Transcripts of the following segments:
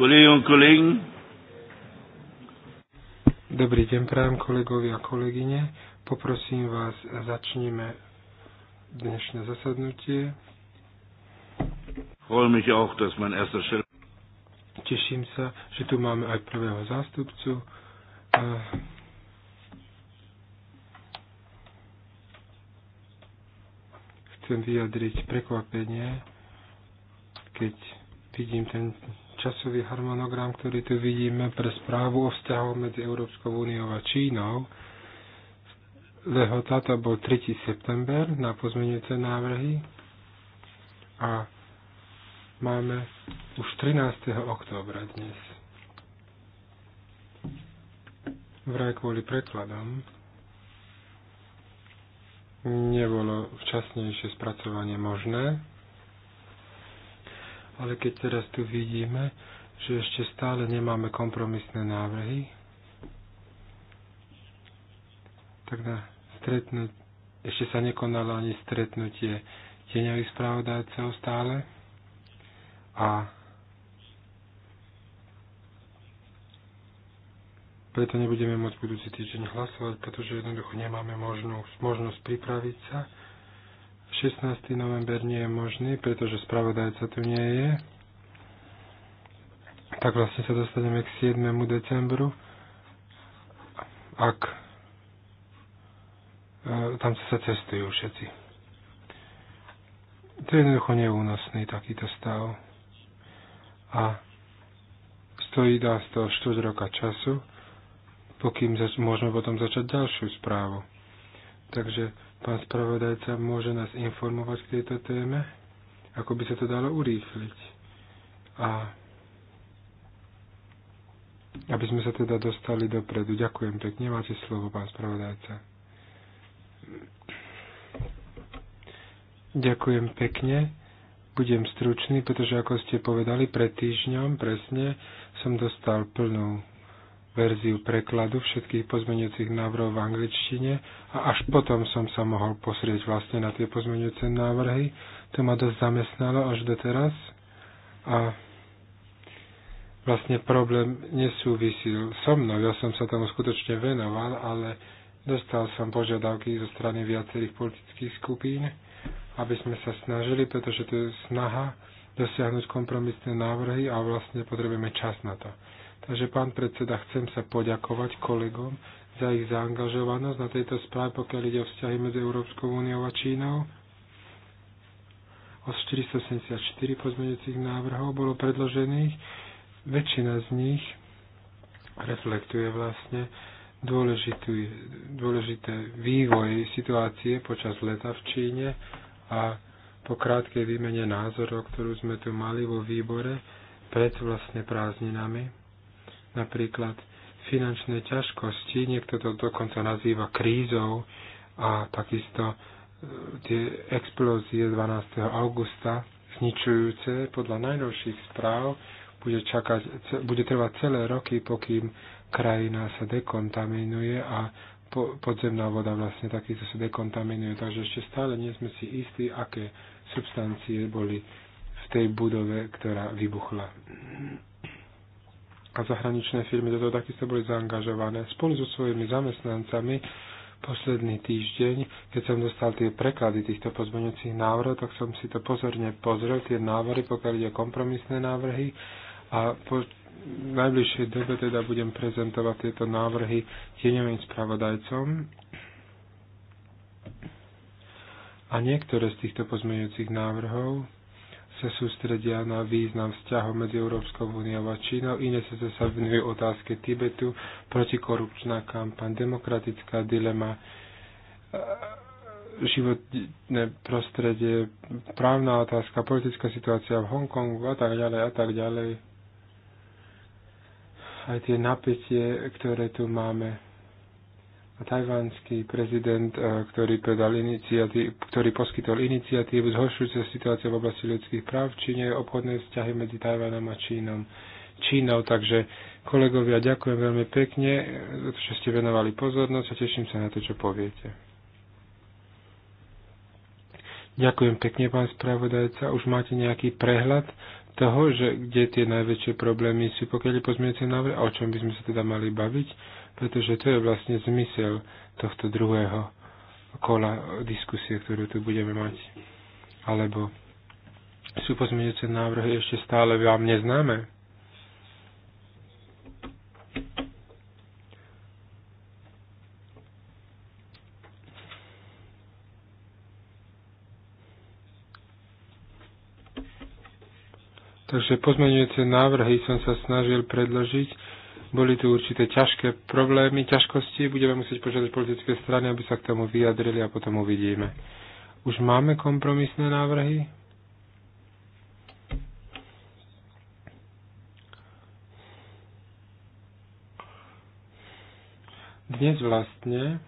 Kolleginnen und Kollegen. Dobrý deň, prajem kolegovi a kolegyne. Poprosím vás, začneme dnešné zasadnutie. Teším sa, že tu máme aj prvého zástupcu. Chcem vyjadriť prekvapenie, keď vidím ten časový harmonogram, ktorý tu vidíme pre správu o vzťahoch medzi Európskou úniou a Čínou. Lehota to bol 3. september na pozmenujúce návrhy a máme už 13. októbra dnes. Vraj kvôli prekladom nebolo včasnejšie spracovanie možné ale keď teraz tu vidíme, že ešte stále nemáme kompromisné návrhy, tak na stretnúť, ešte sa nekonalo ani stretnutie tieňových spravodajcov stále a preto nebudeme môcť budúci týždeň hlasovať, pretože jednoducho nemáme možnosť, možnosť pripraviť sa 16. november nie je možný, pretože spravodajca tu nie je. Tak vlastne sa dostaneme k 7. decembru. Ak e, tam sa cestujú všetci. To je jednoducho neúnosný takýto stav. A stojí dá z toho štvrť roka času, pokým zač- môžeme potom začať ďalšiu správu. Takže Pán spravodajca môže nás informovať k tejto téme, ako by sa to dalo urýchliť. A aby sme sa teda dostali dopredu. Ďakujem pekne. Máte slovo, pán spravodajca. Ďakujem pekne. Budem stručný, pretože ako ste povedali, pred týždňom presne som dostal plnú verziu prekladu všetkých pozmeňujúcich návrhov v angličtine a až potom som sa mohol posrieť vlastne na tie pozmeňujúce návrhy. To ma dosť zamestnalo až do teraz. a vlastne problém nesúvisil so mnou. Ja som sa tomu skutočne venoval, ale dostal som požiadavky zo strany viacerých politických skupín, aby sme sa snažili, pretože to je snaha dosiahnuť kompromisné návrhy a vlastne potrebujeme čas na to. Takže, pán predseda, chcem sa poďakovať kolegom za ich zaangažovanosť na tejto správe, pokiaľ ide o vzťahy medzi Európskou úniou a Čínou. Od 474 pozmeňujúcich návrhov bolo predložených. Väčšina z nich reflektuje vlastne dôležitý, dôležité vývoj situácie počas leta v Číne a po krátkej výmene názorov, ktorú sme tu mali vo výbore pred vlastne prázdninami napríklad finančné ťažkosti, niekto to dokonca nazýva krízou a takisto e, tie explózie 12. augusta zničujúce podľa najnovších správ bude, čakať, bude trvať celé roky, pokým krajina sa dekontaminuje a podzemná voda vlastne takisto sa dekontaminuje. Takže ešte stále nie sme si istí, aké substancie boli v tej budove, ktorá vybuchla a zahraničné firmy do toho takisto boli zaangažované. Spolu so svojimi zamestnancami posledný týždeň, keď som dostal tie preklady týchto pozmeňujúcich návrhov, tak som si to pozorne pozrel, tie návrhy, pokiaľ ide kompromisné návrhy a po najbližšej dobe teda budem prezentovať tieto návrhy tieňovým spravodajcom. A niektoré z týchto pozmeňujúcich návrhov sa sústredia na význam vzťahov medzi Európskou úniou a Čínou, iné sa sa venujú otázke Tibetu, protikorupčná kampaň, demokratická dilema, e, životné prostredie, právna otázka, politická situácia v Hongkongu a tak ďalej a tak ďalej. Aj tie napätie, ktoré tu máme tajvanský prezident, e, ktorý, predal ktorý poskytol iniciatívu zhoršujúce situácie v oblasti ľudských práv v Číne, obchodné vzťahy medzi Tajvanom a Čínom. Čínou, takže kolegovia, ďakujem veľmi pekne, že ste venovali pozornosť a teším sa na to, čo poviete. Ďakujem pekne, pán spravodajca. Už máte nejaký prehľad toho, že kde tie najväčšie problémy sú, pokiaľ je pozmiete návrh, o čom by sme sa teda mali baviť? pretože to je vlastne zmysel tohto druhého kola diskusie, ktorú tu budeme mať. Alebo sú pozmeňujúce návrhy ešte stále vám neznáme? Takže pozmeňujúce návrhy som sa snažil predložiť boli tu určité ťažké problémy, ťažkosti, budeme musieť požiadať politické strany, aby sa k tomu vyjadrili a potom uvidíme. Už máme kompromisné návrhy? Dnes vlastne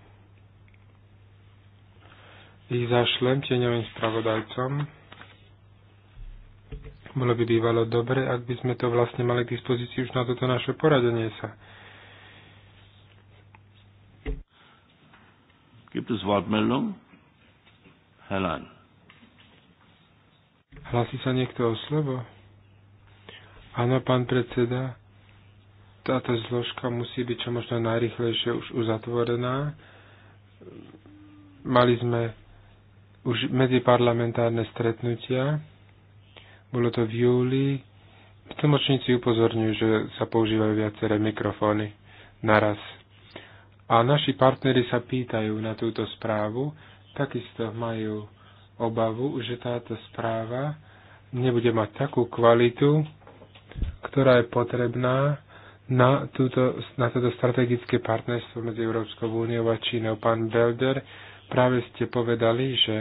ich zašlem tieňovým spravodajcom. Bolo by bývalo dobre, ak by sme to vlastne mali k dispozícii už na toto naše poradenie sa. Gibt es Wortmeldung? Herr Lein. Hlasí sa niekto o slovo? Áno, pán predseda. Táto zložka musí byť čo možno najrychlejšie už uzatvorená. Mali sme už medziparlamentárne stretnutia bolo to v júli. Tlmočníci upozorňujú, že sa používajú viaceré mikrofóny naraz. A naši partnery sa pýtajú na túto správu, takisto majú obavu, že táto správa nebude mať takú kvalitu, ktorá je potrebná na, túto, na toto strategické partnerstvo medzi Európskou úniou a Čínou. Pán Belder, práve ste povedali, že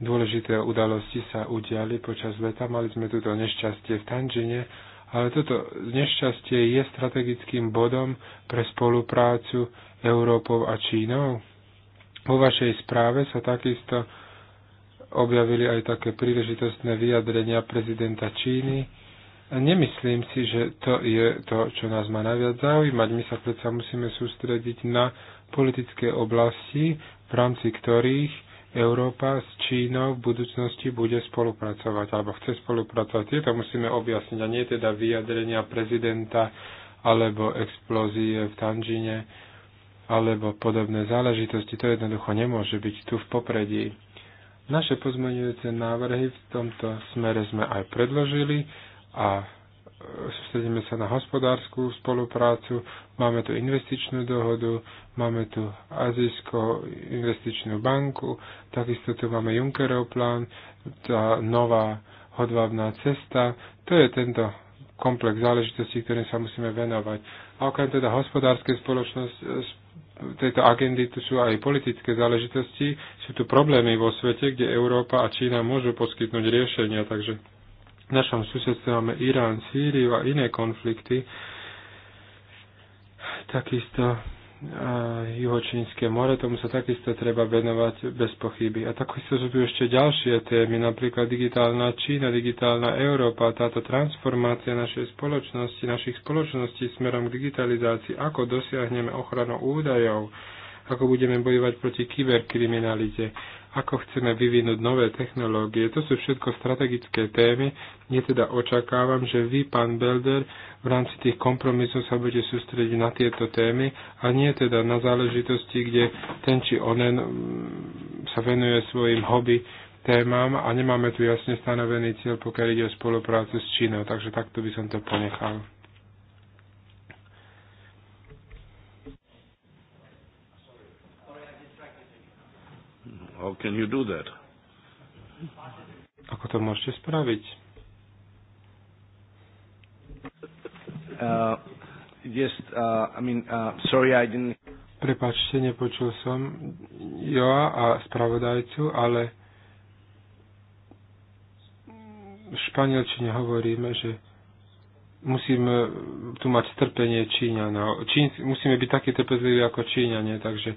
dôležité udalosti sa udiali počas leta. Mali sme toto nešťastie v Tanžine, ale toto nešťastie je strategickým bodom pre spoluprácu Európou a Čínou. Vo vašej správe sa takisto objavili aj také príležitostné vyjadrenia prezidenta Číny. Nemyslím si, že to je to, čo nás má najviac zaujímať. My sa predsa musíme sústrediť na politické oblasti, v rámci ktorých Európa s Čínou v budúcnosti bude spolupracovať alebo chce spolupracovať. Tieto musíme objasniť a nie teda vyjadrenia prezidenta alebo explózie v Tanžine alebo podobné záležitosti. To jednoducho nemôže byť tu v popredí. Naše pozmeňujúce návrhy v tomto smere sme aj predložili a sústredíme sa na hospodárskú spoluprácu, máme tu investičnú dohodu, máme tu Azijsko investičnú banku, takisto tu máme Junckerov plán, tá nová hodvábná cesta, to je tento komplex záležitostí, ktorým sa musíme venovať. A okrem teda hospodárskej spoločnosti, tejto agendy tu sú aj politické záležitosti, sú tu problémy vo svete, kde Európa a Čína môžu poskytnúť riešenia, takže v našom susedstve máme Irán, Sýriu a iné konflikty, takisto e, juhočínske more, tomu sa takisto treba venovať bez pochyby. A takisto sú tu ešte ďalšie témy, napríklad digitálna Čína, digitálna Európa, táto transformácia našej spoločnosti, našich spoločností smerom k digitalizácii, ako dosiahneme ochranu údajov, ako budeme bojovať proti kyberkriminalite, ako chceme vyvinúť nové technológie. To sú všetko strategické témy, kde teda očakávam, že vy, pán Belder, v rámci tých kompromisov sa budete sústrediť na tieto témy a nie teda na záležitosti, kde ten či onen mm, sa venuje svojim hobby témam a nemáme tu jasne stanovený cieľ, pokiaľ ide o spoluprácu s Čínou. Takže takto by som to ponechal. How can you do that? Ako to môžete spraviť? Uh, just, uh, I mean, uh, sorry, I didn't... Prepačte, nepočul som ja a spravodajcu, ale v španielčine hovoríme, že musíme eh, tu mať trpenie Číňana. Čín, musíme byť také trpezliví ako Číňanie, takže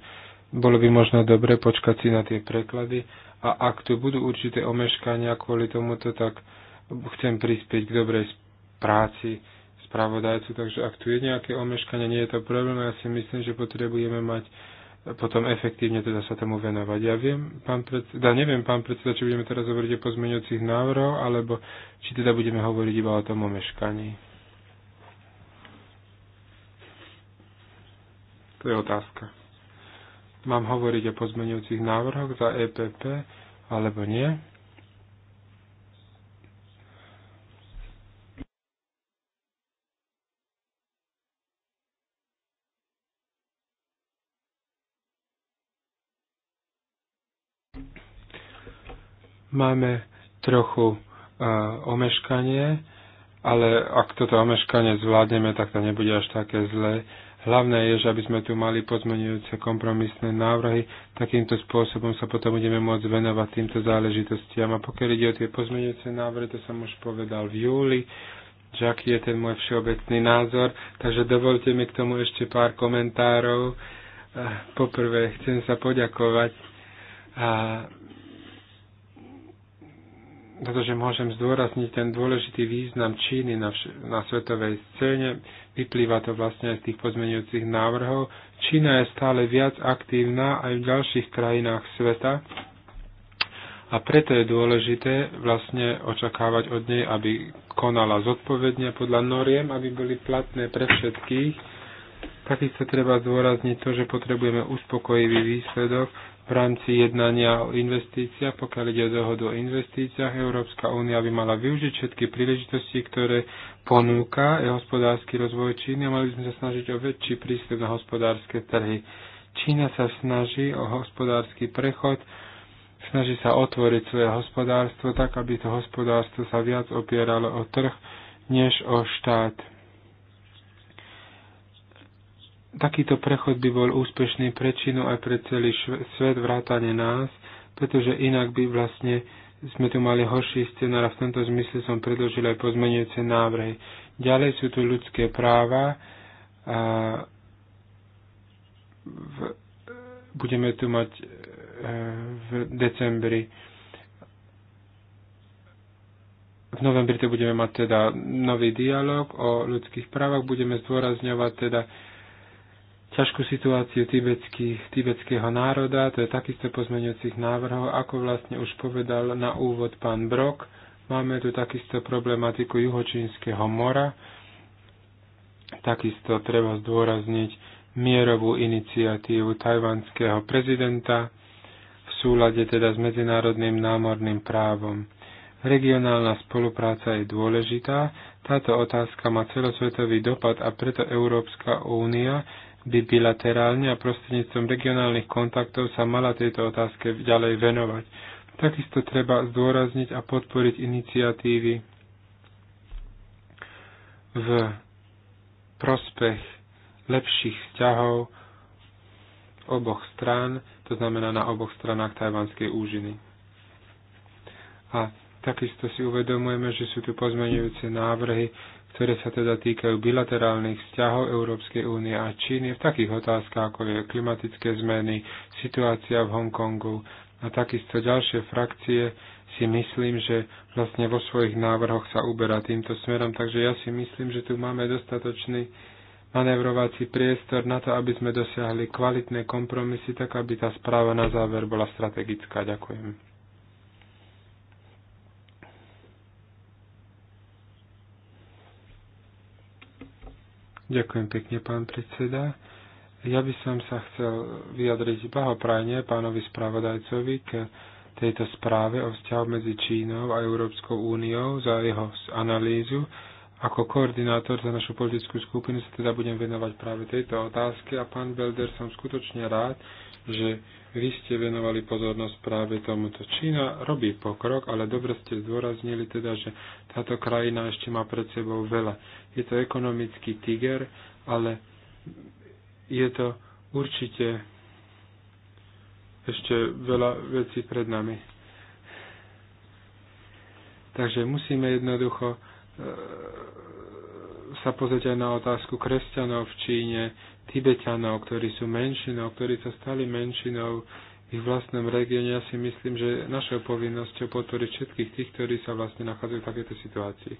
bolo by možno dobre počkať si na tie preklady a ak tu budú určité omeškania kvôli tomuto, tak chcem prispieť k dobrej práci spravodajcu, takže ak tu je nejaké omeškanie, nie je to problém, ja si myslím, že potrebujeme mať potom efektívne teda sa tomu venovať. Ja viem, pán predseda, neviem, pán predseda, či budeme teraz hovoriť o pozmeňujúcich návrhoch, alebo či teda budeme hovoriť iba o tom omeškaní. To je otázka. Mám hovoriť o pozmeňujúcich návrhoch za EPP alebo nie? Máme trochu uh, omeškanie, ale ak toto omeškanie zvládneme, tak to nebude až také zlé. Hlavné je, že aby sme tu mali pozmenujúce kompromisné návrhy, takýmto spôsobom sa potom budeme môcť venovať týmto záležitostiam. A pokiaľ ide o tie pozmenujúce návrhy, to som už povedal v júli, že aký je ten môj všeobecný názor. Takže dovolte mi k tomu ešte pár komentárov. Eh, poprvé chcem sa poďakovať pretože môžem zdôrazniť ten dôležitý význam Číny na, vš- na svetovej scéne. Vyplýva to vlastne aj z tých pozmenujúcich návrhov. Čína je stále viac aktívna aj v ďalších krajinách sveta a preto je dôležité vlastne očakávať od nej, aby konala zodpovedne podľa noriem, aby boli platné pre všetkých. Takisto treba zdôrazniť to, že potrebujeme uspokojivý výsledok v rámci jednania o investíciách, pokiaľ ide o dohodu o investíciách, Európska únia by mala využiť všetky príležitosti, ktoré ponúka je hospodársky rozvoj Číny a mali by sme sa snažiť o väčší prístup na hospodárske trhy. Čína sa snaží o hospodársky prechod, snaží sa otvoriť svoje hospodárstvo tak, aby to hospodárstvo sa viac opieralo o trh než o štát takýto prechod by bol úspešný pre Čínu aj pre celý svet vrátane nás, pretože inak by vlastne sme tu mali horší scenár a v tomto zmysle som predložil aj pozmenujúce návrhy. Ďalej sú tu ľudské práva. A v, budeme tu mať e, v decembri v novembri to budeme mať teda nový dialog o ľudských právach, budeme zdôrazňovať teda ťažkú situáciu tibetského národa, to je takisto pozmeňujúcich návrhov, ako vlastne už povedal na úvod pán Brok. Máme tu takisto problematiku juhočínskeho mora, takisto treba zdôrazniť mierovú iniciatívu tajvanského prezidenta v súlade teda s medzinárodným námorným právom. Regionálna spolupráca je dôležitá, táto otázka má celosvetový dopad a preto Európska únia by bilaterálne a prostredníctvom regionálnych kontaktov sa mala tejto otázke ďalej venovať. Takisto treba zdôrazniť a podporiť iniciatívy v prospech lepších vzťahov oboch strán, to znamená na oboch stranách tajvanskej úžiny. A takisto si uvedomujeme, že sú tu pozmenujúce návrhy, ktoré sa teda týkajú bilaterálnych vzťahov Európskej únie a Číny v takých otázkach, ako je klimatické zmeny, situácia v Hongkongu a takisto ďalšie frakcie si myslím, že vlastne vo svojich návrhoch sa uberá týmto smerom, takže ja si myslím, že tu máme dostatočný manevrovací priestor na to, aby sme dosiahli kvalitné kompromisy, tak aby tá správa na záver bola strategická. Ďakujem. Ďakujem pekne, pán predseda. Ja by som sa chcel vyjadriť blahoprajne pánovi spravodajcovi k tejto správe o vzťahu medzi Čínou a Európskou úniou za jeho analýzu. Ako koordinátor za našu politickú skupinu sa teda budem venovať práve tejto otázke a pán Belder som skutočne rád, že vy ste venovali pozornosť práve tomuto. Čína robí pokrok, ale dobre ste zdôraznili teda, že táto krajina ešte má pred sebou veľa. Je to ekonomický tiger, ale je to určite ešte veľa vecí pred nami. Takže musíme jednoducho e, sa pozrieť aj na otázku kresťanov v Číne, Tibetanov, ktorí sú menšinou, ktorí sa stali menšinou v ich vlastnom regióne. Ja si myslím, že našou povinnosťou podporiť všetkých tých, ktorí sa vlastne nachádzajú v takéto situácii.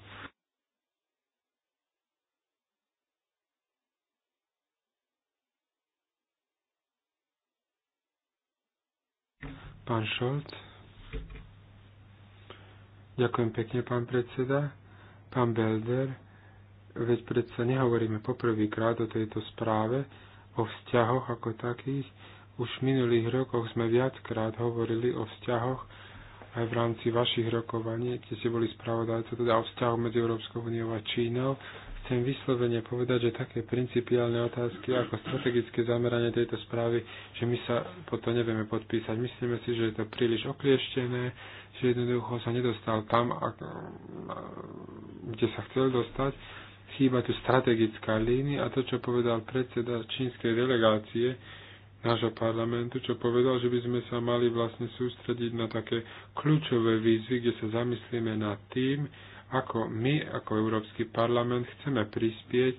Pán Šolc. Ďakujem pekne, pán predseda. Pán Belder. Veď predsa nehovoríme poprvýkrát o tejto správe, o vzťahoch ako takých. Už v minulých rokoch sme viackrát hovorili o vzťahoch aj v rámci vašich rokovaní, kde ste boli spravodajca teda o vzťahu medzi Európskou úniou a Čínou. Chcem vyslovene povedať, že také principiálne otázky ako strategické zameranie tejto správy, že my sa po to nevieme podpísať. Myslíme si, že je to príliš oklieštené, že jednoducho sa nedostal tam, kde sa chcel dostať chýba tu strategická línia a to, čo povedal predseda čínskej delegácie nášho parlamentu, čo povedal, že by sme sa mali vlastne sústrediť na také kľúčové výzvy, kde sa zamyslíme nad tým, ako my, ako Európsky parlament, chceme prispieť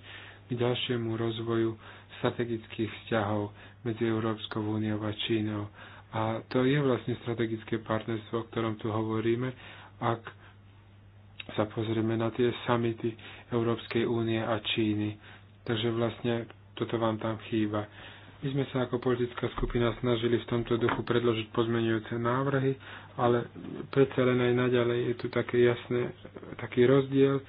k ďalšiemu rozvoju strategických vzťahov medzi Európskou úniou a Čínou. A to je vlastne strategické partnerstvo, o ktorom tu hovoríme, ak sa pozrieme na tie samity Európskej únie a Číny. Takže vlastne toto vám tam chýba. My sme sa ako politická skupina snažili v tomto duchu predložiť pozmenujúce návrhy, ale predsa len aj naďalej je tu také jasné, taký rozdiel,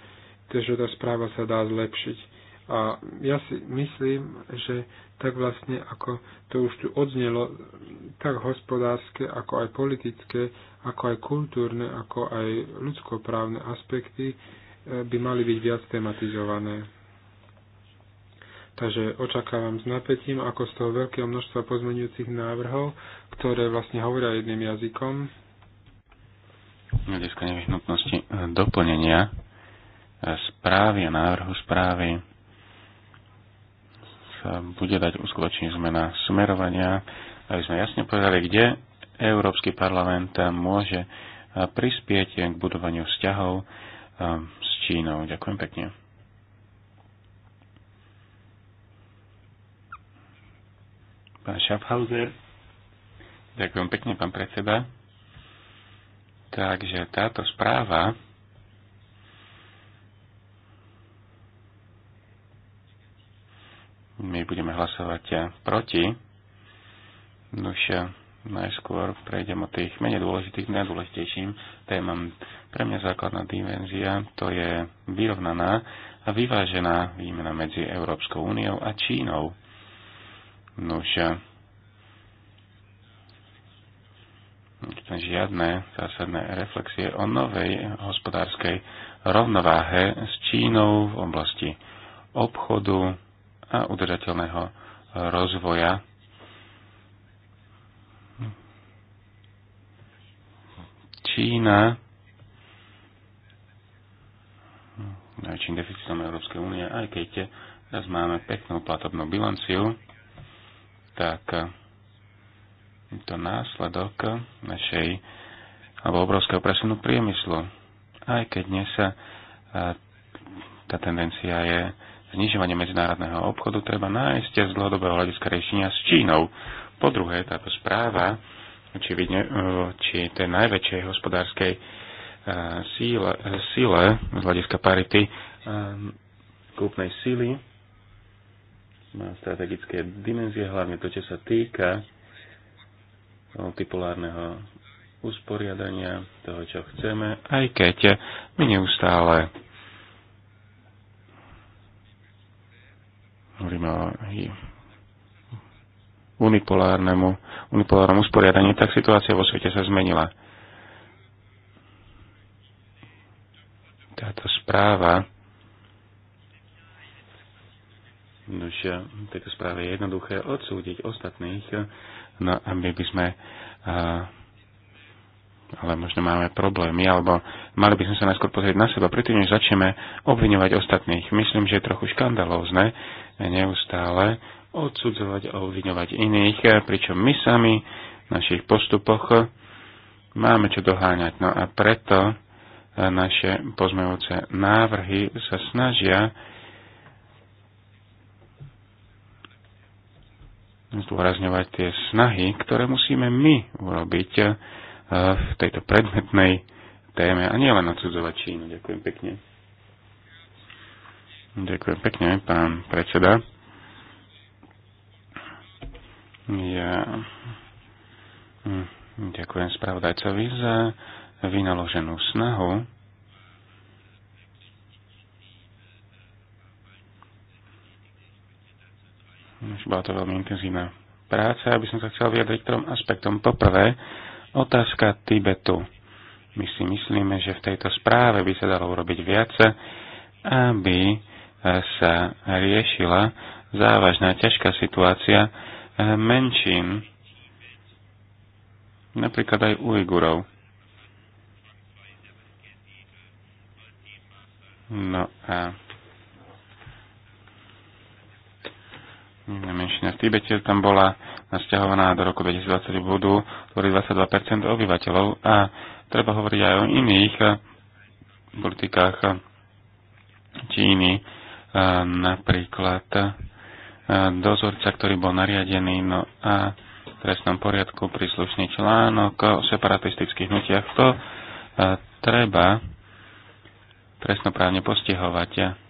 takže tá správa sa dá zlepšiť. A ja si myslím, že tak vlastne, ako to už tu odznelo, tak hospodárske, ako aj politické, ako aj kultúrne, ako aj ľudskoprávne aspekty e, by mali byť viac tematizované. Takže očakávam s napätím, ako z toho veľkého množstva pozmenujúcich návrhov, ktoré vlastne hovoria jedným jazykom. Hľadiska no, nevyhnutnosti e, doplnenia e, správy a návrhu správy sa bude dať uskutočniť zmena smerovania, aby sme jasne povedali, kde Európsky parlament môže prispieť k budovaniu vzťahov s Čínou. Ďakujem pekne. Pán Schaffhauser. Ďakujem pekne, pán predseda. Takže táto správa my budeme hlasovať proti. Už najskôr prejdem od tých menej dôležitých k najdôležitejším témam. Pre mňa základná dimenzia to je vyrovnaná a vyvážená výmena medzi Európskou úniou a Čínou. Nuž, žiadne zásadné reflexie o novej hospodárskej rovnováhe s Čínou v oblasti obchodu, a udržateľného rozvoja. Čína najväčším deficitom Európskej únie, aj keď teraz máme peknú platobnú bilanciu, tak je to následok našej alebo obrovského presunu priemyslu. Aj keď dnes sa tá tendencia je znižovanie medzinárodného obchodu treba nájsť z dlhodobého hľadiska riešenia s Čínou. Po druhé, táto správa, či, vidne, e, či tej najväčšej hospodárskej e, síle, e, síle z hľadiska parity kúpnej síly, má strategické dimenzie, hlavne to, čo sa týka multipolárneho usporiadania toho, čo chceme, aj keď my neustále hovoríme o unipolárnemu, unipolárnemu usporiadaniu, tak situácia vo svete sa zmenila. Táto správa Nož, tejto správe je jednoduché odsúdiť ostatných, no aby by sme, a, ale možno máme problémy, alebo mali by sme sa najskôr pozrieť na seba, predtým než začneme obviňovať ostatných. Myslím, že je trochu škandalózne, neustále odsudzovať a obviňovať iných, pričom my sami v našich postupoch máme čo doháňať. No a preto naše pozmejúce návrhy sa snažia zdôrazňovať tie snahy, ktoré musíme my urobiť eh, v tejto predmetnej téme a nielen odsudzovať Čínu. Ďakujem pekne. Ďakujem pekne, pán predseda. Ja hm, ďakujem spravodajcovi za vynaloženú snahu. Bola to veľmi intenzívna práca, aby som sa chcel vyjadriť trom aspektom. Poprvé, otázka Tibetu. My si myslíme, že v tejto správe by sa dalo urobiť viac, aby sa riešila závažná ťažká situácia eh, menším, napríklad aj Ujgurov. No a menšina v Tibete tam bola nasťahovaná do roku 2020 budú tvorí 22% obyvateľov a treba hovoriť aj o iných eh, politikách iných eh, napríklad eh, dozorca, ktorý bol nariadený, no a v trestnom poriadku príslušný článok o separatistických hnutiach. To eh, treba trestnoprávne postihovať.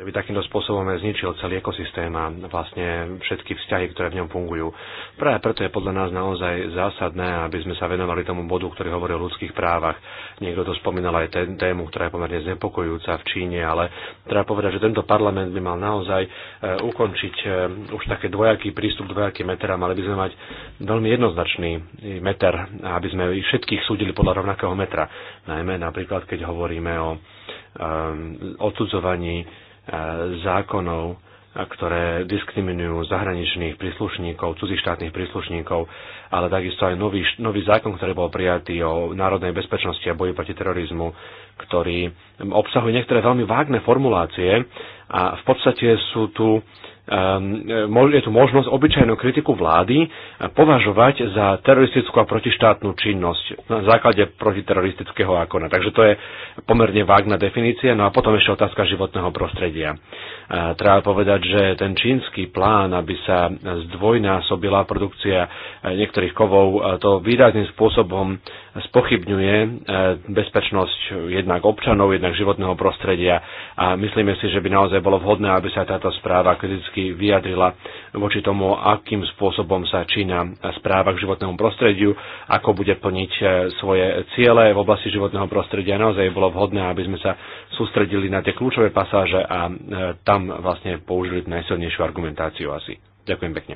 by takýmto spôsobom zničil celý ekosystém a vlastne všetky vzťahy, ktoré v ňom fungujú. Práve preto je podľa nás naozaj zásadné, aby sme sa venovali tomu bodu, ktorý hovorí o ľudských právach. Niekto to spomínal aj ten, tému, ktorá je pomerne znepokojujúca v Číne, ale treba povedať, že tento parlament by mal naozaj e, ukončiť e, už také dvojaký prístup dvojaký meter, a mali by sme mať veľmi jednoznačný meter, aby sme ich všetkých súdili podľa rovnakého metra. Najmä napríklad, keď hovoríme o um, odsudzovaní E, zákonov, e, ktoré diskriminujú zahraničných príslušníkov, cudzích štátnych príslušníkov, ale takisto aj nový, nový zákon, ktorý bol prijatý o národnej bezpečnosti a boji proti terorizmu, ktorý obsahuje niektoré veľmi vágne formulácie a v podstate sú tu Ehm, e, je tu možnosť obyčajnú kritiku vlády e, považovať za teroristickú a protištátnu činnosť na základe protiteroristického zákona. Takže to je pomerne vágna definícia. No a potom ešte otázka životného prostredia. E, treba povedať, že ten čínsky plán, aby sa zdvojnásobila produkcia niektorých kovov, to výrazným spôsobom spochybňuje bezpečnosť jednak občanov, jednak životného prostredia a myslíme si, že by naozaj bolo vhodné, aby sa táto správa kriticky kriticky vyjadrila voči tomu, akým spôsobom sa Čína správa k životnému prostrediu, ako bude plniť e, svoje ciele v oblasti životného prostredia. Naozaj bolo vhodné, aby sme sa sústredili na tie kľúčové pasáže a e, tam vlastne použili najsilnejšiu argumentáciu asi. Ďakujem pekne.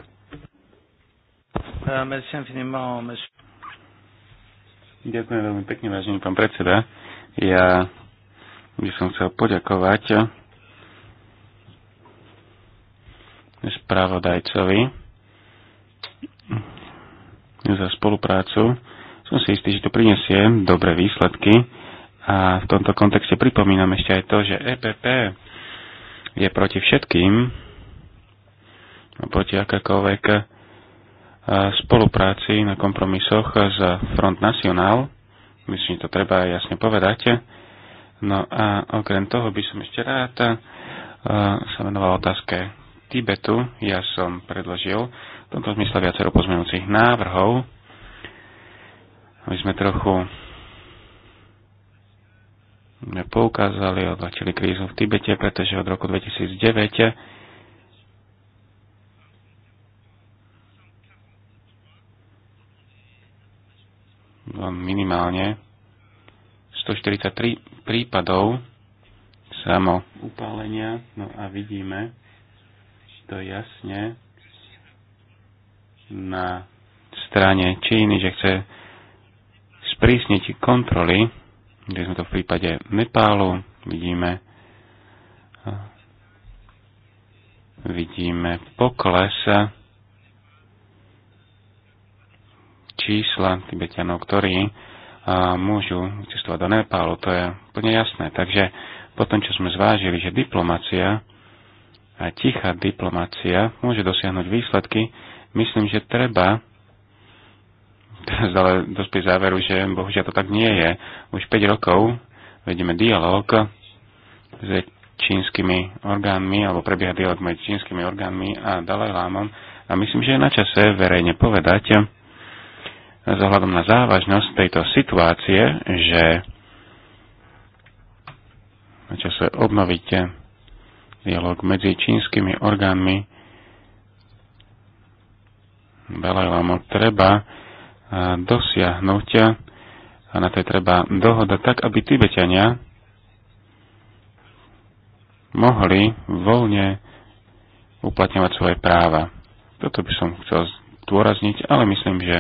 Euh, Ďakujem veľmi pekne, vážený pán predseda. Ja by som chcel poďakovať spravodajcovi za spoluprácu. Som si istý, že to prinesie dobré výsledky a v tomto kontexte pripomínam ešte aj to, že EPP je proti všetkým, proti akákoľvek eh, spolupráci na kompromisoch s Front National. Myslím, že to treba jasne povedať. No a okrem toho by som ešte rád eh, sa venoval otázke Tibetu. Ja som predložil v tomto zmysle viacero pozmenujúcich návrhov, aby sme trochu poukázali, odlačili krízu v Tibete, pretože od roku 2009 minimálne 143 prípadov samoupálenia. No a vidíme, to jasne na strane Číny, že chce sprísniť kontroly, kde sme to v prípade Nepálu, vidíme, vidíme pokles čísla Tibetianov, ktorí môžu cestovať do Nepálu. To je úplne jasné. Takže potom, čo sme zvážili, že diplomacia a tichá diplomácia môže dosiahnuť výsledky, myslím, že treba teraz ale dospieť záveru, že bohužiaľ to tak nie je. Už 5 rokov vedeme dialog s čínskymi orgánmi, alebo prebieha dialog medzi čínskymi orgánmi a Dalaj Lámom a myslím, že je na čase verejne povedať s ohľadom na závažnosť tejto situácie, že na čase obnoviť dialog medzi čínskymi orgánmi Belajlamo treba dosiahnuť a na to je treba dohoda tak, aby Tibetania mohli voľne uplatňovať svoje práva. Toto by som chcel zdôrazniť, ale myslím, že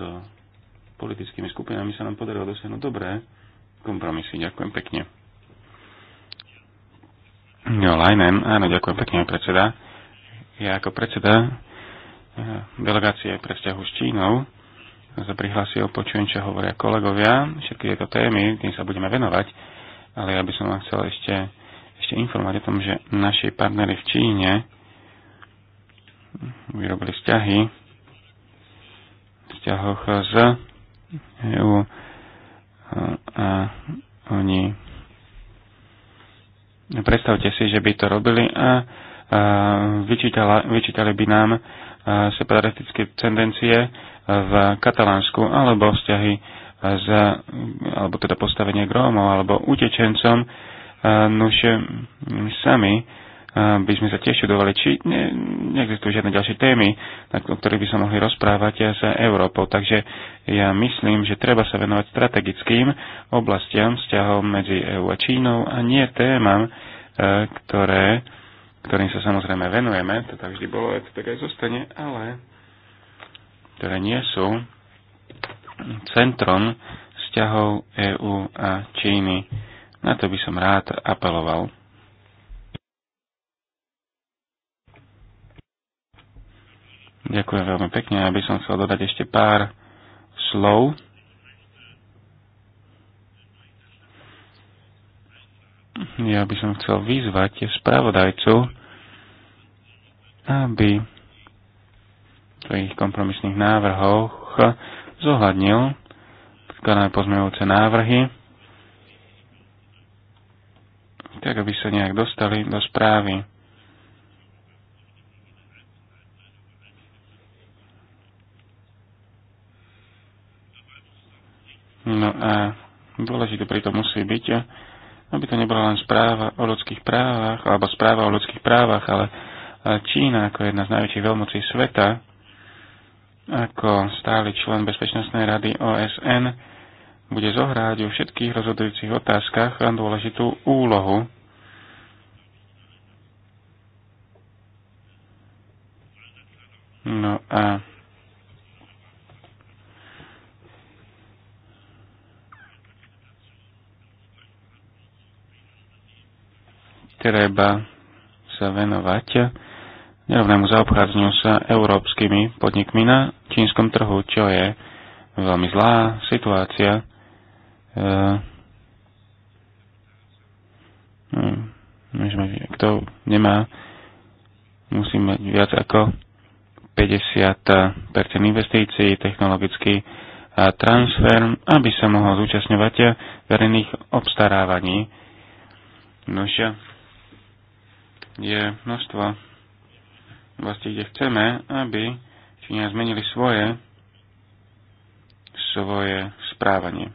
so politickými skupinami sa nám podarilo dosiahnuť dobré kompromisy. Ďakujem pekne. Jo, Lajnen, áno, ďakujem pekne, predseda. Ja ako predseda eh, delegácie pre vzťahu s Čínou sa prihlasil, počujem, čo hovoria kolegovia, všetky tieto témy, tým sa budeme venovať, ale ja by som vám chcel ešte, ešte informovať o tom, že naši partnery v Číne vyrobili vzťahy v vzťahoch z EU a oni Predstavte si, že by to robili a, a vyčítali by nám separatistické tendencie v Katalánsku alebo vzťahy z, alebo teda postavenie Grómov alebo utečencom. Nuž my sami by sme sa tiež čudovali, či ne, neexistujú žiadne ďalšie témy, o ktorých by sa mohli rozprávať s Európou. Takže ja myslím, že treba sa venovať strategickým oblastiam vzťahov medzi EÚ a Čínou a nie témam, e, ktoré, ktorým sa samozrejme venujeme, to tak vždy bolo, to tak aj zostane, ale ktoré nie sú centrom vzťahov EÚ a Číny. Na to by som rád apeloval. Ďakujem veľmi pekne. Ja by som chcel dodať ešte pár slov. Ja by som chcel vyzvať spravodajcu, aby v svojich kompromisných návrhoch zohľadnil predkladané pozmeňujúce návrhy, tak aby sa nejak dostali do správy No a dôležité tom musí byť, aby to nebola len správa o ľudských právach, alebo správa o ľudských právach, ale e, Čína ako jedna z najväčších veľmocí sveta, ako stály člen Bezpečnostnej rady OSN, bude zohrať vo všetkých rozhodujúcich otázkach dôležitú úlohu. No a treba sa venovať nerovnému zaobchádzaniu sa európskymi podnikmi na čínskom trhu, čo je veľmi zlá situácia. E, no, kto nemá, musí mať viac ako 50 investícií, technologický transfer, aby sa mohol zúčastňovať verejných obstarávaní. Nož je množstvo vlastne, kde chceme, aby Číňania zmenili svoje, svoje správanie.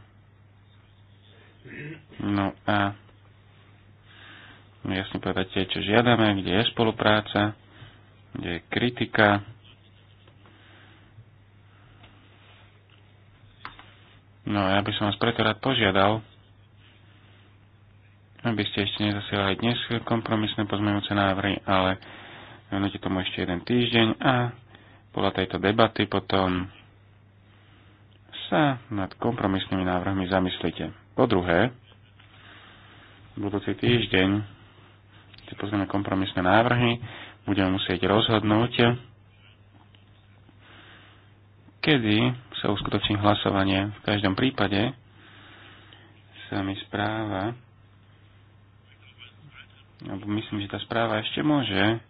No a jasne povedať, čo žiadame, kde je spolupráca, kde je kritika, No a ja by som vás preto rád požiadal, aby ste ešte nezasielali dnes kompromisné pozmeňujúce návrhy, ale venujte tomu ešte jeden týždeň a podľa tejto debaty potom sa nad kompromisnými návrhmi zamyslite. Po druhé, budúci týždeň, keď pozrieme kompromisné návrhy, budeme musieť rozhodnúť, kedy sa uskutoční hlasovanie. V každom prípade sa mi správa myslím, že tá správa ešte môže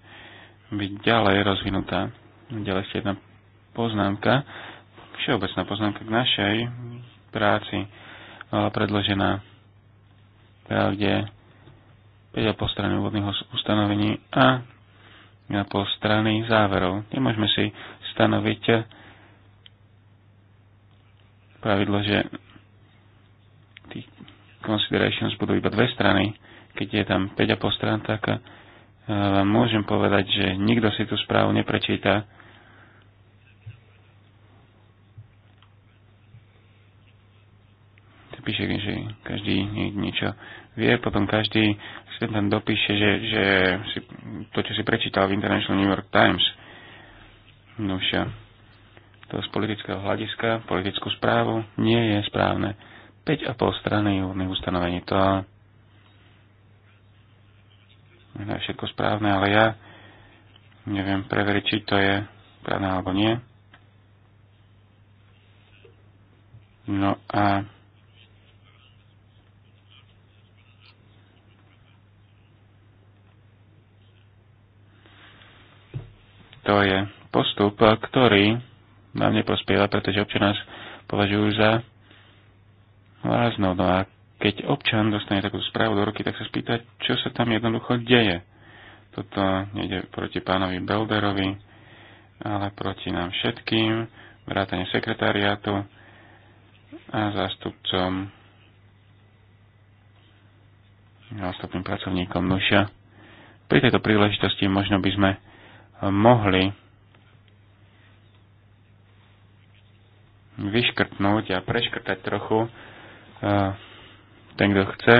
byť ďalej rozvinutá. Ďalej ešte jedna poznámka, všeobecná poznámka k našej práci predložená, pravde 5 5,5 strany úvodných ustanovení a 1,5 strany záverov. Nemôžeme si stanoviť pravidlo, že tých considerations budú iba dve strany keď je tam 5,5 strán, tak e, vám môžem povedať, že nikto si tú správu neprečíta. Píše, že každý niečo vie, potom každý si tam dopíše, že, že si, to, čo si prečítal v International New York Times, no to z politického hľadiska, politickú správu, nie je správne. 5,5 strany úvodných ustanovení, to je všetko správne, ale ja neviem preveriť, či to je správne alebo nie. No a to je postup, ktorý nám neprospieva, pretože občas nás považujú za láznou. No a keď občan dostane takúto správu do ruky, tak sa spýta, čo sa tam jednoducho deje. Toto nejde proti pánovi Belderovi, ale proti nám všetkým, vrátane sekretariátu a zástupcom a ostatným pracovníkom Nuša. Pri tejto príležitosti možno by sme mohli vyškrtnúť a preškrtať trochu uh, ten, kto chce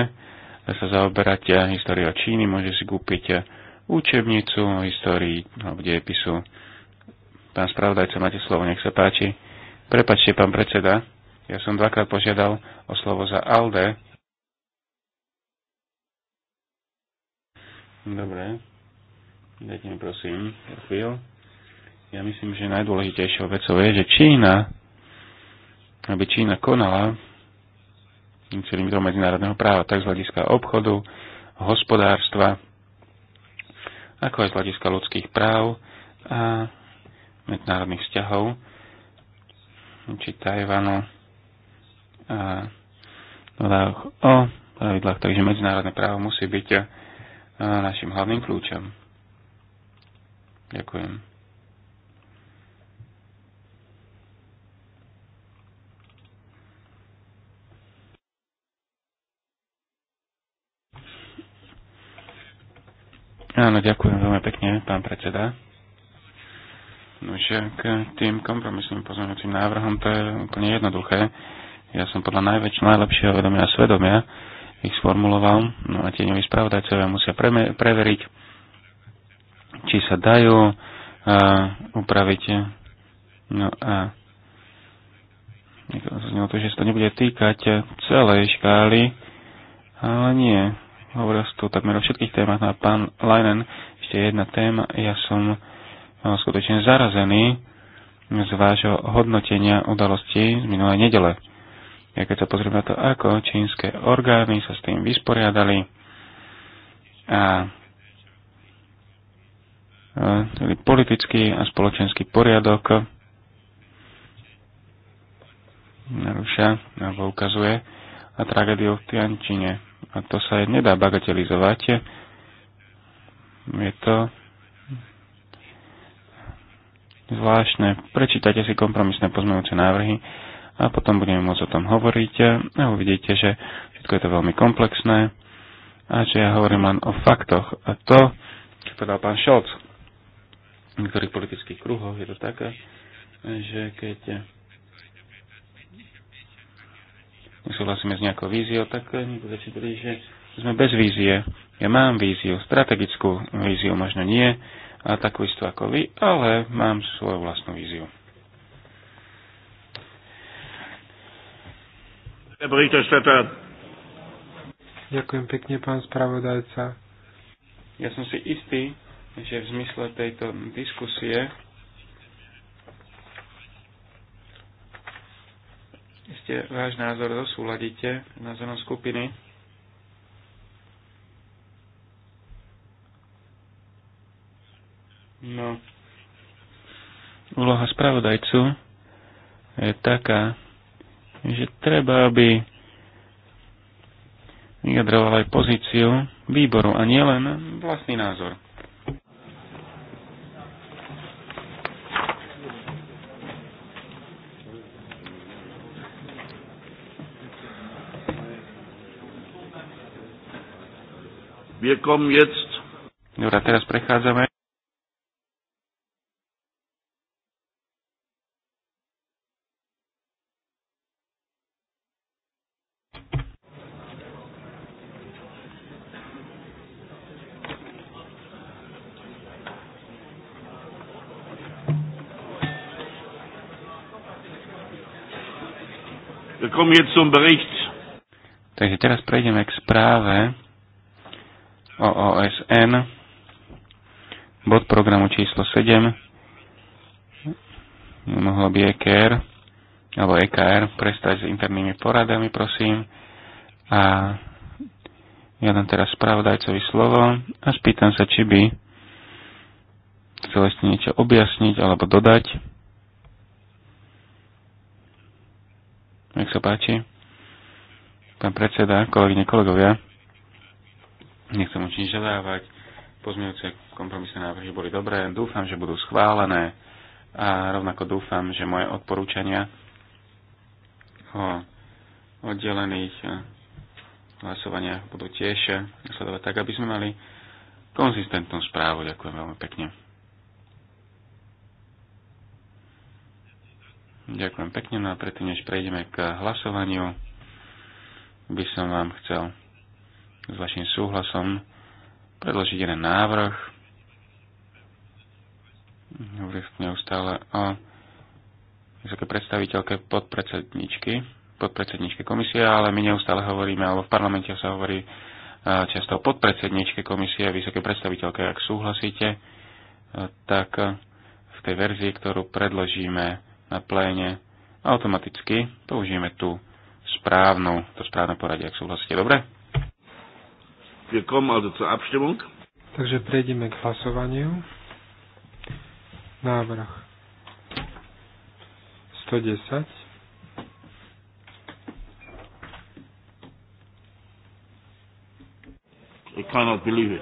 sa zaoberať eh, históriou Číny, môže si kúpiť eh, učebnicu o histórii alebo dejepisu. Pán spravodajca, máte slovo, nech sa páči. Prepačte, pán predseda, ja som dvakrát požiadal o slovo za ALDE. Dobre, dajte mi prosím chvíľ. Ja myslím, že najdôležitejšou vecou je, že Čína, aby Čína konala cieľmi toho medzinárodného práva, tak z hľadiska obchodu, hospodárstva, ako aj z hľadiska ľudských práv a medzinárodných vzťahov či Tajvanu a o pravidlách. Takže medzinárodné právo musí byť eh, našim hlavným kľúčom. Ďakujem. Áno, ďakujem veľmi pekne, pán predseda. Nože k tým kompromisným pozmeňujúcim návrhom to je úplne jednoduché. Ja som podľa najväčš- najlepšieho vedomia a svedomia ich sformuloval. No a tieňoví spravodajcovia musia preveriť, či sa dajú uh, upraviť. No a znelo to, že sa to nebude týkať celej škály, ale nie. Hovoril som tu takmer o všetkých témach. No a pán Leinen, ešte jedna téma. Ja som no, skutočne zarazený z vášho hodnotenia udalostí z minulej nedele. Ja keď sa pozrieme na to, ako čínske orgány sa s tým vysporiadali a politický a spoločenský poriadok narúša alebo ukazuje a tragédiu v Tiančine a to sa nedá bagatelizovať. Je to zvláštne. Prečítajte si kompromisné pozmeňujúce návrhy a potom budeme môcť o tom hovoriť a uvidíte, že všetko je to veľmi komplexné a že ja hovorím len o faktoch. A to, čo povedal pán Šolc, v niektorých politických kruhoch je to také, že keď nesúhlasíme s nejakou víziou, tak eh, niekto si že sme bez vízie. Ja mám víziu, strategickú víziu možno nie, a takú istú ako vy, ale mám svoju vlastnú víziu. Ďakujem pekne, pán spravodajca. Ja som si istý, že v zmysle tejto diskusie Ste váš názor dosúladíte názorom skupiny. No, úloha spravodajcu je taká, že treba, aby vyjadroval aj pozíciu výboru a nielen vlastný názor. Wir kommen jetzt. Dobre, teraz prechádzame. Wir kommen jetzt zum Bericht. Takže teraz prejdeme k správe o OSN, bod programu číslo 7, mohlo by EKR, alebo EKR prestať s internými poradami, prosím. A ja dám teraz spravodajcovi slovo a spýtam sa, či by chcel ešte niečo objasniť alebo dodať. Nech sa páči. Pán predseda, kolegyne, kolegovia. Nechcem už nič zadávať. Pozmejúce kompromisné návrhy boli dobré. Dúfam, že budú schválené a rovnako dúfam, že moje odporúčania o oddelených eh, hlasovaniach budú tiež sledovať tak, aby sme mali konzistentnú správu. Ďakujem veľmi pekne. Ďakujem pekne, no a predtým, než prejdeme k hlasovaniu, by som vám chcel s vašim súhlasom predložiť jeden návrh. Hovorím neustále o vysoké predstaviteľke podpredsedničky, podpredsedničke komisie, ale my neustále hovoríme, alebo v parlamente sa hovorí e, často o podpredsedničke komisie, vysoké predstaviteľke, ak súhlasíte, e, tak e, v tej verzii, ktorú predložíme na pléne, automaticky použijeme tú správnu, to správne poradie, ak súhlasíte. Dobre? Wir kommen also zur Abstimmung. Takže prejdeme k hlasovaniu. Návrh 110. I cannot believe it.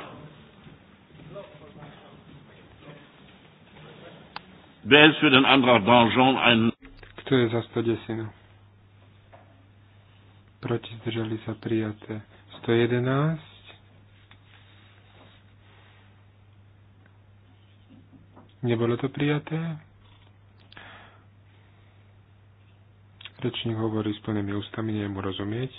Wer ist für den Antrag Danjon ein... Kto je za 110? Proti zdržali sa prijaté. 111. Nebolo to prijaté? Rečník hovorí s plnými ústami, neviem mu rozumieť.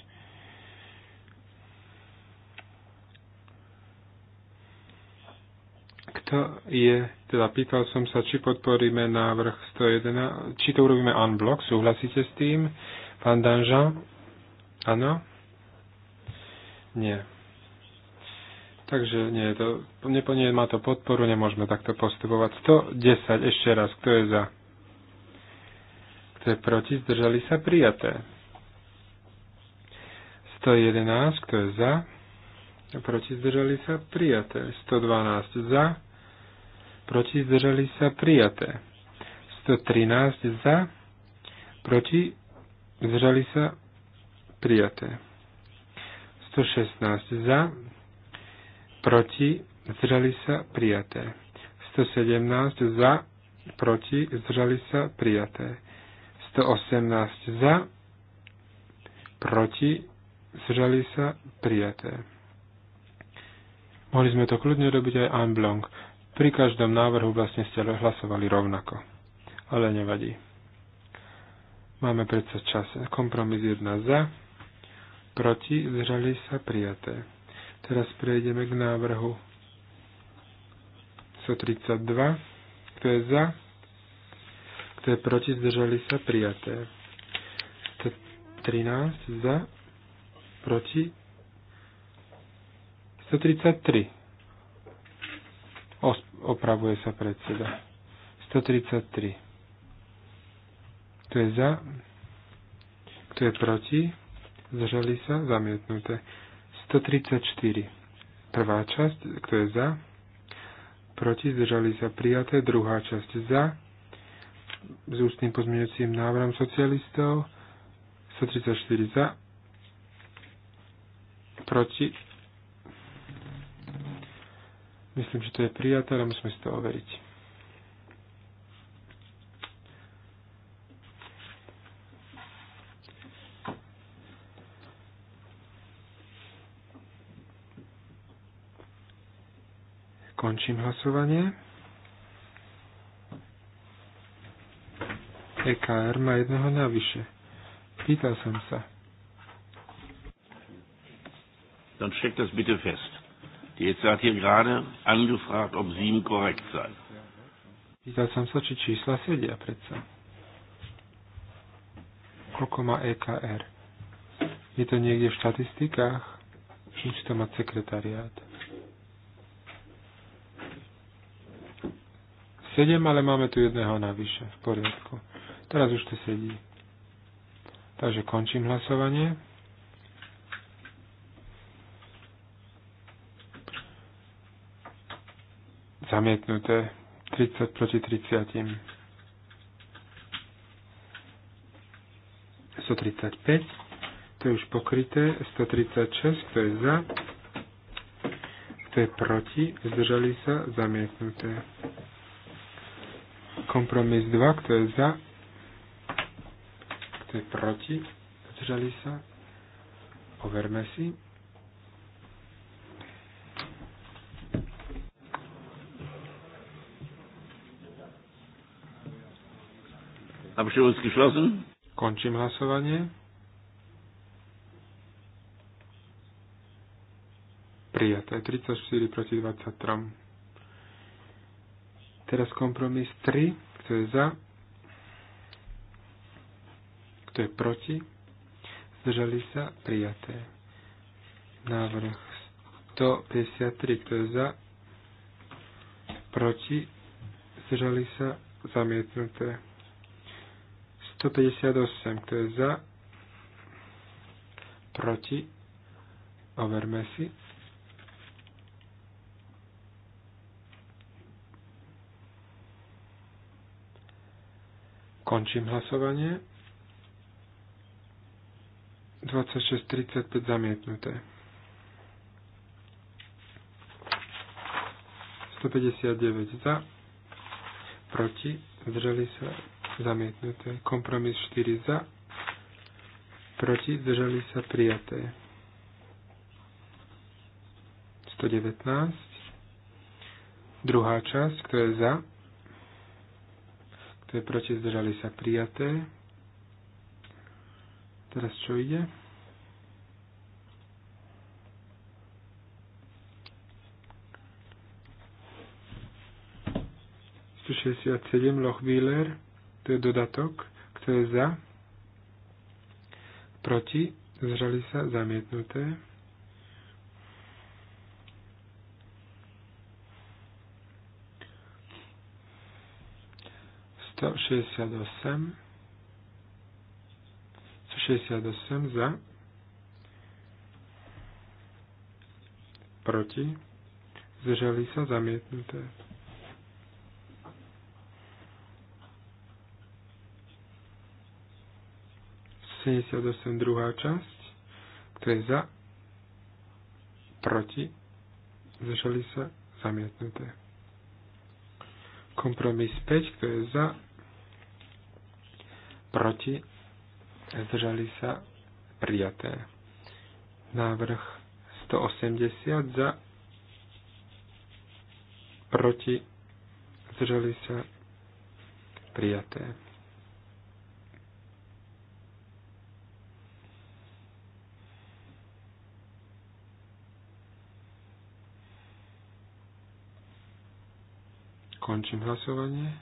Kto je, teda pýtal som sa, či podporíme návrh 101, či to urobíme unblock, súhlasíte s tým? Pán Danžan? Áno? Nie. Takže nie, to, neplne nie má to podporu, nemôžeme takto postupovať. 110 ešte raz, kto je za? Kto je proti? Zdržali sa prijaté. 111, kto je za? Proti zdržali sa prijaté. 112 za. Proti zdržali sa prijaté. 113 za. Proti zdržali sa prijaté. 116 za proti, zdržali sa, prijaté. 117 za, proti, zdržali sa, prijaté. 118 za, proti, zdržali sa, prijaté. Mohli sme to kľudne robiť aj en blanc. Pri každom návrhu vlastne ste hlasovali rovnako. Ale nevadí. Máme predsa čas. Kompromis 1 za, proti, zdržali sa, prijaté. Teraz prejdeme k návrhu 132. Kto je za? Kto je proti? Zdržali sa prijaté. 113 za, proti 133. opravuje sa predseda. 133. Kto je za? Kto je proti? Zdržali sa? Zamietnuté. 134. Prvá časť, kto je za? Proti, zdržali sa prijaté. Druhá časť za. S ústnym pozmeňujúcim návrhom socialistov. 134 za. Proti. Myslím, že to je prijaté, ale musíme si to overiť. Končím hlasovanie. EKR má jedného navyše. Pýtal som sa. Dann steckt das bitte fest. Die Jetzt hat hier gerade angefragt, ob sieben korrekt sei. Pýtal som sa, či čísla sedia predsa. Koľko má EKR? Je to niekde v štatistikách? Či to má sekretariát. 7, ale máme tu jedného navyše. V poriadku. Teraz už to sedí. Takže končím hlasovanie. Zamietnuté 30 proti 30. 135, to je už pokryté, 136, kto je za, kto je proti, zdržali sa, zamietnuté. Kompromis 2, kto je za, kto je proti, zdržali sa. Overme si. Končím hlasovanie. Prijaté 34 proti 23. Teraz kompromis 3, kto je za, kto je proti, zdržali sa, prijaté. Návrh 153, kto je za, proti, zdržali sa, zamietnuté. 158, kto je za, proti, overme si, Končím hlasovanie. 26.35 zamietnuté. 159 za, proti, Zdrželi sa zamietnuté. Kompromis 4 za, proti, Zdrželi sa prijaté. 119. Druhá časť, kto je za, to je proti, zdržali sa prijaté. Teraz čo ide? loch Wheeler, to je dodatok, kto je za, proti, zdržali sa, zamietnuté. 168 za proti zdržali sa zamietnuté druhá časť kto je za proti zdržali sa zamietnuté kompromis 5 kto je za proti, zdržali sa, prijaté. Návrh 180 za, proti, zdržali sa, prijaté. Končím hlasovanie.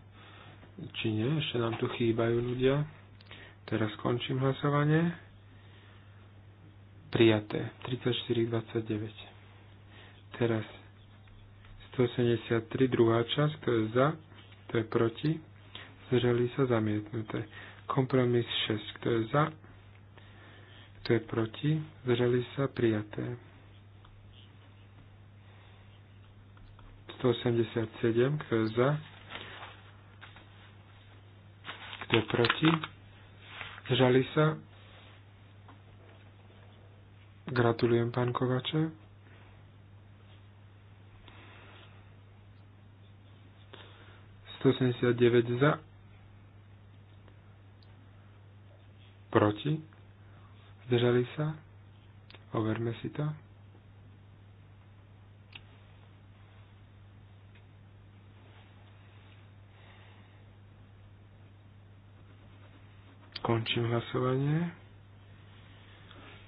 Či nie? Ešte nám tu chýbajú ľudia. Teraz končím hlasovanie. Prijaté. 34,29. Teraz 173, druhá časť, kto je za, kto je proti. Zdržali sa zamietnuté. Kompromis 6, kto je za, kto je proti. Zdržali sa prijaté. 187, kto je za, kto je proti Držali sa? Gratulujem, pán Kovače. Stosemdesiatdeväť za. Proti? Zdržali sa? Overme si to. Končím hlasovanie.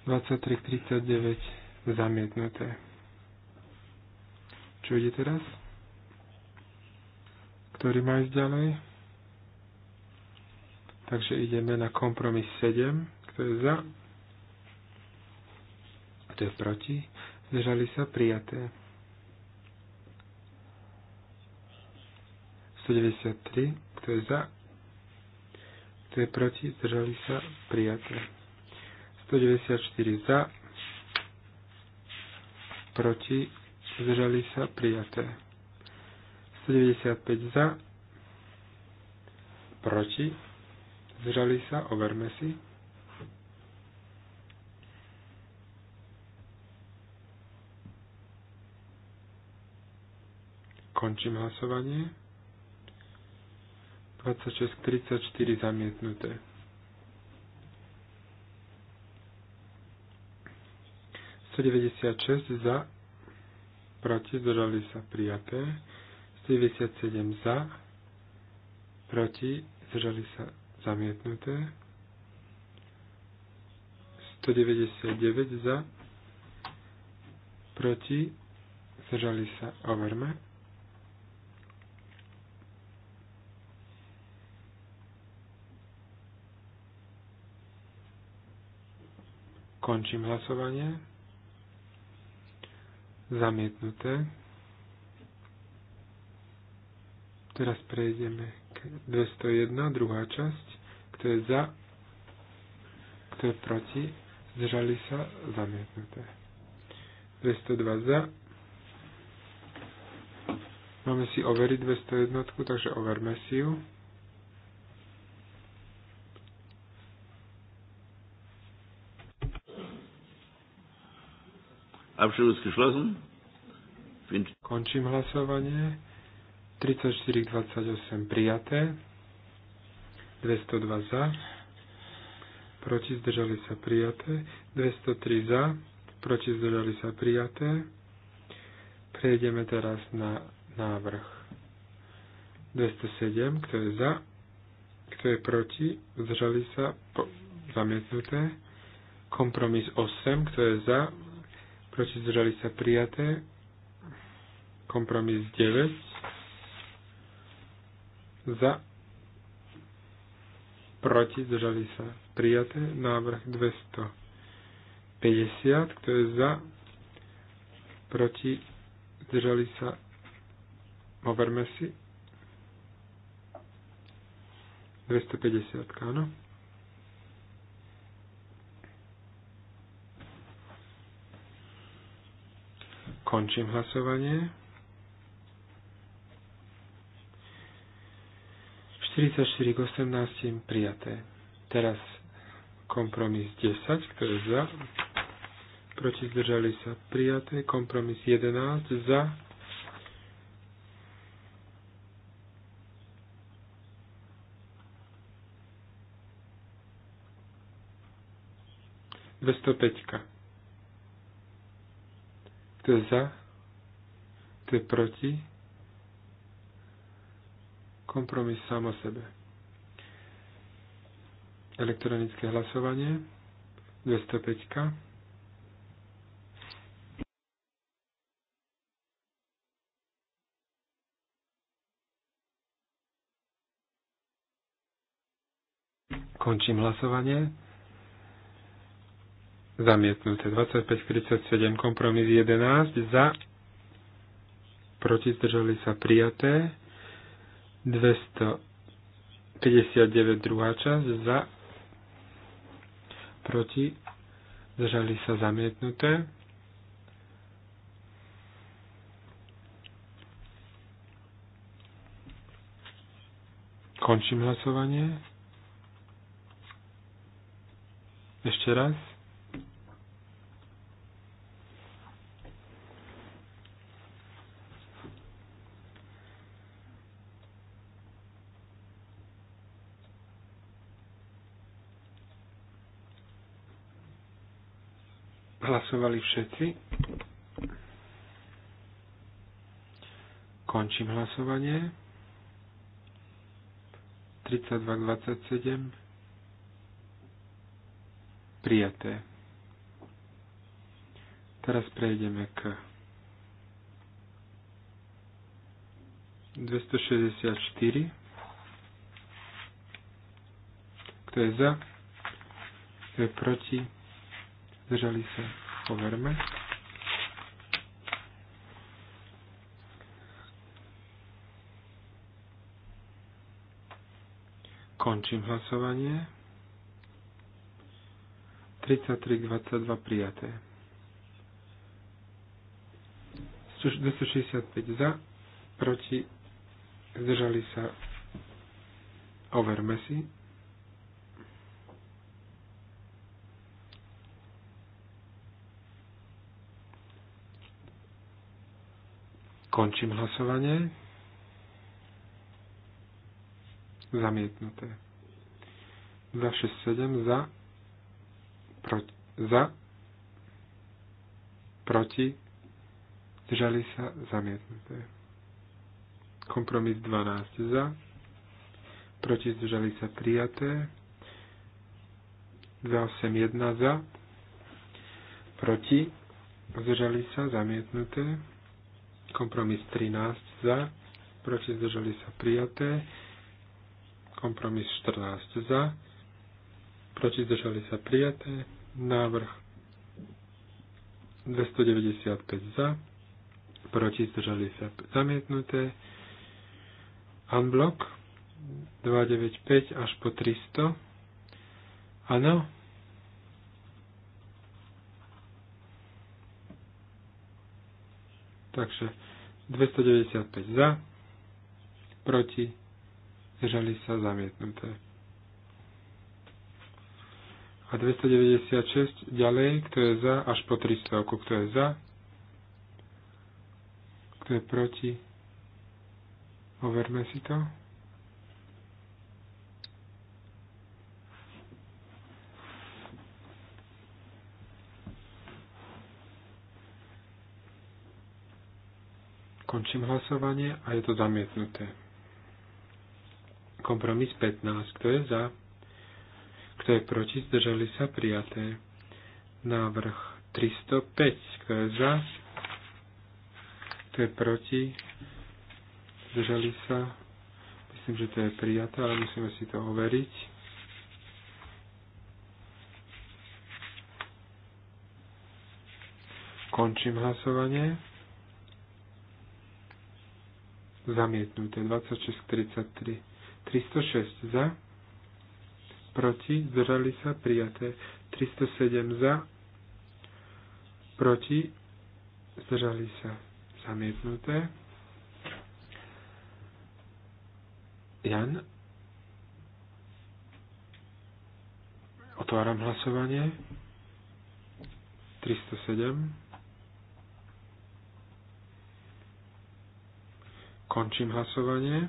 23 39 zamietnuté. Čo ide teraz? Ktorý má ísť ďalej? Takže ideme na kompromis 7. Kto je za? Kto je proti? Zdržali sa prijaté. 193. Kto je za? Kto je proti? Zdržali sa? Prijaté. 194 za. Proti? Zdržali sa? Prijaté. 195 za. Proti? Zdržali sa? Overme si. Končím hlasovanie. 26 34 zamietnuté. Sto za, proti, zdržali sa prijaté. 197 za, proti, zdržali sa zamietnuté. 199 za, proti, zdržali sa overme. Končím hlasovanie. Zamietnuté. Teraz prejdeme k 201, druhá časť. Kto je za, kto je proti, zdržali sa, zamietnuté. 202 za. Máme si overiť 201, takže overme si ju. Končím hlasovanie. 34,28 prijaté. 202 za. Proti zdržali sa prijaté. 203 za. Proti zdržali sa prijaté. Prejdeme teraz na návrh. 207, kto je za, kto je proti, zdržali sa, po, zamietnuté. Kompromis 8, kto je za, proti zdržali sa prijaté, kompromis 9, za, proti zdržali sa prijaté, návrh 250, kto je za, proti zdržali sa, overme si, 250, áno. Končím hlasovanie. 44 k 18 prijaté. Teraz kompromis 10, kto je za, proti zdržali sa prijaté, kompromis 11 za, Dvestopäťka. Kto je za? to je proti? Kompromis sám o sebe. Elektronické hlasovanie. 205. Končím hlasovanie zamietnuté. 25-37 kompromis 11 za, proti zdržali sa prijaté. 259 druhá časť za, proti zdržali sa zamietnuté. Končím hlasovanie. Ešte raz. Hlasovali všetci. Končím hlasovanie. 32.27. Prijaté. Teraz prejdeme k 264. Kto je za? Kto je proti? zdržali sa, overme. Končím hlasovanie. 33-22 prijaté. 265 za, proti, zdržali sa, overme si. Končím hlasovanie. Zamietnuté. 267 za, proti, za, proti, zdržali sa, zamietnuté. Kompromis 12 za, proti, zdržali sa, prijaté. 281 za, proti, zdržali sa, zamietnuté. Kompromis 13 za, proti zdržali sa prijaté. Kompromis 14 za, proti zdržali sa prijaté. Návrh 295 za, proti zdržali sa zamietnuté. Unblock 295 až po 300. Áno, Takže 295 za, proti, zdržali sa zamietnuté. A 296 ďalej, kto je za, až po 300, kto je za, kto je proti, overme si to. Končím hlasovanie a je to zamietnuté. Kompromis 15. Kto je za? Kto je proti? Zdržali sa prijaté. Návrh 305. Kto je za? Kto je proti? Zdržali sa. Myslím, že to je prijaté, ale musíme si to overiť. Končím hlasovanie zamietnuté. 26.33. 306 za, proti, zdržali sa, prijaté. 307 za, proti, zdržali sa, zamietnuté. Jan. Otváram hlasovanie. 307. Končím hlasovanie.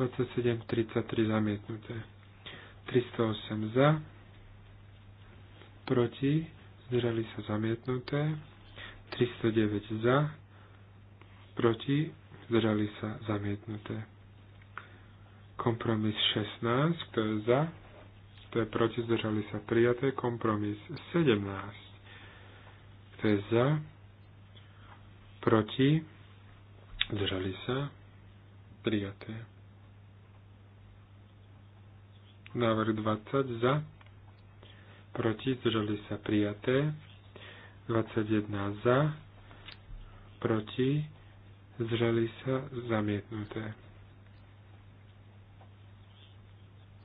27.33 zamietnuté. 308 za. Proti. Zdržali sa zamietnuté. 309 za. Proti. Zdržali sa zamietnuté. Kompromis 16. Kto je za? Kto je proti? Zdržali sa prijaté. Kompromis 17. Kto je za? proti, držali sa, prijaté. Návrh 20 za, proti, držali sa, prijaté. 21 za, proti, zdržali sa, zamietnuté.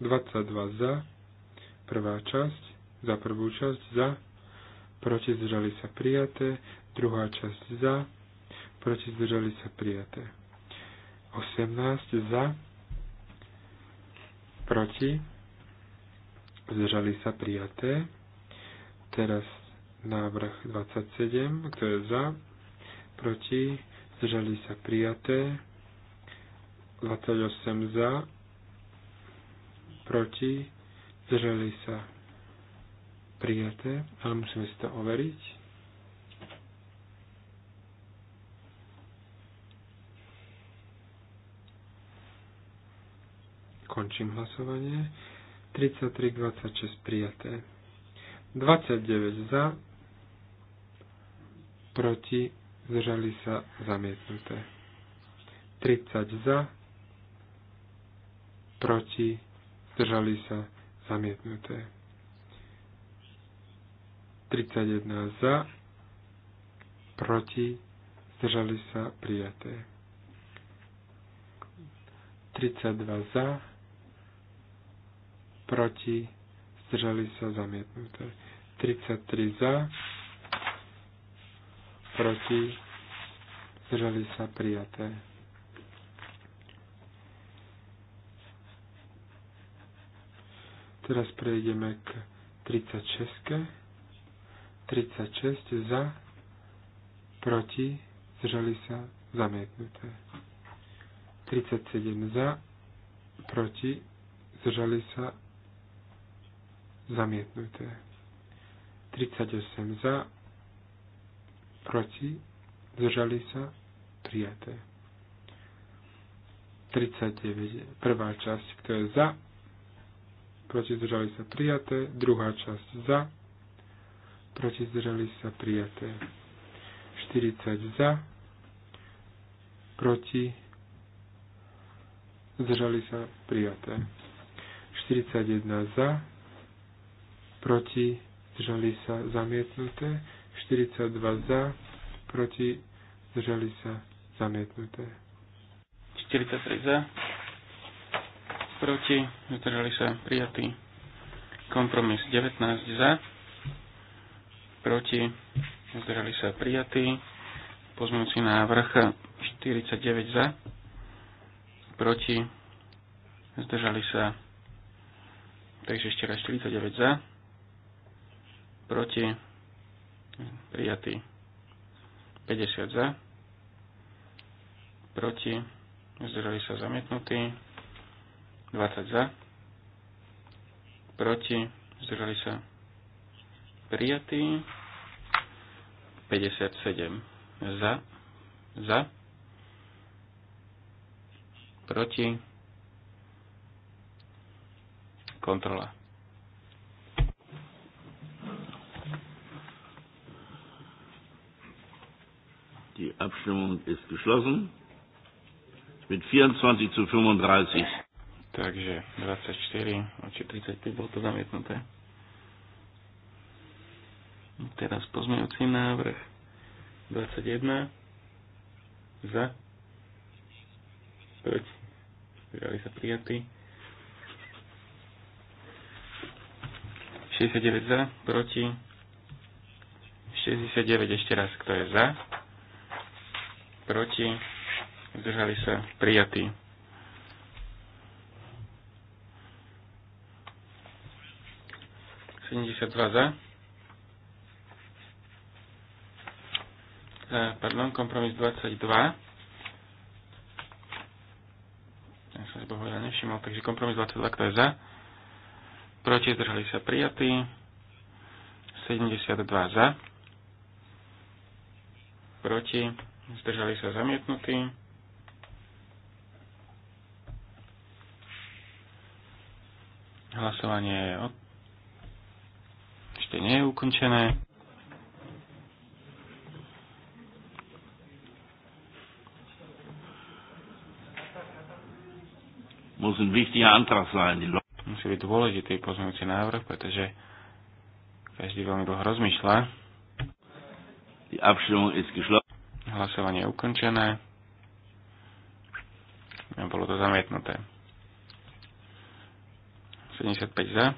22 za, prvá časť, za prvú časť za, proti zdržali sa prijaté, druhá časť za, proti zdržali sa prijaté. 18 za, proti, zdržali sa prijaté. Teraz návrh 27, kto je za, proti, zdržali sa prijaté. 28 za, proti, zdržali sa prijaté, ale musíme si to overiť. Končím hlasovanie. 33 26, prijaté. 29 za, proti, zdržali sa zamietnuté. 30 za, proti, zdržali sa zamietnuté. 31 za, proti, zdržali sa prijaté. 32 za, proti, zdržali sa zamietnuté. 33 za, proti, zdržali sa prijaté. Teraz prejdeme k 36. 36 za, proti, zdržali sa zamietnuté. 37 za, proti, zdržali sa Zamietnuté. 38 za, proti, zdržali sa, prijaté. 39, prvá časť, kto je za, proti zdržali sa prijaté, druhá časť za, proti zdržali sa prijaté. 40 za, proti zdržali sa prijaté. 41 za, proti, zdržali sa zamietnuté, 42 za, proti, zdržali sa zamietnuté. 43 za, proti, zdržali sa prijatý kompromis 19 za, proti, zdržali sa prijatý pozmúci návrh 49 za, proti, zdržali sa, takže ešte raz 49 za, proti, prijatý 50 za, proti, zdržali sa zamietnutí, 20 za, proti, zdržali sa prijatý, 57 za, za, proti, kontrola. Die Abstimmung ist geschlossen. Mit 24 zu 35. Takže 24 oči 35 bolo to zamietnuté. Teraz pozmejúci návrh 21 za proti zdržali sa prijatí 69 za proti 69 ešte raz kto je za proti, zdržali sa prijatí. za. Uh, Pardon, kompromis 22. Ja som si bohužiaľ nevšimol, takže kompromis 22, kto je za? Proti zdržali sa prijatí. 72 za. Proti zdržali sa zamietnutí. Hlasovanie je od... ešte nie je ukončené. Musí byť dôležitý pozmeňujúci návrh, pretože každý veľmi dlho rozmýšľa. Die Abstimmung ist geschlossen. Hlasovanie je ukončené. A bolo to zamietnuté. 75 za.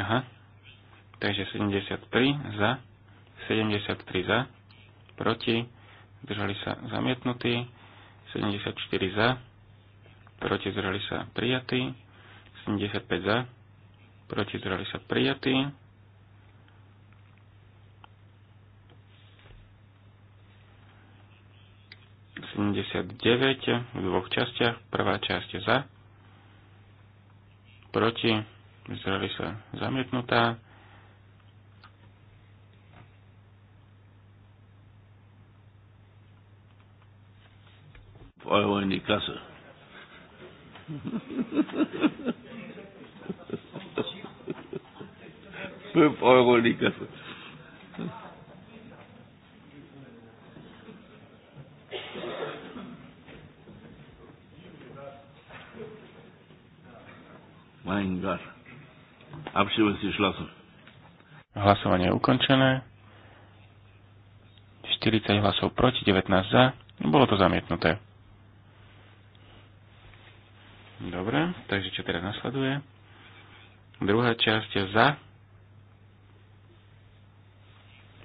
Aha. Takže 73 za. 73 za. Proti. Držali sa zamietnutí. 74 za. Proti zrali sa prijatí. 75 za. Proti zrali sa prijatí. 79 v dvoch častiach. Prvá časť za, proti, zdržali sa zamietnutá. Euro kasa. die kasa. Fünf Euro Mein Gott. Abstimmung ist geschlossen. Hlasovanie je ukončené. 40 hlasov proti, 19 za. Bolo to zamietnuté. Dobre, takže čo teraz nasleduje? Druhá časť je za,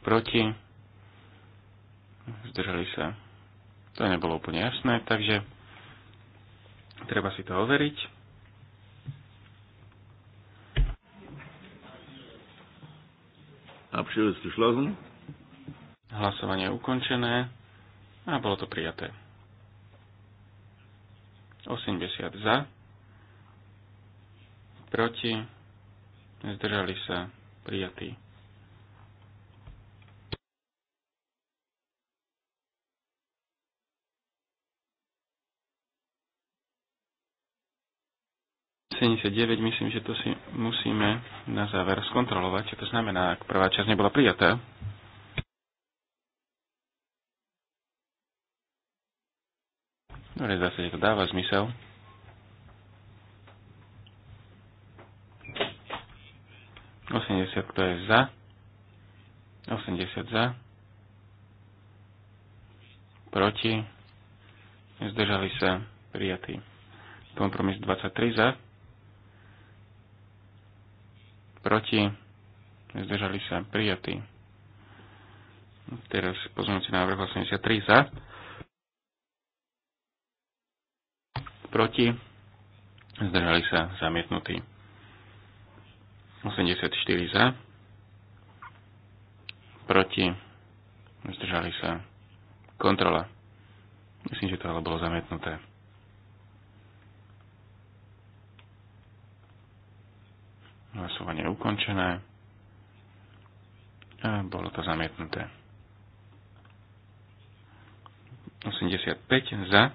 proti, zdržali sa. To nebolo úplne jasné, takže treba si to overiť. Abstimmung ist geschlossen. Hlasovanie je ukončené a bolo to prijaté. 80 za, proti, zdržali sa prijatí. 79, myslím, že to si musíme na záver skontrolovať, čo to znamená, ak prvá časť nebola prijatá. Dobre, v to dáva zmysel. Osemdesiat, kto je za? 80 za. Proti. Zdržali sa prijatí. Kompromis 23 za proti, zdržali sa prijatí. Teraz pozmeňujúci návrh 83 za, proti, zdržali sa zamietnutí. 84 za, proti, zdržali sa kontrola. Myslím, že to ale bolo zamietnuté. Hlasovanie je ukončené. A bolo to zamietnuté. 85 za,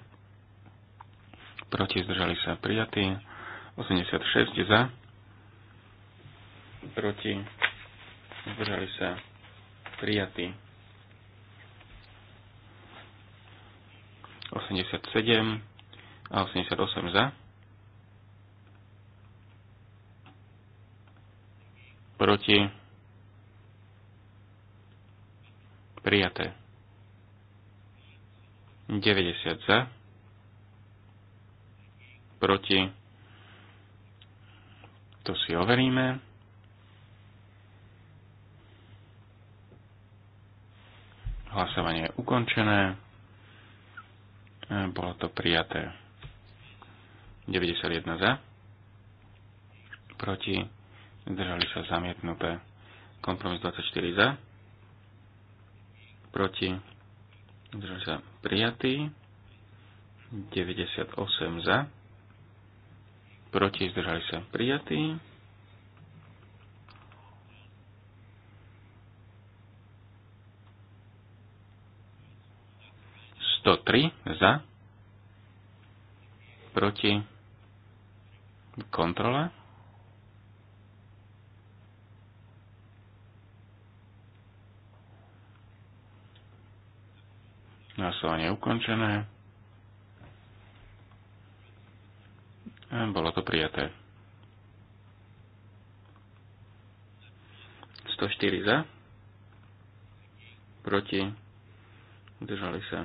proti zdržali sa prijatí, 86 za, proti zdržali sa prijatí, 87 a 88 za, proti, prijaté. 90 za, proti, to si overíme. Hlasovanie je ukončené. Bolo to prijaté. 91 za. Proti zdržali sa zamietnuté. Kompromis 24 za, proti, zdržali sa prijatý, 98 za, proti, zdržali sa prijatý, Sto tri za, proti kontrola. Hlasovanie je ukončené. A bolo to prijaté. 104 za. Proti. Držali sa.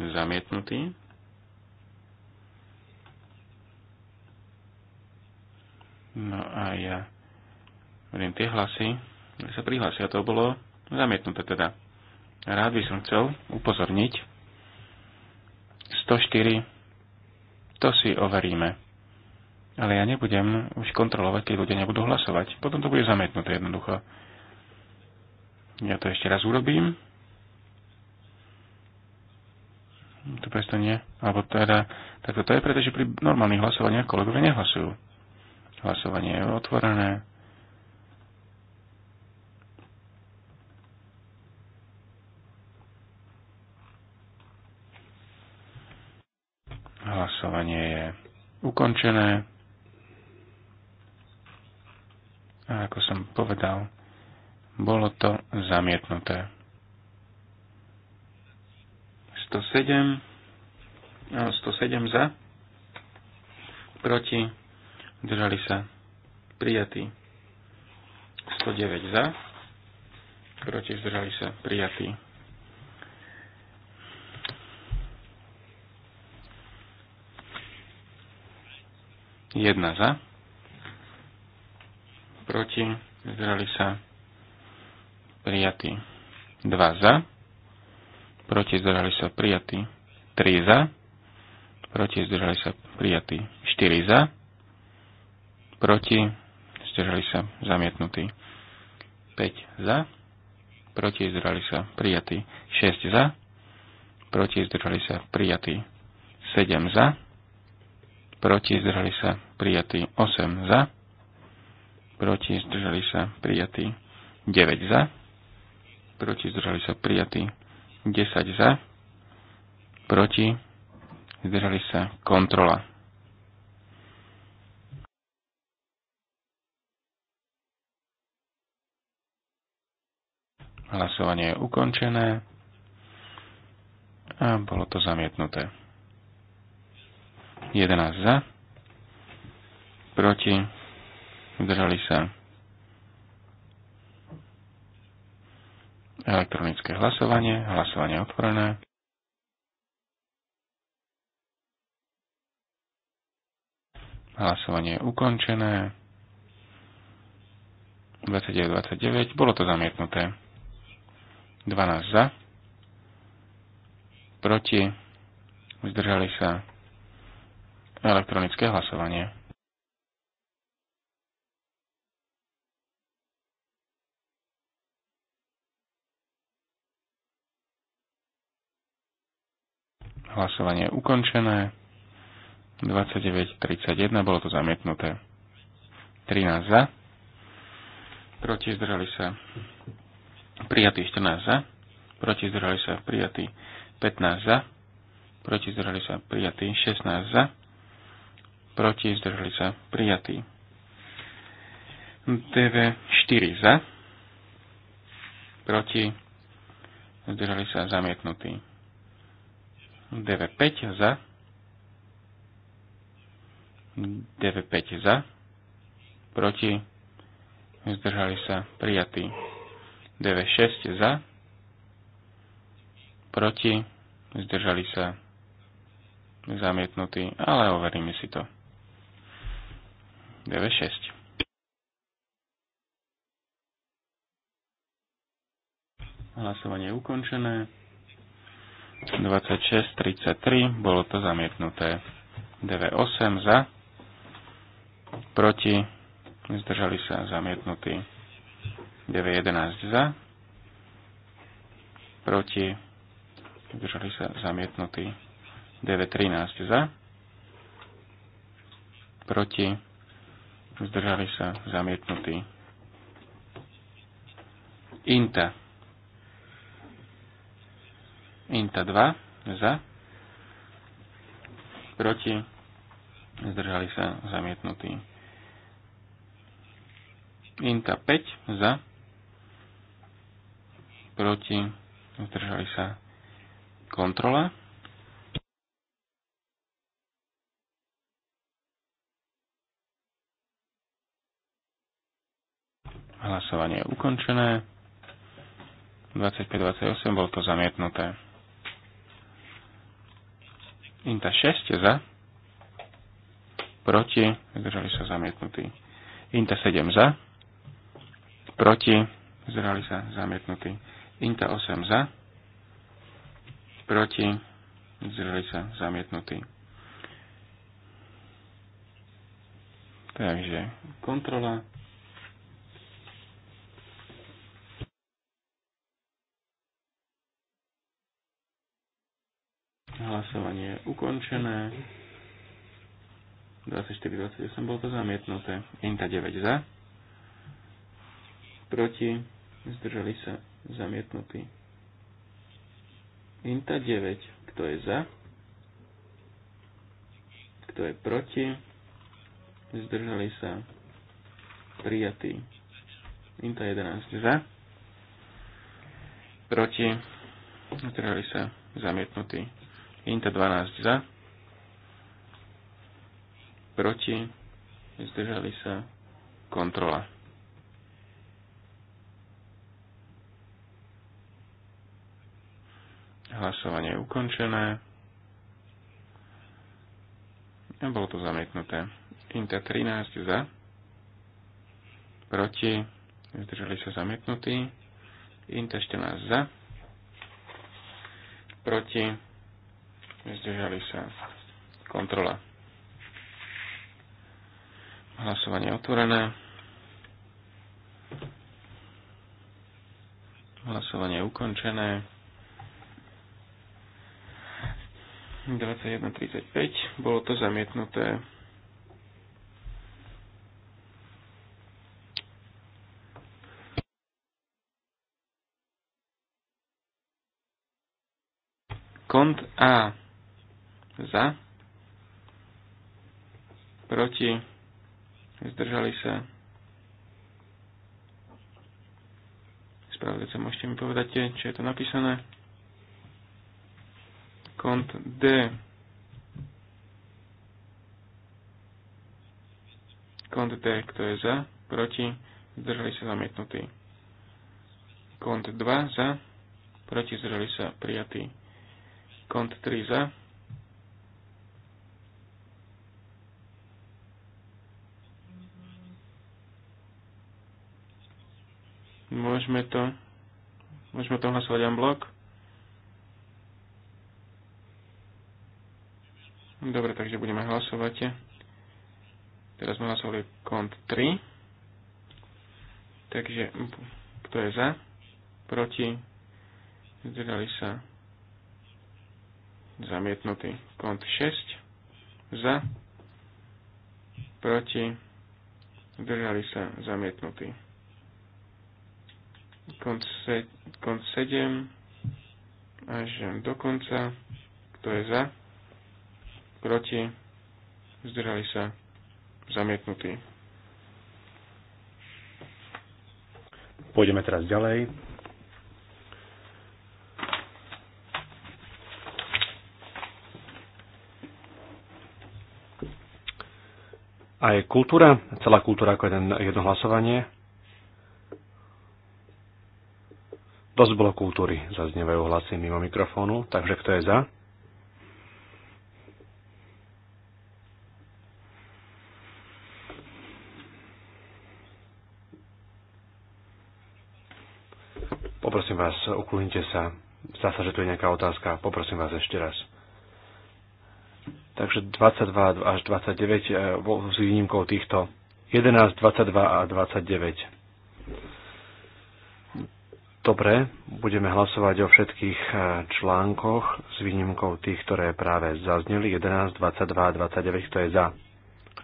Zamietnutí. No a ja hovorím tie hlasy, sa prihlasia, to bolo zamietnuté teda rád by som chcel upozorniť. 104, to si overíme. Ale ja nebudem už kontrolovať, keď ľudia nebudú hlasovať. Potom to bude zametnuté jednoducho. Ja to ešte raz urobím. To presto nie. Alebo teda, tak to je, že pri normálnych hlasovaniach kolegovia nehlasujú. Hlasovanie je otvorené. Hlasovanie je ukončené. A ako som povedal, bolo to zamietnuté. 107, 107 za, proti, držali sa, prijatí. 109 za, proti, zdržali sa, prijatí. 1 za, proti, zdržali sa, prijatí 2 za, proti, zdržali sa, prijatí 3 za, proti, zdržali sa, prijatí 4 za, proti, zdržali sa, zamietnutí 5 za, proti, zdržali sa, prijatí 6 za, proti, zdržali sa, prijatí 7 za, proti, zdržali sa prijatí 8 za, proti, zdržali sa prijatí 9 za, proti, zdržali sa prijatí 10 za, proti, zdržali sa kontrola. Hlasovanie je ukončené a bolo to zamietnuté. 11 za, proti, zdržali sa elektronické hlasovanie, hlasovanie otvorené. Hlasovanie je ukončené. 29-29, bolo to zamietnuté. 12 za, proti, zdržali sa elektronické hlasovanie. Hlasovanie je ukončené. 29.31, bolo to zamietnuté. 13 za, proti zdrali sa Prijatý 14 za, proti zdrali sa prijatí 15 za, proti zdrali sa prijatý 16 za, proti, zdržali sa, prijatý. DV 4 za, proti, zdržali sa, zamietnutý. DV 5 za, DV 5 za, proti, zdržali sa, prijatý. DV 6 za, proti, zdržali sa, zamietnutý, ale overíme si to. 9,6. Hlasovanie je ukončené. 26.33, bolo to zamietnuté. 98 za, proti, zdržali sa zamietnutí. 9.11. za, proti, zdržali sa zamietnutí. 9.13. za, proti, zdržali sa zamietnutí. Inta. Inta 2 za, proti, zdržali sa zamietnutí. Inta 5 za, proti, zdržali sa kontrola. Hlasovanie je ukončené. 25-28 bol to zamietnuté. Inta 6 za. Proti. Zdržali sa zamietnutí. Inta 7 za. Proti. Zdržali sa zamietnutí. Inta 8 za. Proti. Zdržali sa zamietnutí. Takže kontrola Hlasovanie je ukončené. 24-28 bolo to zamietnuté. Inta 9 za. Proti. Zdržali sa zamietnutí. Inta 9. Kto je za? Kto je proti? Zdržali sa prijatí. Inta 11 za. Proti. Zdržali sa zamietnutí. Inta 12 za. Proti. Zdržali sa. Kontrola. Hlasovanie je ukončené. A bolo to zamietnuté. Inta 13 za. Proti. Zdržali sa zamietnutí. Inta 14 za. Proti Nezdržali sa. Kontrola. Hlasovanie otvorené. Hlasovanie ukončené. 21.35. Bolo to zamietnuté. Kont A za, proti, zdržali sa. Spravodajca, môžete mi povedať, čo je to napísané. Kont D. Kont D, kto je za, proti, zdržali sa zamietnutí. Kont 2 za, proti zdržali sa prijatí. Kont 3 za, Môžeme to, môžeme to hlasovať en blok. Dobre, takže budeme hlasovať. Teraz sme hlasovali kont 3. Takže kto je za? Proti? Zdržali sa? Zamietnutý. Kont 6. Za? Proti? Zdržali sa? Zamietnutý konc, konc 7 až do konca. Kto je za? Proti? Zdržali sa? Zamietnutí. Pôjdeme teraz ďalej. je kultúra, celá kultúra ako jeden, jedno hlasovanie. Dosť bolo kultúry, zaznievajú hlasy mimo mikrofónu, takže kto je za? Poprosím vás, uklonite sa. Zdá sa, že tu je nejaká otázka. Poprosím vás ešte raz. Takže 22 až 29 eh, s výnimkou týchto 11, 22 a 29. Dobre, budeme hlasovať o všetkých e, článkoch s výnimkou tých, ktoré práve zazneli. 11, 22, 29, kto je za,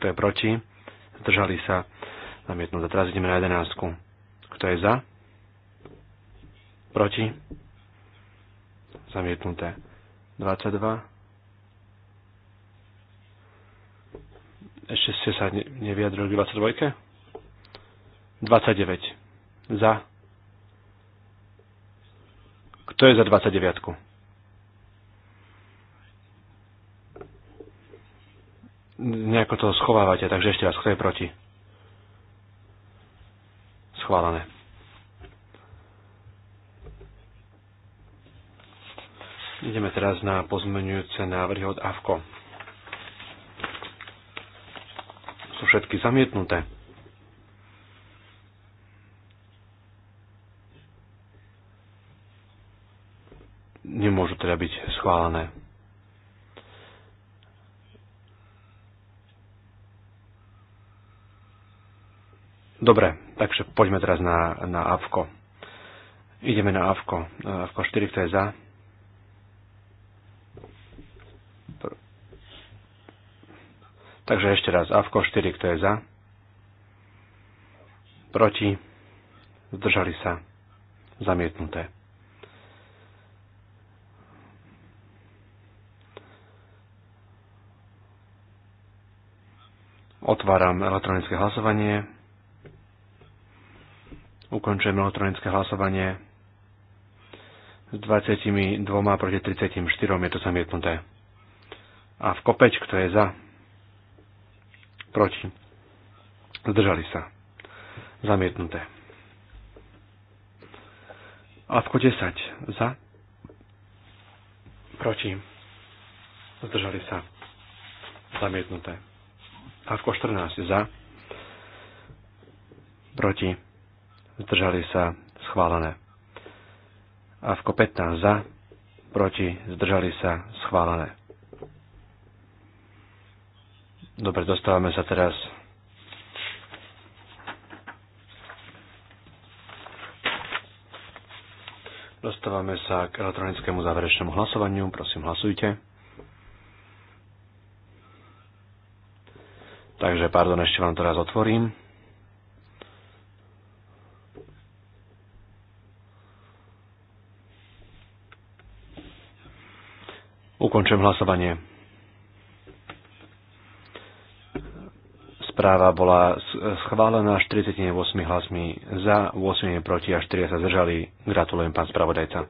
kto je proti. Zdržali sa A Teraz ideme na 11. Kto je za? Proti? Zamietnuté. 22. Ešte ste sa neviadrili k 22? 29. Za kto je za 29? Nejako to schovávate, takže ešte raz, kto je proti? Schválené. Ideme teraz na pozmenujúce návrhy od AVKO. Sú všetky zamietnuté. nemôžu teda byť schválené. Dobre, takže poďme teraz na, na AVKO. Ideme na AVKO. AVKO 4, kto je za? takže ešte raz. AVKO 4, kto je za? Proti? Zdržali sa? Zamietnuté. Otváram elektronické hlasovanie. Ukončujem elektronické hlasovanie s 22 proti 34 je to zamietnuté. A v kopeč, kto je za? Proti. Zdržali sa. Zamietnuté. A v 10 za? Proti. Zdržali sa. Zamietnuté ako 14 za, proti, zdržali sa schválené. Avko 15 za, proti, zdržali sa schválené. Dobre, dostávame sa teraz Dostávame sa k elektronickému záverečnému hlasovaniu. Prosím, hlasujte. Takže, pardon, ešte vám raz otvorím. Ukončujem hlasovanie. Správa bola schválená 48 hlasmi za, 8 proti a 4 sa zdržali. Gratulujem, pán spravodajca.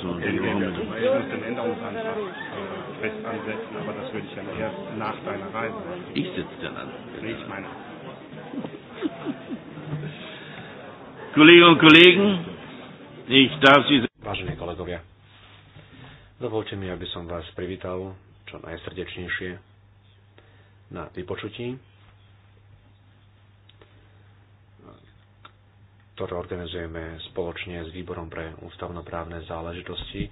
Also Entweder Ich muss den Änderungsantrag äh, fest ansetzen, aber das würde ich dann erst nach deiner Reise. machen. Ich sitze dann an. Nee, ich meine. Kolleginnen und Kollegen, ich darf Sie... Vážení kolegovia, dovolte mi, aby som vás privítal čo najsrdečnejšie na vypočutí ktoré organizujeme spoločne s Výborom pre ústavnoprávne záležitosti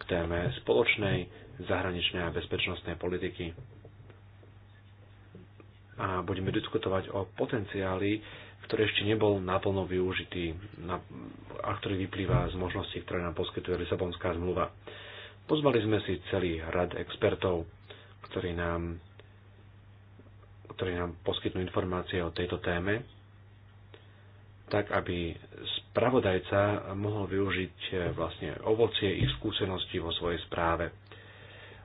k téme spoločnej zahraničnej a bezpečnostnej politiky. A budeme diskutovať o potenciáli, ktorý ešte nebol naplno využitý a ktorý vyplýva z možností, ktoré nám poskytuje Lisabonská zmluva. Pozvali sme si celý rad expertov, ktorí nám, ktorí nám poskytnú informácie o tejto téme tak aby spravodajca mohol využiť eh, vlastne ovocie ich skúseností vo svojej správe.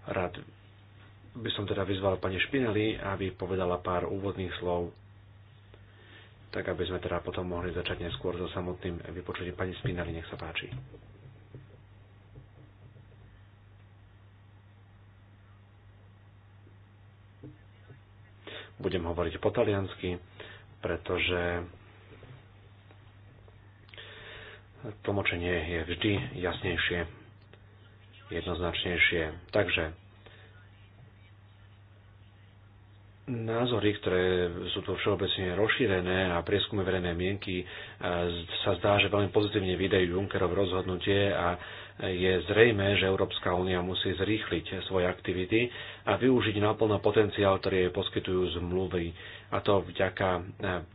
Rád by som teda vyzval pani Špinelli, aby povedala pár úvodných slov, tak aby sme teda potom mohli začať neskôr so samotným vypočutím. Pani Spinelli, nech sa páči. Budem hovoriť po taliansky, pretože Tlmočenie je vždy jasnejšie, jednoznačnejšie. Takže názory, ktoré sú tu všeobecne rozšírené a prieskumy verejnej mienky e, sa zdá, že veľmi pozitívne vydajú Junckerov rozhodnutie a je zrejme, že Európska únia musí zrýchliť svoje aktivity a využiť naplno potenciál, ktorý jej poskytujú zmluvy a to vďaka e,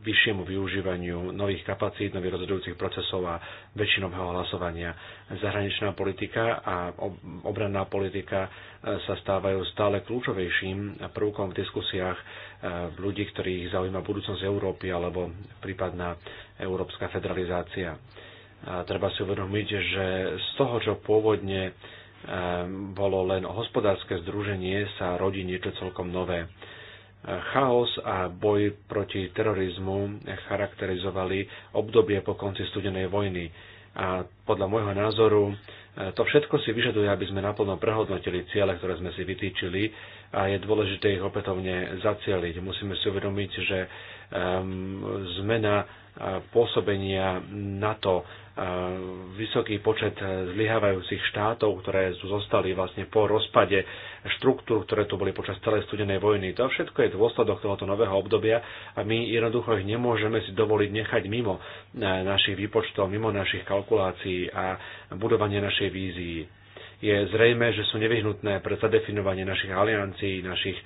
vyššiemu využívaniu nových kapacít, nových rozhodujúcich procesov a väčšinového hlasovania. Zahraničná politika a obranná politika e, sa stávajú stále kľúčovejším prvkom v diskusiách e, ľudí, ktorých zaujíma budúcnosť Európy alebo prípadná európska federalizácia. A treba si uvedomiť, že z toho, čo pôvodne bolo len hospodárske združenie, sa rodí niečo celkom nové. Chaos a boj proti terorizmu charakterizovali obdobie po konci studenej vojny a podľa môjho názoru e, to všetko si vyžaduje, aby sme naplno prehodnotili ciele, ktoré sme si vytýčili a je dôležité ich opätovne zacieliť. Musíme si uvedomiť, že um, zmena e, pôsobenia NATO vysoký počet zlyhávajúcich štátov, ktoré tu zostali vlastne po rozpade štruktúr, ktoré tu boli počas celej studenej vojny. To všetko je dôsledok tohoto nového obdobia a my jednoducho ich nemôžeme si dovoliť nechať mimo e, našich výpočtov, mimo našich kalkulácií a budovanie našej vízii je zrejme, že sú nevyhnutné pre zadefinovanie našich aliancií, našich e,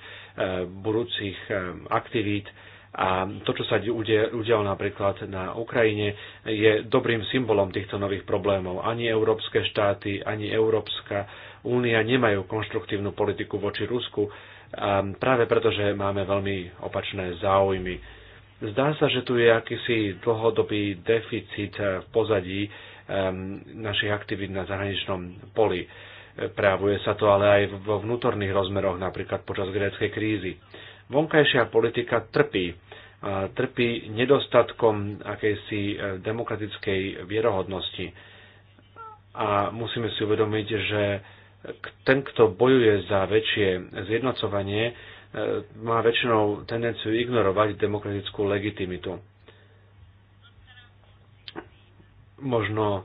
budúcich e, aktivít a to, čo sa udialo napríklad na Ukrajine, je dobrým symbolom týchto nových problémov. Ani európske štáty, ani Európska únia nemajú konštruktívnu politiku voči Rusku, práve preto, že máme veľmi opačné záujmy. Zdá sa, že tu je akýsi dlhodobý deficit v pozadí um, našich aktivít na zahraničnom poli. Prejavuje sa to ale aj vo vnútorných rozmeroch, napríklad počas gréckej krízy vonkajšia politika trpí. Trpí nedostatkom akejsi e, demokratickej vierohodnosti. A musíme si uvedomiť, že ten, kto bojuje za väčšie zjednocovanie, e, má väčšinou tendenciu ignorovať demokratickú legitimitu. Možno e,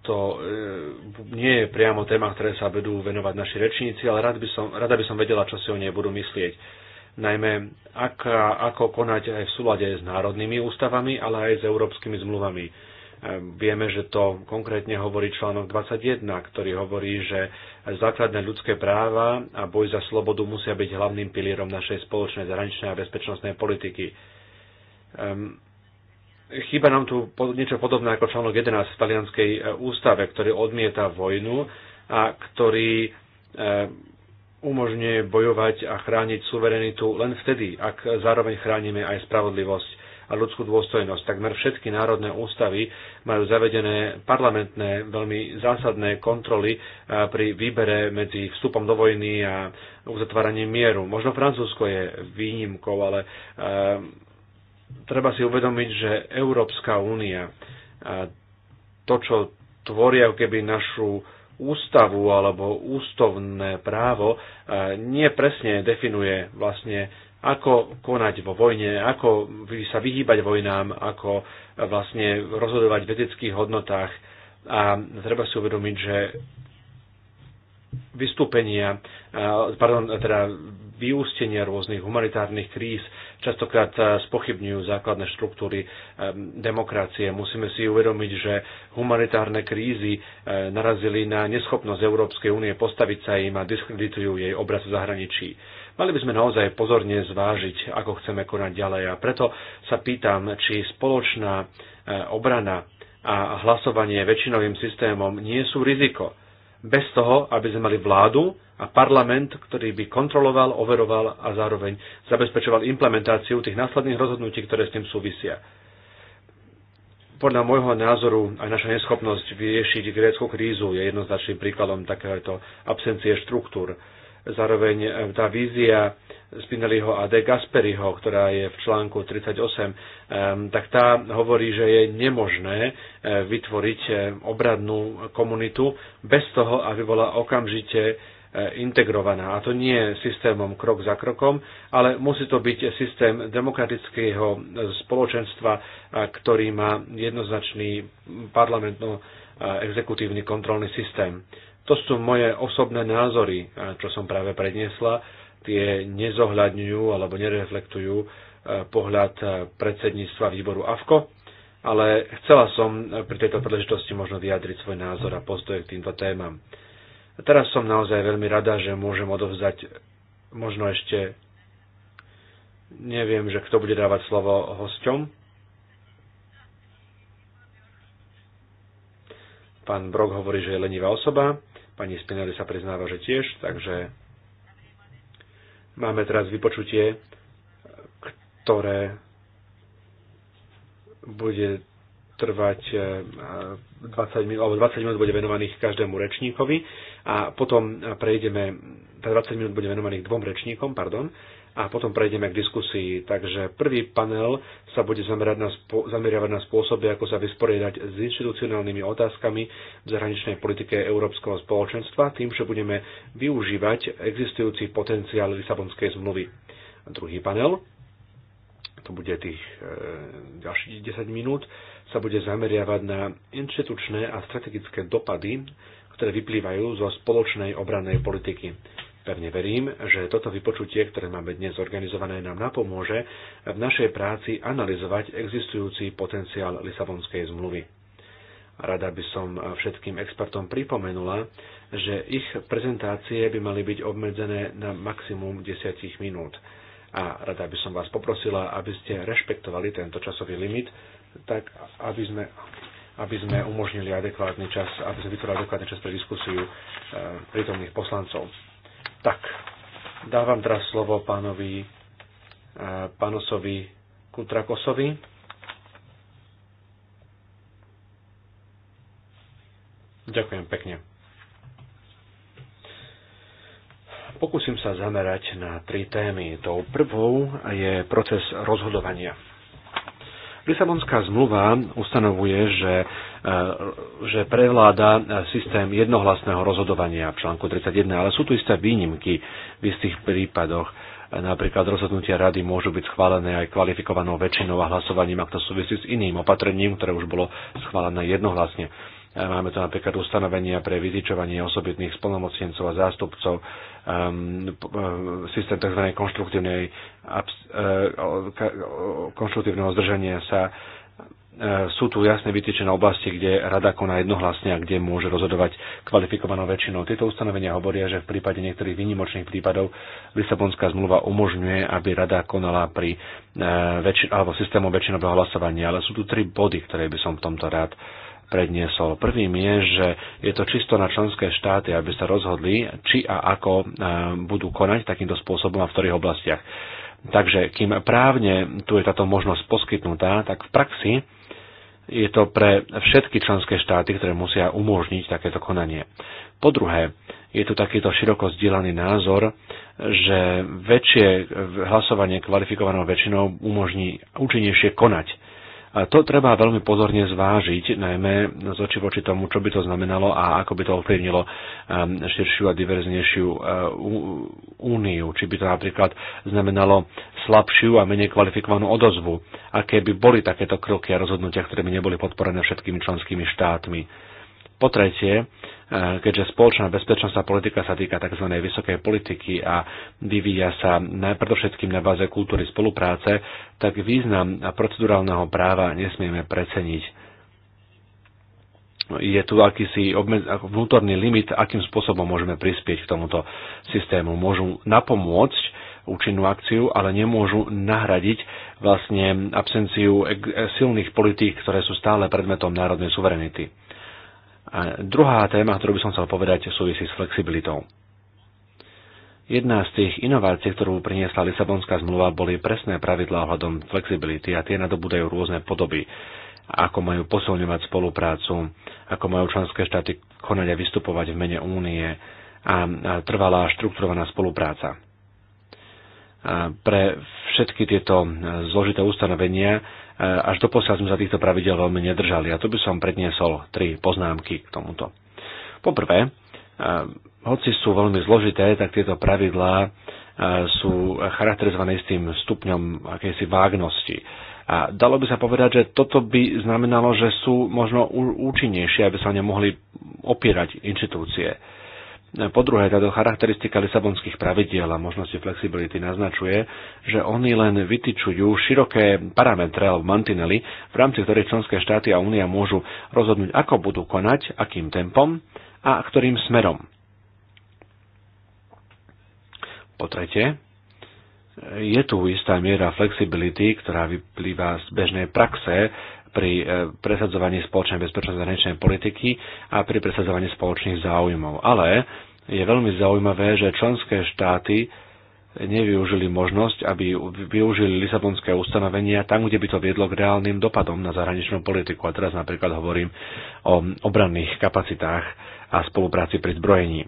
to nie je priamo téma, ktoré sa budú venovať naši rečníci, ale rada by som, rada by som vedela, čo si o nej budú myslieť najmä ak, ako konať aj v súlade s národnými ústavami, ale aj s európskymi zmluvami. E, vieme, že to konkrétne hovorí článok 21, ktorý hovorí, že základné ľudské práva a boj za slobodu musia byť hlavným pilierom našej spoločnej zahraničnej a bezpečnostnej politiky. Um, chýba nám tu niečo podobné ako článok 11 v talianskej e, ústave, ktorý odmieta vojnu a ktorý e, umožňuje bojovať a chrániť suverenitu len vtedy, ak zároveň chránime aj spravodlivosť a ľudskú dôstojnosť. Takmer všetky národné ústavy majú zavedené parlamentné veľmi zásadné kontroly eh, pri výbere medzi vstupom do vojny a uzatváraním mieru. Možno Francúzsko je výnimkou, ale eh, treba si uvedomiť, že Európska únia, eh, to, čo tvoria keby našu ústavu alebo ústovné právo e, nie presne definuje vlastne, ako konať vo vojne, ako sa vyhýbať vojnám, ako e, vlastne rozhodovať v etických hodnotách. A treba si uvedomiť, že vystúpenia, e, pardon, teda vyústenia rôznych humanitárnych kríz častokrát spochybňujú základné štruktúry eh, demokracie. Musíme si uvedomiť, že humanitárne krízy eh, narazili na neschopnosť Európskej únie postaviť sa im a diskreditujú jej obraz v zahraničí. Mali by sme naozaj pozorne zvážiť, ako chceme konať ďalej. A preto sa pýtam, či spoločná eh, obrana a hlasovanie väčšinovým systémom nie sú riziko bez toho, aby sme mali vládu a parlament, ktorý by kontroloval, overoval a zároveň zabezpečoval implementáciu tých následných rozhodnutí, ktoré s tým súvisia. Podľa môjho názoru aj naša neschopnosť vyriešiť grécku krízu je jednoznačným príkladom takéhoto absencie štruktúr. Zároveň eh, tá vízia Spinelliho a De Gasperiho, ktorá je v článku 38, ehm, tak tá hovorí, že je nemožné eh, vytvoriť eh, obradnú komunitu bez toho, aby bola okamžite eh, integrovaná. A to nie systémom krok za krokom, ale musí to byť systém demokratického spoločenstva, ktorý má jednoznačný parlamentno-exekutívny kontrolný systém. To sú moje osobné názory, čo som práve predniesla tie nezohľadňujú alebo nereflektujú e, pohľad e, predsedníctva výboru AFKO, ale chcela som e, pri tejto príležitosti možno vyjadriť svoj názor a postoj k týmto témam. A teraz som naozaj veľmi rada, že môžem odovzdať možno ešte neviem, že kto bude dávať slovo hosťom. Pán Brok hovorí, že je lenivá osoba. Pani Spinelli sa priznáva, že tiež, takže Máme teraz vypočutie, ktoré bude trvať 20 e, minút, alebo 20 minút bude venovaných každému rečníkovi a potom prejdeme, 20 teda minút bude venovaných dvom rečníkom, pardon, a potom prejdeme k diskusii. Takže prvý panel sa bude zamerať na zameriavať na spôsoby, ako sa vysporiadať s inštitucionálnymi otázkami v zahraničnej politike Európskeho spoločenstva, tým, že budeme využívať existujúci potenciál Lisabonskej zmluvy. Druhý panel, to bude tých e, ďalších 10 minút, sa bude zameriavať na inštitučné a strategické dopady, ktoré vyplývajú zo spoločnej obrannej politiky. Pevne verím, že toto vypočutie, ktoré máme dnes organizované, nám napomôže v našej práci analyzovať existujúci potenciál Lisabonskej zmluvy. Rada by som všetkým expertom pripomenula, že ich prezentácie by mali byť obmedzené na maximum 10 minút. A rada by som vás poprosila, aby ste rešpektovali tento časový limit, tak aby sme, aby sme umožnili adekvátny čas, aby sme vytvorili adekvátny čas pre diskusiu eh, prítomných poslancov. Tak, dávam teraz slovo pánovi e, pánosovi Kutrakosovi. Ďakujem pekne. Pokúsim sa zamerať na tri témy. Tou prvou je proces rozhodovania. Lisabonská zmluva ustanovuje, že E, že prevláda systém jednohlasného rozhodovania v článku 31, ale sú tu isté výnimky v istých prípadoch. Napríklad rozhodnutia rady môžu byť schválené aj kvalifikovanou väčšinou a hlasovaním, ak to súvisí s iným opatrením, ktoré už bolo schválené jednohlasne. E, máme tu napríklad ustanovenia pre vyzičovanie osobitných spolnomocnencov a zástupcov, um, systém tzv. konštruktívnej, abs, uh, konštruktívneho zdržania sa E, sú tu jasne vytýčené oblasti, kde rada koná jednohlasne a kde môže rozhodovať kvalifikovanou väčšinou. Tieto ustanovenia hovoria, že v prípade niektorých výnimočných prípadov Lisabonská zmluva umožňuje, aby rada konala pri e, väčši- alebo systému väčšinového hlasovania, ale sú tu tri body, ktoré by som v tomto rád predniesol. Prvým je, že je to čisto na členské štáty, aby sa rozhodli, či a ako e, budú konať takýmto spôsobom a v ktorých oblastiach. Takže kým právne tu je táto možnosť poskytnutá, tak v praxi je to pre všetky členské štáty, ktoré musia umožniť takéto konanie. Po druhé, je tu takýto široko zdieľaný názor, že väčšie hlasovanie kvalifikovanou väčšinou umožní účinnejšie konať to treba veľmi pozorne zvážiť, najmä z oči voči tomu, čo by to znamenalo a ako by to ovplyvnilo um, širšiu a diverznejšiu uh, úniu. Či by to napríklad znamenalo slabšiu a menej kvalifikovanú odozvu. Aké by boli takéto kroky a rozhodnutia, ktoré by neboli podporené všetkými členskými štátmi po tretie, e, keďže spoločná bezpečnostná politika sa týka tzv. vysokej politiky a vyvíja sa najpredovšetkým na báze kultúry spolupráce, tak význam procedurálneho práva nesmieme preceniť je tu akýsi vnútorný limit, akým spôsobom môžeme prispieť k tomuto systému. Môžu napomôcť účinnú akciu, ale nemôžu nahradiť vlastne absenciu e- silných politík, ktoré sú stále predmetom národnej suverenity. A druhá téma, ktorú by som chcel povedať, súvisí s flexibilitou. Jedna z tých inovácií, ktorú priniesla Lisabonská zmluva, boli presné pravidlá ohľadom flexibility a tie nadobúdajú rôzne podoby ako majú posilňovať spoluprácu, ako majú členské štáty konať a vystupovať v mene únie a trvalá štrukturovaná spolupráca. Pre všetky tieto e, zložité ustanovenia E, až do posiaľ sme sa týchto pravidel veľmi nedržali. A tu by som predniesol tri poznámky k tomuto. Poprvé, e, hoci sú veľmi zložité, tak tieto pravidlá e, sú charakterizované s tým stupňom akejsi vágnosti. A dalo by sa povedať, že toto by znamenalo, že sú možno účinnejšie, aby sa nemohli opierať inštitúcie po druhé, táto charakteristika lisabonských pravidiel a možnosti flexibility naznačuje, že oni len vytyčujú široké parametre alebo mantinely, v rámci ktorých členské štáty a únia môžu rozhodnúť, ako budú konať, akým tempom a ktorým smerom. Po tretie, je tu istá miera flexibility, ktorá vyplýva z bežnej praxe pri e, presadzovaní spoločnej bezpečnosti zahraničnej politiky a pri presadzovaní spoločných záujmov. Ale je veľmi zaujímavé, že členské štáty nevyužili možnosť, aby využili Lisabonské ustanovenia tam, kde by to viedlo k reálnym dopadom na zahraničnú politiku. A teraz napríklad hovorím o obranných kapacitách a spolupráci pri zbrojení.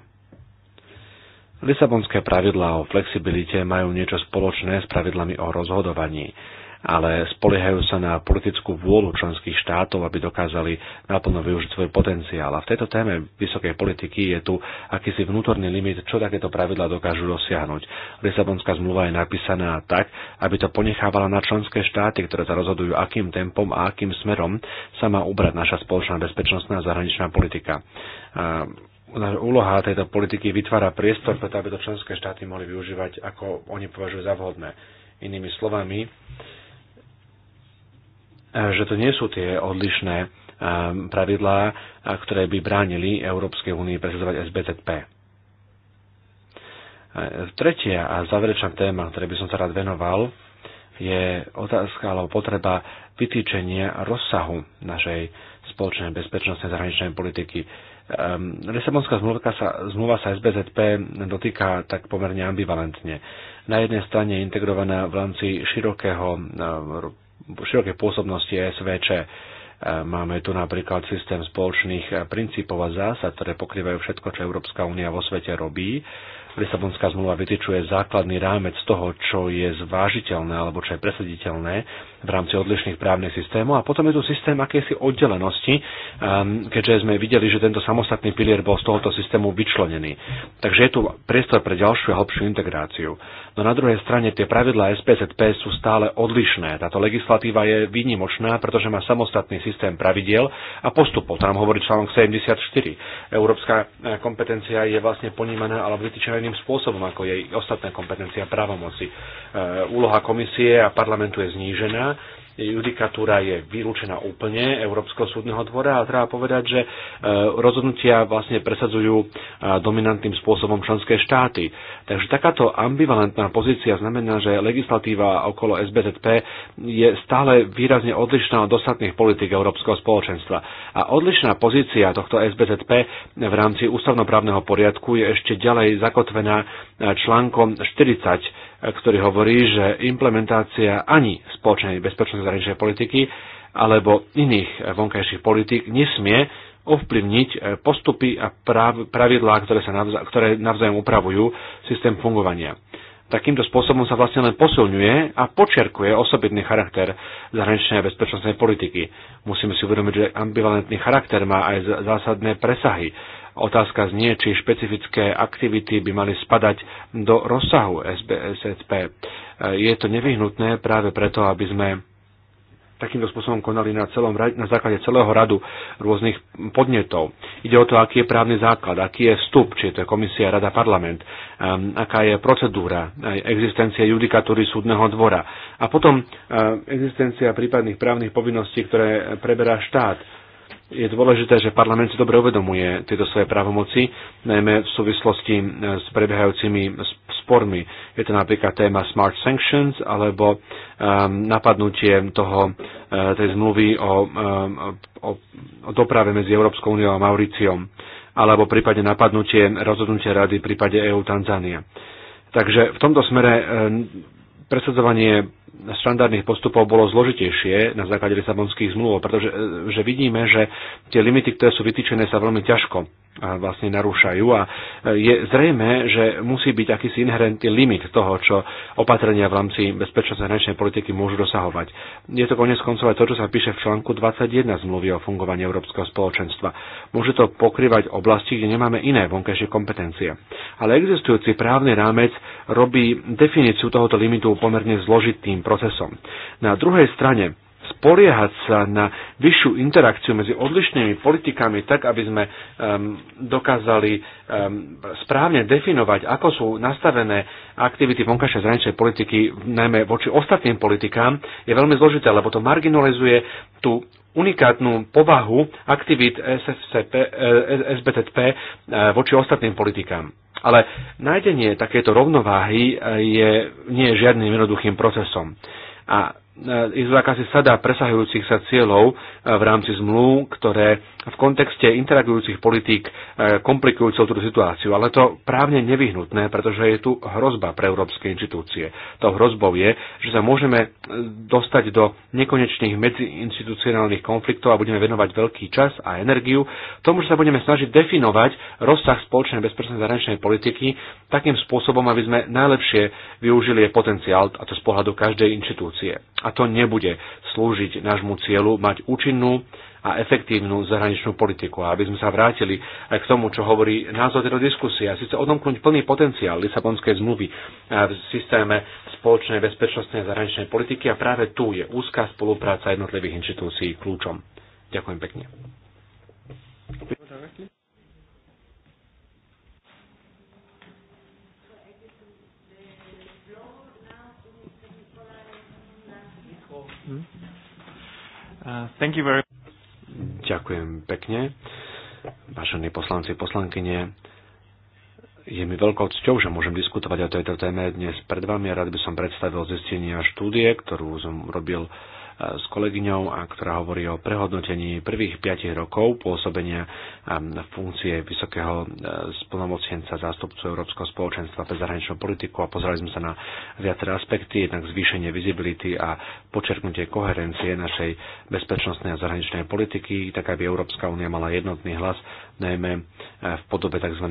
Lisabonské pravidlá o flexibilite majú niečo spoločné s pravidlami o rozhodovaní ale spoliehajú sa na politickú vôľu členských štátov, aby dokázali naplno využiť svoj potenciál. A v tejto téme vysokej politiky je tu akýsi vnútorný limit, čo takéto pravidla dokážu dosiahnuť. Lisabonská zmluva je napísaná tak, aby to ponechávala na členské štáty, ktoré sa rozhodujú, akým tempom a akým smerom sa má ubrať naša spoločná bezpečnostná a zahraničná politika úloha tejto politiky vytvára priestor preto, aby to členské štáty mohli využívať, ako oni považujú za vhodné. Inými slovami, že to nie sú tie odlišné eh, pravidlá, eh, ktoré by bránili Európskej únii presadzovať SBZP. Eh, tretia a záverečná téma, ktorej by som sa rád venoval, je otázka alebo potreba vytýčenia rozsahu našej spoločnej bezpečnostnej zahraničnej politiky. Um, Lisabonská zmluva sa, zmluva sa SBZP dotýka tak pomerne ambivalentne. Na jednej strane je integrovaná v rámci širokého širokej pôsobnosti SVČ. E, máme tu napríklad systém spoločných princípov a zásad, ktoré pokrývajú všetko, čo Európska únia vo svete robí. Lisabonská zmluva vytyčuje základný rámec toho, čo je zvážiteľné alebo čo je presaditeľné v rámci odlišných právnych systémov. A potom je tu systém akési oddelenosti, ehm, keďže sme videli, že tento samostatný pilier bol z tohoto systému vyčlenený. Takže je tu priestor pre ďalšiu a hlbšiu integráciu. No na druhej strane tie pravidlá SPZP sú stále odlišné. Táto legislatíva je výnimočná, pretože má samostatný systém pravidiel a postupov. Tam hovorí článok 74. Európska eh, kompetencia je vlastne ponímaná alebo vytýčená iným spôsobom ako jej ostatná kompetencia právomoci. Eh, úloha komisie a parlamentu je znížená judikatúra je vylúčená úplne Európskeho súdneho dvora a treba povedať, že e, rozhodnutia vlastne presadzujú e, dominantným spôsobom členské štáty. Takže takáto ambivalentná pozícia znamená, že legislatíva okolo SBZP je stále výrazne odlišná od ostatných politik Európskeho spoločenstva. A odlišná pozícia tohto SBZP v rámci ústavnoprávneho poriadku je ešte ďalej zakotvená e, článkom 40 ktorý hovorí, že implementácia ani spoločnej bezpečnosti zahraničnej politiky alebo iných vonkajších politik nesmie ovplyvniť postupy a pravidlá, ktoré, sa navza- ktoré navzájom upravujú systém fungovania. Takýmto spôsobom sa vlastne len posilňuje a počerkuje osobitný charakter zahraničnej a bezpečnostnej politiky. Musíme si uvedomiť, že ambivalentný charakter má aj zásadné presahy Otázka znie, či špecifické aktivity by mali spadať do rozsahu SBSP. E, je to nevyhnutné práve preto, aby sme takýmto spôsobom konali na, celom, na základe celého radu rôznych podnetov. Ide o to, aký je právny základ, aký je vstup, či je to komisia, rada, parlament, um, aká je procedúra, existencia judikatúry súdneho dvora a potom um, existencia prípadných právnych povinností, ktoré preberá štát je dôležité, že parlament si dobre uvedomuje tieto svoje právomoci, najmä v súvislosti e, s prebiehajúcimi spormi. Je to napríklad téma Smart Sanctions alebo um, napadnutie toho, e, tej zmluvy o, o, o doprave medzi Európskou úniou a Mauriciom alebo prípadne napadnutie rozhodnutia rady v prípade EU Tanzania. Takže v tomto smere presadzovanie štandardných postupov bolo zložitejšie na základe Lisabonských zmluv, pretože e, že vidíme, že tie limity, ktoré sú vytýčené, sa veľmi ťažko vlastne narúšajú a e, je zrejme, že musí byť akýsi inherentný limit toho, čo opatrenia v rámci bezpečnosti hranečnej politiky môžu dosahovať. Je to konec koncov aj to, čo sa píše v článku 21 zmluvy o fungovaní Európskeho spoločenstva. Môže to pokrývať oblasti, kde nemáme iné vonkajšie kompetencie. Ale existujúci právny rámec robí definíciu tohoto limitu pomerne zložitým procesom. Na druhej strane spoliehať sa na vyššiu interakciu medzi odlišnými politikami tak, aby sme um, dokázali um, správne definovať, ako sú nastavené aktivity vonkajšej zraničnej politiky, najmä voči ostatným politikám, je veľmi zložité, lebo to marginalizuje tú unikátnu povahu aktivít SSCP, eh, SBTP eh, voči ostatným politikám. Ale nájdenie takéto rovnováhy eh, je, nie je žiadnym jednoduchým procesom. A je to akási sada presahujúcich sa cieľov e, v rámci zmluv, ktoré v kontexte interagujúcich politík e, komplikujú celú tú situáciu. Ale to právne nevyhnutné, pretože je tu hrozba pre európske inštitúcie. To hrozbou je, že sa môžeme e, dostať do nekonečných medziinstitucionálnych konfliktov a budeme venovať veľký čas a energiu tomu, že sa budeme snažiť definovať rozsah spoločnej bezpečnej zahraničnej politiky takým spôsobom, aby sme najlepšie využili jej potenciál, a to z pohľadu každej inštitúcie a to nebude slúžiť nášmu cieľu mať účinnú a efektívnu zahraničnú politiku. A aby sme sa vrátili aj k tomu, čo hovorí názov tejto diskusie, a síce odomknúť plný potenciál Lisabonskej zmluvy v systéme spoločnej bezpečnostnej a zahraničnej politiky a práve tu je úzká spolupráca jednotlivých inštitúcií kľúčom. Ďakujem pekne. Uh, thank you very... Ďakujem pekne. Vážení poslanci, poslankyne, je mi veľkou cťou, že môžem diskutovať o tejto téme dnes pred vami. Rád by som predstavil zistenia štúdie, ktorú som robil s kolegyňou, a ktorá hovorí o prehodnotení prvých 5 rokov pôsobenia um, funkcie vysokého e, splnomocnenca zástupcu Európskeho spoločenstva pre zahraničnú politiku a pozerali sme sa na viaceré aspekty, jednak zvýšenie visibility a počerknutie koherencie našej bezpečnostnej a zahraničnej politiky, tak aby Európska únia mala jednotný hlas najmä eh, v podobe tzv.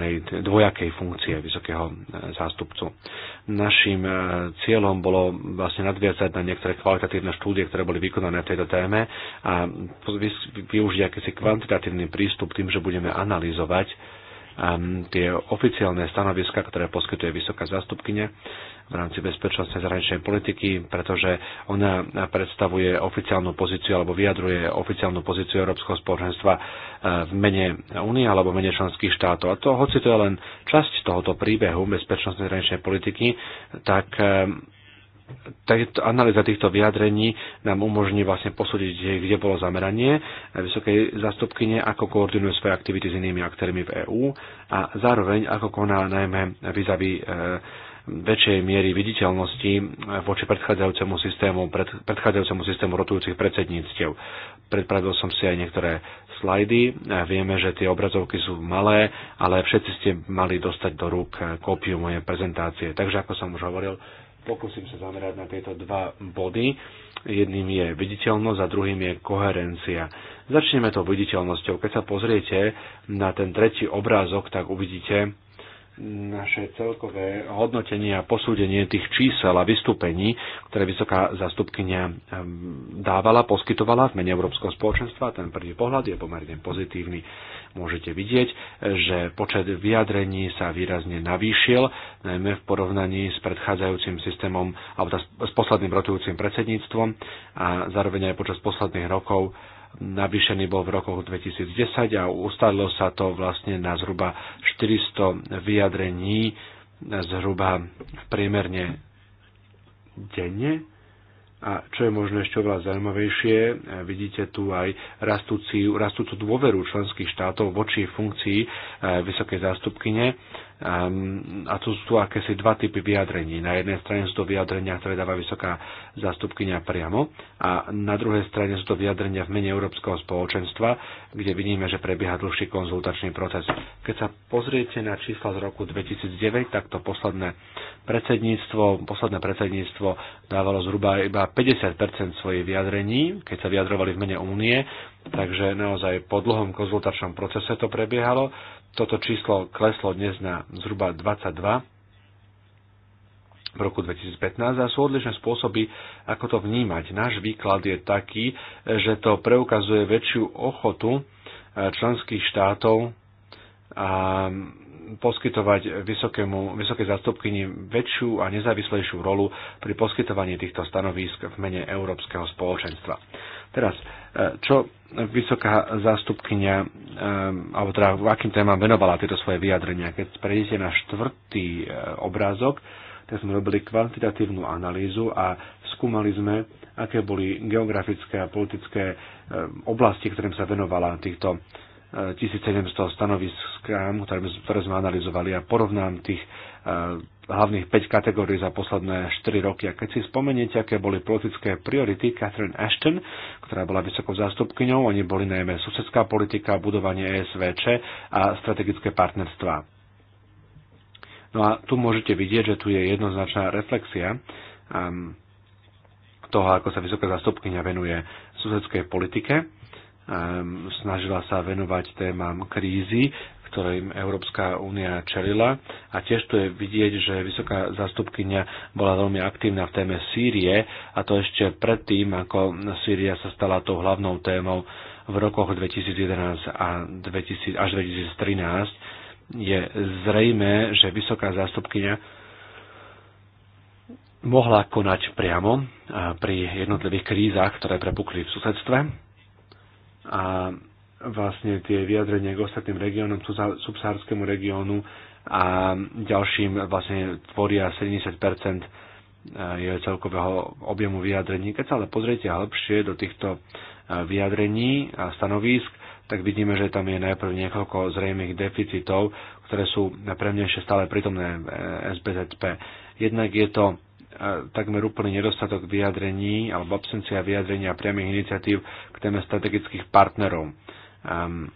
dvojakej funkcie vysokého eh, zástupcu. Naším eh, cieľom bolo vlastne nadviazať na niektoré kvalitatívne štúdie, ktoré boli vykonané v tejto téme a využiť akýsi kvantitatívny prístup tým, že budeme analyzovať ehm, tie oficiálne stanoviska, ktoré poskytuje vysoká zástupkynia v rámci bezpečnostnej zahraničnej politiky, pretože ona predstavuje oficiálnu pozíciu alebo vyjadruje oficiálnu pozíciu Európskeho spoločenstva eh, v mene únie alebo v mene členských štátov. A to, hoci to je len časť tohoto príbehu bezpečnostnej zahraničnej politiky, tak eh, analýza týchto vyjadrení nám umožní vlastne posúdiť, kde bolo zameranie vysokej zastupkyne, ako koordinuje svoje aktivity s inými aktérmi v EÚ a zároveň ako koná najmä vizavi eh, väčšej miery viditeľnosti voči predchádzajúcemu systému, pred, predchádzajúcemu systému rotujúcich predsedníctiev. Predpravil som si aj niektoré slajdy. Vieme, že tie obrazovky sú malé, ale všetci ste mali dostať do rúk kópiu mojej prezentácie. Takže ako som už hovoril, pokúsim sa zamerať na tieto dva body. Jedným je viditeľnosť a druhým je koherencia. Začneme to viditeľnosťou. Keď sa pozriete na ten tretí obrázok, tak uvidíte, naše celkové hodnotenie a posúdenie tých čísel a vystúpení, ktoré vysoká zastupkynia dávala, poskytovala v mene Európskeho spoločenstva. Ten prvý pohľad je pomerne pozitívny. Môžete vidieť, že počet vyjadrení sa výrazne navýšil, najmä v porovnaní s predchádzajúcim systémom alebo s posledným rotujúcim predsedníctvom a zároveň aj počas posledných rokov navýšený bol v rokoch 2010 a ustalilo sa to vlastne na zhruba 400 vyjadrení zhruba priemerne denne. A čo je možno ešte oveľa zaujímavejšie, vidíte tu aj rastúci, rastúcu dôveru členských štátov voči funkcii eh, vysokej zástupkyne Um, a tu sú tu akési dva typy vyjadrení. Na jednej strane sú to vyjadrenia, ktoré dáva vysoká zástupkynia priamo a na druhej strane sú to vyjadrenia v mene Európskeho spoločenstva, kde vidíme, že prebieha dlhší konzultačný proces. Keď sa pozriete na čísla z roku 2009, tak to posledné predsedníctvo, posledné predsedníctvo dávalo zhruba iba 50% svojich vyjadrení, keď sa vyjadrovali v mene únie, takže naozaj po dlhom konzultačnom procese to prebiehalo toto číslo kleslo dnes na zhruba 22 v roku 2015 a sú odlišné spôsoby, ako to vnímať. Náš výklad je taký, že to preukazuje väčšiu ochotu e, členských štátov a poskytovať vysokému, vysokej zastupkyni väčšiu a nezávislejšiu rolu pri poskytovaní týchto stanovísk v mene Európskeho spoločenstva. Teraz, e, čo vysoká zástupkynia, ehm, alebo teda v akým témam venovala tieto svoje vyjadrenia. Keď prejdete na štvrtý e, obrázok, tak sme robili kvantitatívnu analýzu a skúmali sme, aké boli geografické a politické ehm, oblasti, ktorým sa venovala týchto 1700 e, stanoviskám, ktoré sme analyzovali a porovnám tých ehm, hlavných 5 kategórií za posledné 4 roky. A keď si spomeniete, aké boli politické priority Catherine Ashton, ktorá bola vysokou zástupkyňou, oni boli najmä susedská politika, budovanie ESVČ a strategické partnerstva. No a tu môžete vidieť, že tu je jednoznačná reflexia um, toho, ako sa vysoká zástupkynia venuje susedskej politike um, snažila sa venovať témam krízy ktorým Európska únia čelila. A tiež tu je vidieť, že vysoká zastupkynia bola veľmi aktívna v téme Sýrie, a to ešte predtým, ako Sýria sa stala tou hlavnou témou v rokoch 2011 a 2000, až 2013. Je zrejme, že vysoká zástupkynia mohla konať priamo pri jednotlivých krízach, ktoré prepukli v susedstve. A vlastne tie vyjadrenia k ostatným regiónom, subsahárskému regiónu a ďalším vlastne tvoria 70 eh, jeho celkového objemu vyjadrení. Keď sa ale pozriete hĺbšie do týchto eh, vyjadrení a stanovísk, tak vidíme, že tam je najprv niekoľko zrejmých deficitov, ktoré sú premnejšie stále prítomné v eh, SBZP. Jednak je to takmer úplný nedostatok vyjadrení alebo absencia vyjadrenia priamých iniciatív k téme strategických partnerov. Um,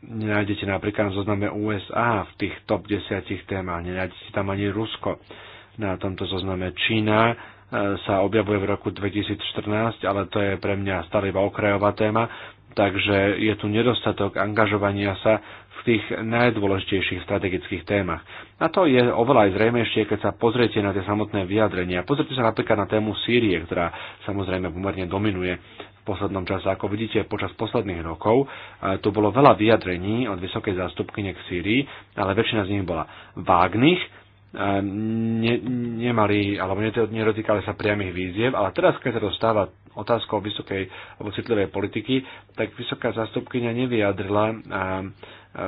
nenájdete napríklad na zozname USA v tých top 10 témach, nenájdete tam ani Rusko. Na tomto zozname Čína eh, sa objavuje v roku 2014, ale to je pre mňa stále iba okrajová téma, takže je tu nedostatok angažovania sa v tých najdôležitejších strategických témach. A to je oveľa aj zrejmejšie, keď sa pozriete na tie samotné vyjadrenia. Pozrite sa napríklad na tému Sýrie, ktorá samozrejme pomerne dominuje poslednom čase. Ako vidíte, počas posledných rokov e, tu bolo veľa vyjadrení od vysokej zástupkyne k Sýrii, ale väčšina z nich bola vágnych, e, ne, nemali, alebo nerotýkali sa priamých víziev, ale teraz, keď sa dostáva otázka o vysokej alebo citlivej politiky, tak vysoká zástupkynia nevyjadrila e,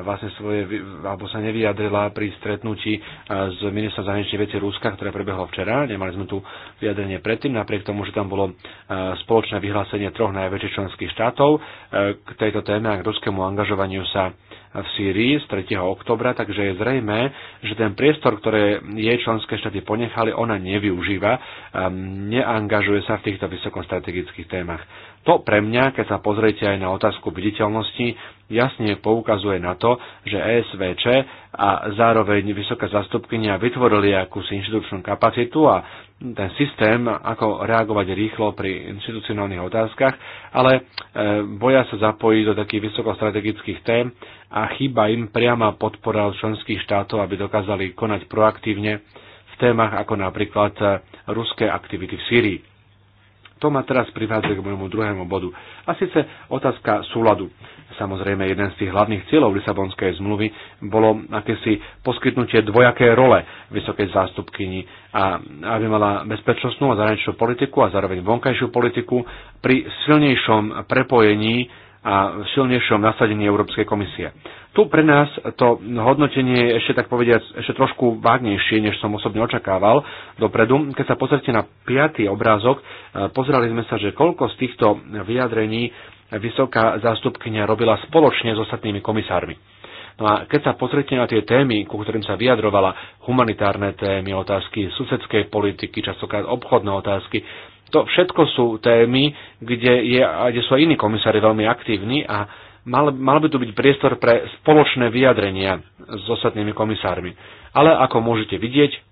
vlastne svoje, alebo sa nevyjadrila pri stretnutí e, s ministrom zahraničných vecí Ruska, ktoré prebehlo včera. Nemali sme tu vyjadrenie predtým, napriek tomu, že tam bolo e, spoločné vyhlásenie troch najväčších členských štátov e, k tejto téme a k ruskému angažovaniu sa v Sýrii z 3. oktobra, takže je zrejme, že ten priestor, ktoré jej členské štáty ponechali, ona nevyužíva, neangažuje sa v týchto vysokostrategických témach. To pre mňa, keď sa pozriete aj na otázku viditeľnosti, jasne poukazuje na to, že ESVČ a zároveň vysoká zastupkynia vytvorili akúsi inštitučnú kapacitu a ten systém, ako reagovať rýchlo pri inštitucionálnych otázkach, ale e, boja sa zapojiť do takých vysokostrategických tém a chýba im priama podpora od členských štátov, aby dokázali konať proaktívne v témach ako napríklad e, ruské aktivity v Sýrii. To ma teraz privádza k môjmu druhému bodu. A síce otázka súladu. Samozrejme, jeden z tých hlavných cieľov Lisabonskej zmluvy bolo akési poskytnutie dvojaké role vysokej zástupkyni, a aby mala bezpečnostnú a zahraničnú politiku a zároveň vonkajšiu politiku pri silnejšom prepojení a silnejšom nasadení Európskej komisie. Tu pre nás to hodnotenie je ešte tak povediať ešte trošku vágnejšie, než som osobne očakával dopredu. Keď sa pozrite na piatý obrázok, eh, pozerali sme sa, že koľko z týchto vyjadrení vysoká zástupkynia robila spoločne s ostatnými komisármi. No a keď sa pozrite na tie témy, ku ktorým sa vyjadrovala, humanitárne témy, otázky susedskej politiky, častokrát obchodné otázky, to všetko sú témy, kde, je, kde sú aj iní komisári veľmi aktívni a mal, mal by tu byť priestor pre spoločné vyjadrenia s ostatnými komisármi. Ale ako môžete vidieť,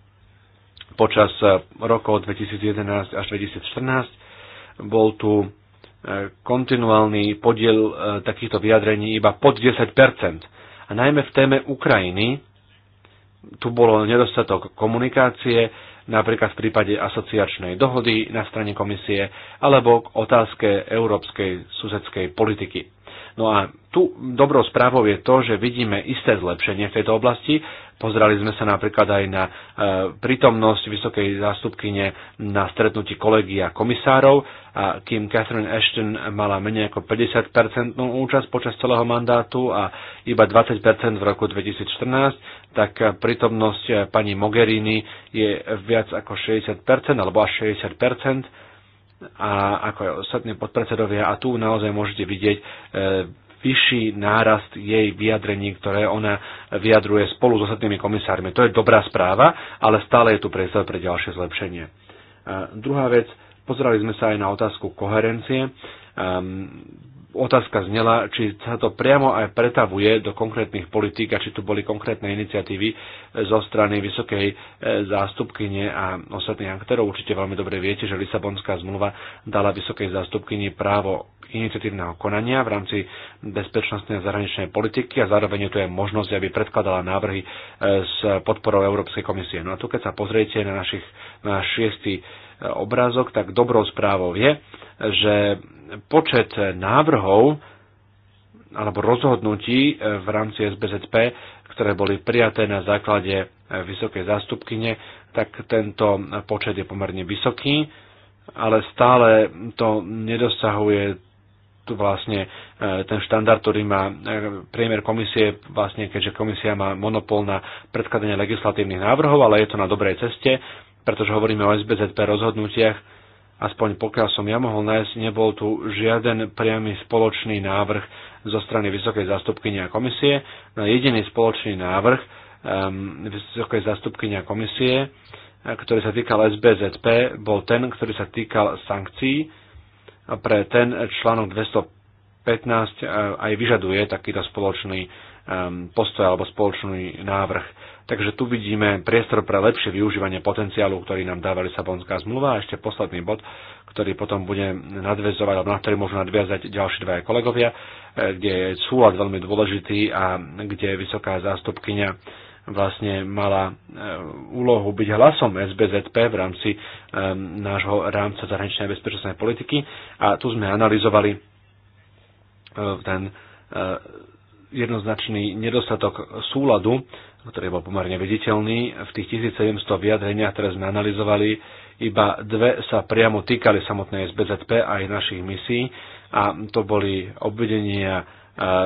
počas rokov 2011 až 2014 bol tu kontinuálny podiel e, takýchto vyjadrení iba pod 10 A najmä v téme Ukrajiny tu bolo nedostatok komunikácie, napríklad v prípade asociačnej dohody na strane komisie alebo k otázke európskej susedskej politiky. No a tu dobrou správou je to, že vidíme isté zlepšenie v tejto oblasti. Pozrali sme sa napríklad aj na e, prítomnosť vysokej zástupkyne na stretnutí kolegia komisárov, a kým Catherine Ashton mala menej ako 50% účasť počas celého mandátu a iba 20% v roku 2014, tak prítomnosť pani Mogherini je viac ako 60% alebo až 60% a ako aj ostatní podpredsedovia a tu naozaj môžete vidieť e, vyšší nárast jej vyjadrení, ktoré ona vyjadruje spolu s ostatnými komisármi. To je dobrá správa, ale stále je tu priestor pre ďalšie zlepšenie. E, druhá vec, pozerali sme sa aj na otázku koherencie. E, otázka znela, či sa to priamo aj pretavuje do konkrétnych politík a či tu boli konkrétne iniciatívy e, zo strany vysokej e, zástupkyne a ostatných aktérov. Určite veľmi dobre viete, že Lisabonská zmluva dala vysokej zástupkyni právo iniciatívneho konania v rámci bezpečnostnej a zahraničnej politiky a zároveň je tu je možnosť, aby predkladala návrhy e, s podporou Európskej komisie. No a tu keď sa pozriete na, našich, na šiestý obrázok, tak dobrou správou je, že počet návrhov alebo rozhodnutí v rámci SBZP, ktoré boli prijaté na základe vysokej zástupkyne, tak tento počet je pomerne vysoký, ale stále to nedosahuje tu vlastne e, ten štandard, ktorý má e, priemer komisie, vlastne keďže komisia má monopol na predkladanie legislatívnych návrhov, ale je to na dobrej ceste, pretože hovoríme o SBZP rozhodnutiach, aspoň pokiaľ som ja mohol nájsť, nebol tu žiaden priamy spoločný návrh zo strany Vysokej zástupkynia komisie. No jediný spoločný návrh um, Vysokej zástupkynia komisie, e, ktorý sa týkal SBZP, bol ten, ktorý sa týkal sankcií a pre ten článok 215 e, aj vyžaduje takýto spoločný ehm, postoj alebo spoločný návrh. Takže tu vidíme priestor pre lepšie využívanie potenciálu, ktorý nám dáva Lisabonská zmluva. A ešte posledný bod, ktorý potom bude nadväzovať, alebo na ktorý môžu nadviazať ďalší dvaja kolegovia, e, kde je súlad veľmi dôležitý a kde vysoká zástupkynia vlastne mala e, úlohu byť hlasom SBZP v rámci e, nášho rámca zahraničnej bezpečnostnej politiky a tu sme analyzovali ten jednoznačný nedostatok súladu ktorý bol pomerne viditeľný. V tých 1700 vyjadreniach, ktoré sme analyzovali, iba dve sa priamo týkali samotnej SBZP a aj našich misií a to boli obvedenia e,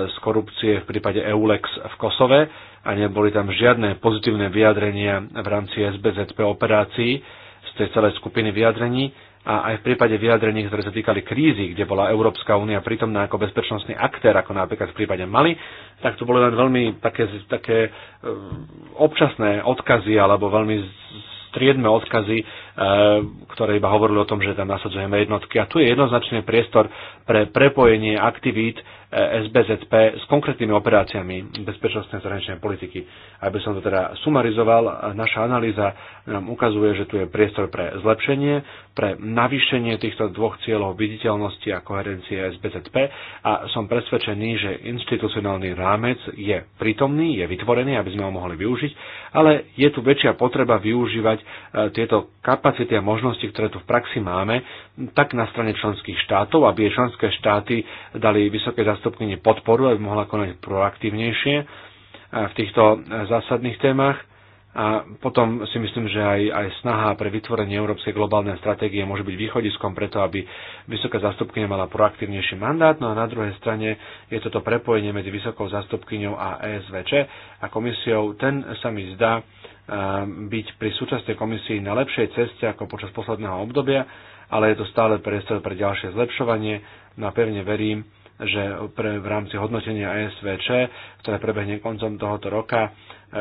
z korupcie v prípade EULEX v Kosove a neboli tam žiadne pozitívne vyjadrenia v rámci SBZP operácií z tej celej skupiny vyjadrení a aj v prípade vyjadrení, ktoré sa týkali krízy, kde bola Európska únia prítomná ako bezpečnostný aktér, ako napríklad v prípade Mali, tak to boli len veľmi také, také e, občasné odkazy alebo veľmi striedme odkazy, e, ktoré iba hovorili o tom, že tam nasadzujeme jednotky. A tu je jednoznačný priestor pre prepojenie aktivít SBZP s konkrétnymi operáciami bezpečnostnej zahraničnej politiky. Aby som to teda sumarizoval, naša analýza nám ukazuje, že tu je priestor pre zlepšenie, pre navýšenie týchto dvoch cieľov viditeľnosti a koherencie SBZP a som presvedčený, že inštitucionálny rámec je prítomný, je vytvorený, aby sme ho mohli využiť, ale je tu väčšia potreba využívať e, tieto kapacity a možnosti, ktoré tu v praxi máme, tak na strane členských štátov, aby členské štáty dali vysoké zastupy zastupkyni podporu, aby mohla konať proaktívnejšie eh, v týchto eh, zásadných témach. A potom si myslím, že aj, aj snaha pre vytvorenie európskej globálnej stratégie môže byť východiskom preto, aby vysoká zastupkynia mala proaktívnejší mandát. No a na druhej strane je toto prepojenie medzi vysokou zastupkyňou a ESVČ a komisiou. Ten sa mi zdá eh, byť pri súčasnej komisii na lepšej ceste ako počas posledného obdobia, ale je to stále priestor pre ďalšie zlepšovanie. No a pevne verím, že pre, v rámci hodnotenia ESVČ, ktoré prebehne koncom tohoto roka, e,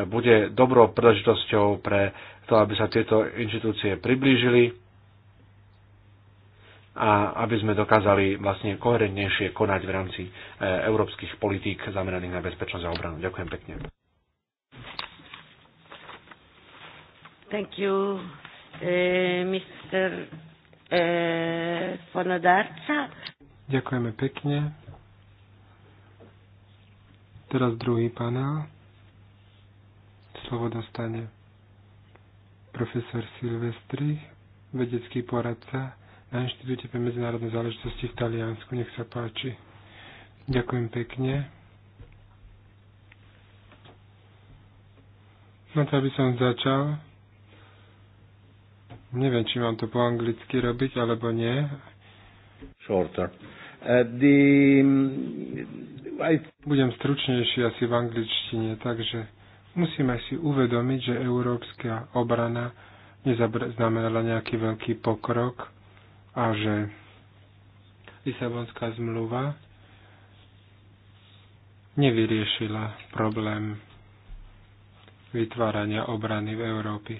bude dobrou príležitosťou pre to, aby sa tieto inštitúcie priblížili a aby sme dokázali vlastne koherentnejšie konať v rámci e, európskych politík zameraných na bezpečnosť a obranu. Ďakujem pekne. Thank you, uh, Mr. Uh, Ďakujeme pekne. Teraz druhý panel. Slovo dostane profesor Silvestri, vedecký poradca na Inštitúte pre medzinárodné záležitosti v Taliansku. Nech sa páči. Ďakujem pekne. No to, aby som začal, neviem, či mám to po anglicky robiť, alebo nie. Shorter. Uh, the, um, aj... Budem stručnejší asi v angličtine, takže musíme si uvedomiť, že európska obrana nezaznamenala nejaký veľký pokrok a že Lisabonská zmluva nevyriešila problém vytvárania obrany v Európe.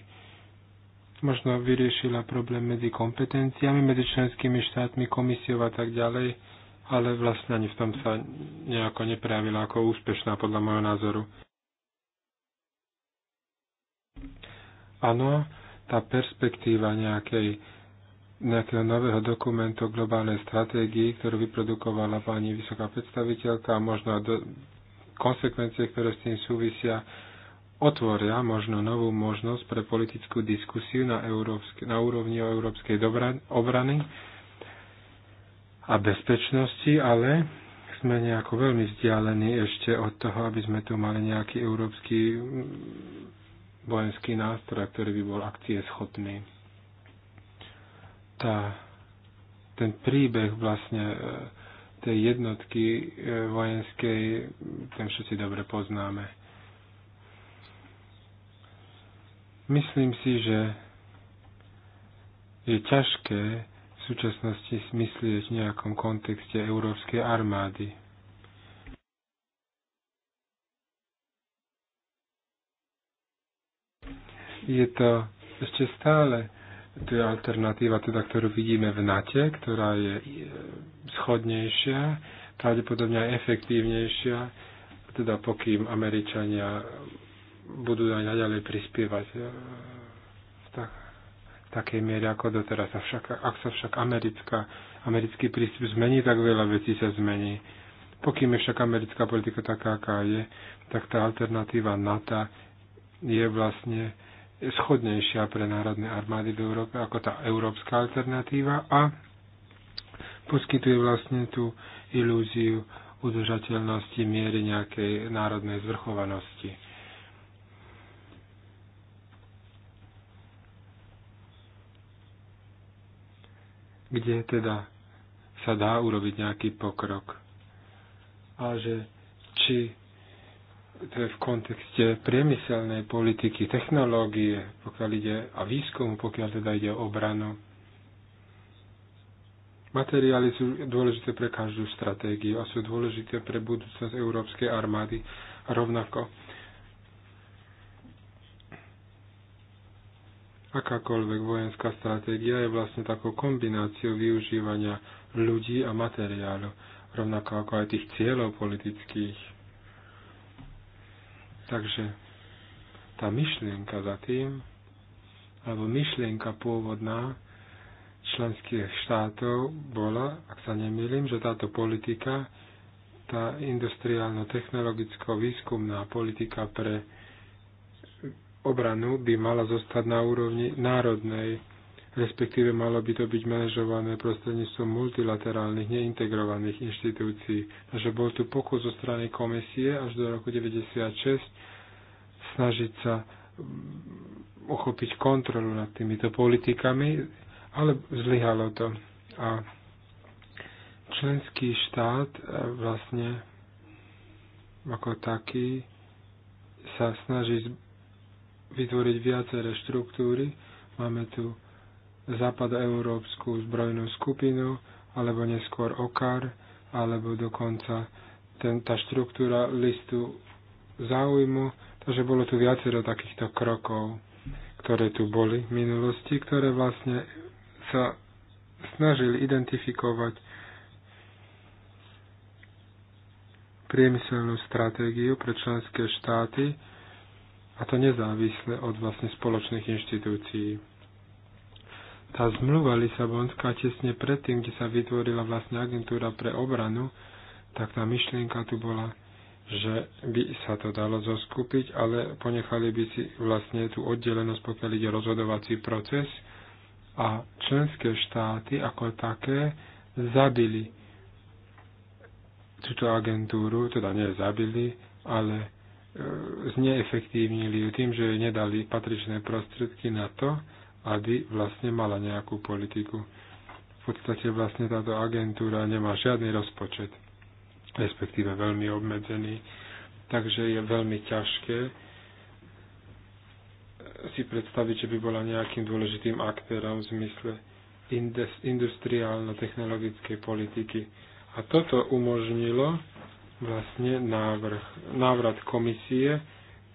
Možno vyriešila problém medzi kompetenciami, medzi členskými štátmi, komisiou a tak ďalej, ale vlastne ani v tom sa nejako neprejavila ako úspešná podľa môjho názoru. Áno, tá perspektíva nejakej, nejakého nového dokumentu globálnej stratégii, ktorú vyprodukovala pani vysoká predstaviteľka a možno do, konsekvencie, ktoré s tým súvisia, otvoria možno novú možnosť pre politickú diskusiu na, európske, na úrovni európskej dobra, obrany a bezpečnosti, ale sme nejako veľmi vzdialení ešte od toho, aby sme tu mali nejaký európsky mm, vojenský nástroj, ktorý by bol schopný. Tá, ten príbeh vlastne e, tej jednotky e, vojenskej, ten všetci dobre poznáme. Myslím si, že je ťažké v súčasnosti myslieť v nejakom kontexte európskej armády. Je to ešte stále to je alternatíva, teda, ktorú vidíme v NATE, ktorá je e, schodnejšia, pravdepodobne aj efektívnejšia, teda pokým Američania budú aj naďalej prispievať e, tak takej miere ako doteraz. A však, ak sa však americká, americký prístup zmení, tak veľa vecí sa zmení. Pokým je však americká politika taká, aká je, tak tá alternatíva NATO je vlastne schodnejšia pre národné armády v Európe ako tá európska alternatíva a poskytuje vlastne tú ilúziu udržateľnosti miery nejakej národnej zvrchovanosti. kde teda sa dá urobiť nejaký pokrok. A že či to je v kontexte priemyselnej politiky, technológie, pokiaľ ide a výskumu, pokiaľ teda ide o obranu. Materiály sú dôležité pre každú stratégiu a sú dôležité pre budúcnosť európskej armády rovnako Akákoľvek vojenská stratégia je vlastne takou kombináciou využívania ľudí a materiálu, rovnako ako aj tých cieľov politických. Takže tá myšlienka za tým, alebo myšlienka pôvodná členských štátov bola, ak sa nemýlim, že táto politika, tá industriálno-technologicko-výskumná politika pre obranu by mala zostať na úrovni národnej, respektíve malo by to byť manažované prostredníctvom multilaterálnych, neintegrovaných inštitúcií. Takže bol tu pokus zo strany komisie až do roku 1996 snažiť sa uchopiť mm, kontrolu nad týmito politikami, ale zlyhalo to. A členský štát e, vlastne ako taký sa snaží vytvoriť viaceré štruktúry. Máme tu západoeurópsku zbrojnú skupinu, alebo neskôr OKAR, alebo dokonca ten, tá štruktúra listu záujmu. Takže bolo tu viacero takýchto krokov, ktoré tu boli v minulosti, ktoré vlastne sa snažili identifikovať priemyselnú stratégiu pre členské štáty, a to nezávisle od vlastne spoločných inštitúcií. Tá zmluva Lisabonská tesne predtým, kde sa vytvorila vlastne agentúra pre obranu, tak tá myšlienka tu bola, že by sa to dalo zoskupiť, ale ponechali by si vlastne tú oddelenosť, pokiaľ ide rozhodovací proces a členské štáty ako také zabili túto agentúru, teda nie zabili, ale zneefektívnili ju tým, že jej nedali patričné prostriedky na to, aby vlastne mala nejakú politiku. V podstate vlastne táto agentúra nemá žiadny rozpočet, respektíve veľmi obmedzený, takže je veľmi ťažké si predstaviť, že by bola nejakým dôležitým aktérom v zmysle industriálno-technologickej politiky. A toto umožnilo vlastne návrh, návrat komisie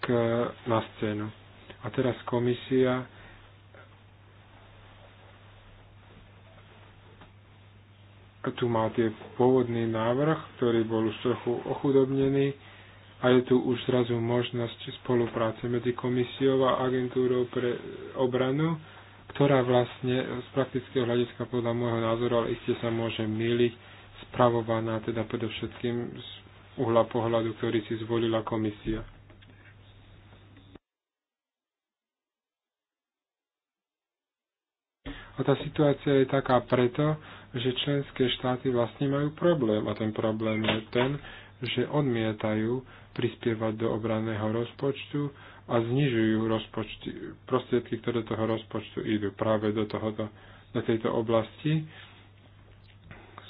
k, na scénu. A teraz komisia tu má tie pôvodný návrh, ktorý bol už trochu ochudobnený a je tu už zrazu možnosť spolupráce medzi komisiou a agentúrou pre obranu, ktorá vlastne z praktického hľadiska podľa môjho názoru, ale iste sa môže miliť spravovaná teda predovšetkým z uhla pohľadu, ktorý si zvolila komisia. A tá situácia je taká preto, že členské štáty vlastne majú problém. A ten problém je ten, že odmietajú prispievať do obranného rozpočtu a znižujú rozpočty, prostriedky, ktoré do toho rozpočtu idú práve do, tohoto, do tejto oblasti.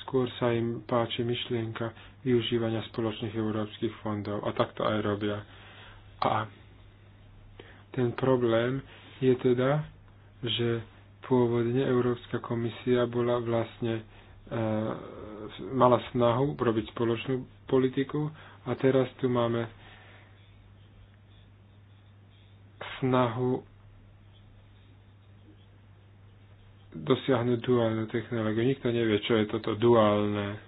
Skôr sa im páči myšlienka využívania spoločných európskych fondov. A tak to aj robia. A ten problém je teda, že pôvodne Európska komisia bola vlastne e, mala snahu robiť spoločnú politiku a teraz tu máme snahu dosiahnuť duálnu technológiu. Nikto nevie, čo je toto duálne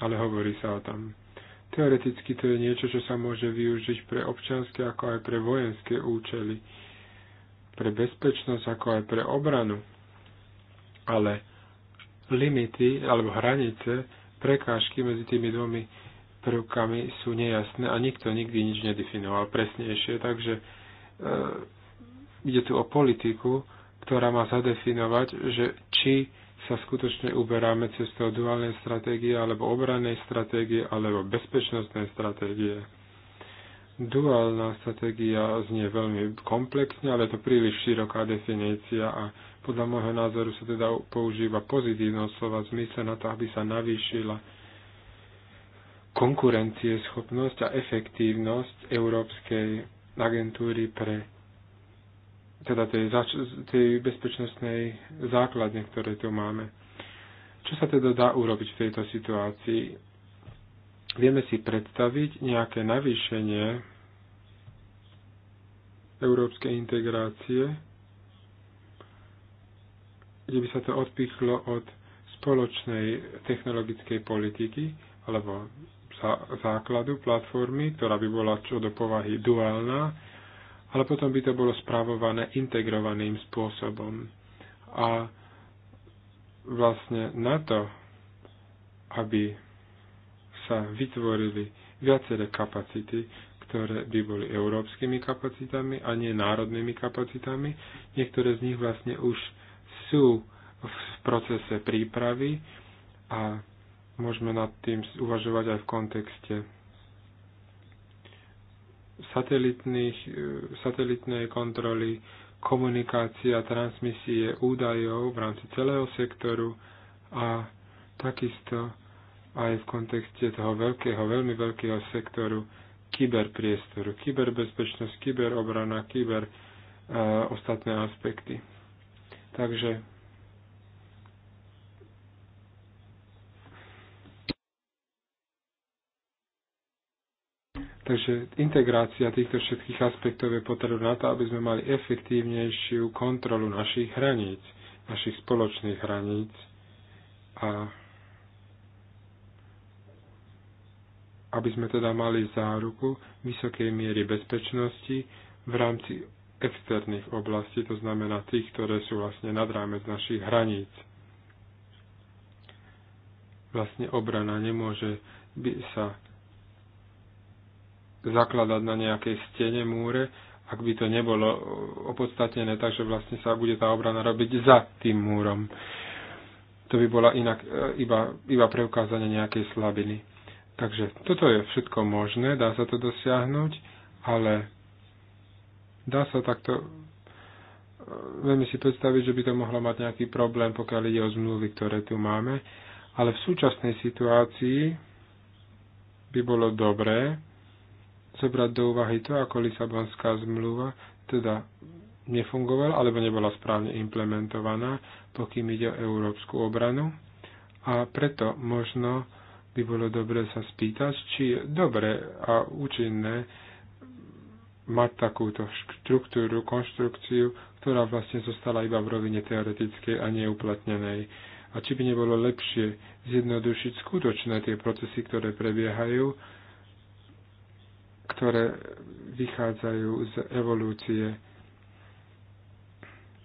ale hovorí sa o tom. Teoreticky to je niečo, čo sa môže využiť pre občianske ako aj pre vojenské účely, pre bezpečnosť ako aj pre obranu. Ale limity alebo hranice, prekážky medzi tými dvomi prvkami sú nejasné a nikto nikdy nič nedefinoval presnejšie, takže e, ide tu o politiku, ktorá má zadefinovať, že či sa skutočne uberáme cestou duálnej stratégie alebo obranej stratégie alebo bezpečnostnej stratégie. Duálna stratégia znie veľmi komplexne, ale je to príliš široká definícia a podľa môjho názoru sa teda používa pozitívno slova v zmysle na to, aby sa navýšila konkurencieschopnosť a efektívnosť Európskej agentúry pre teda tej, tej bezpečnostnej základne, ktoré tu máme. Čo sa teda dá urobiť v tejto situácii? Vieme si predstaviť nejaké navýšenie európskej integrácie, kde by sa to odpichlo od spoločnej technologickej politiky alebo základu platformy, ktorá by bola čo do povahy duálna, ale potom by to bolo spravované integrovaným spôsobom. A vlastne na to, aby sa vytvorili viaceré kapacity, ktoré by boli európskymi kapacitami a nie národnými kapacitami. Niektoré z nich vlastne už sú v procese prípravy a môžeme nad tým uvažovať aj v kontexte E, satelitnej kontroly, komunikácia, transmisie údajov v rámci celého sektoru a takisto aj v kontexte toho veľkého, veľmi veľkého sektoru kyberpriestoru, kyberbezpečnosť, kyberobrana, kyber e, ostatné aspekty. Takže Takže integrácia týchto všetkých aspektov je potrebná na to, aby sme mali efektívnejšiu kontrolu našich hraníc, našich spoločných hraníc a aby sme teda mali záruku vysokej miery bezpečnosti v rámci externých oblastí, to znamená tých, ktoré sú vlastne nad rámec našich hraníc. Vlastne obrana nemôže by sa zakladať na nejakej stene, múre, ak by to nebolo opodstatnené, takže vlastne sa bude tá obrana robiť za tým múrom. To by bola inak e, iba, iba preukázanie nejakej slabiny. Takže toto je všetko možné, dá sa to dosiahnuť, ale dá sa takto vieme si predstaviť, že by to mohlo mať nejaký problém, pokiaľ ide o zmluvy, ktoré tu máme, ale v súčasnej situácii by bolo dobré, zobrať do úvahy to, ako Lisabonská zmluva teda nefungovala alebo nebola správne implementovaná, pokým ide o európsku obranu. A preto možno by bolo dobre sa spýtať, či je dobre a účinné mať takúto štruktúru, konštrukciu, ktorá vlastne zostala iba v rovine teoretickej a neuplatnenej. A či by nebolo lepšie zjednodušiť skutočné tie procesy, ktoré prebiehajú, ktoré vychádzajú z evolúcie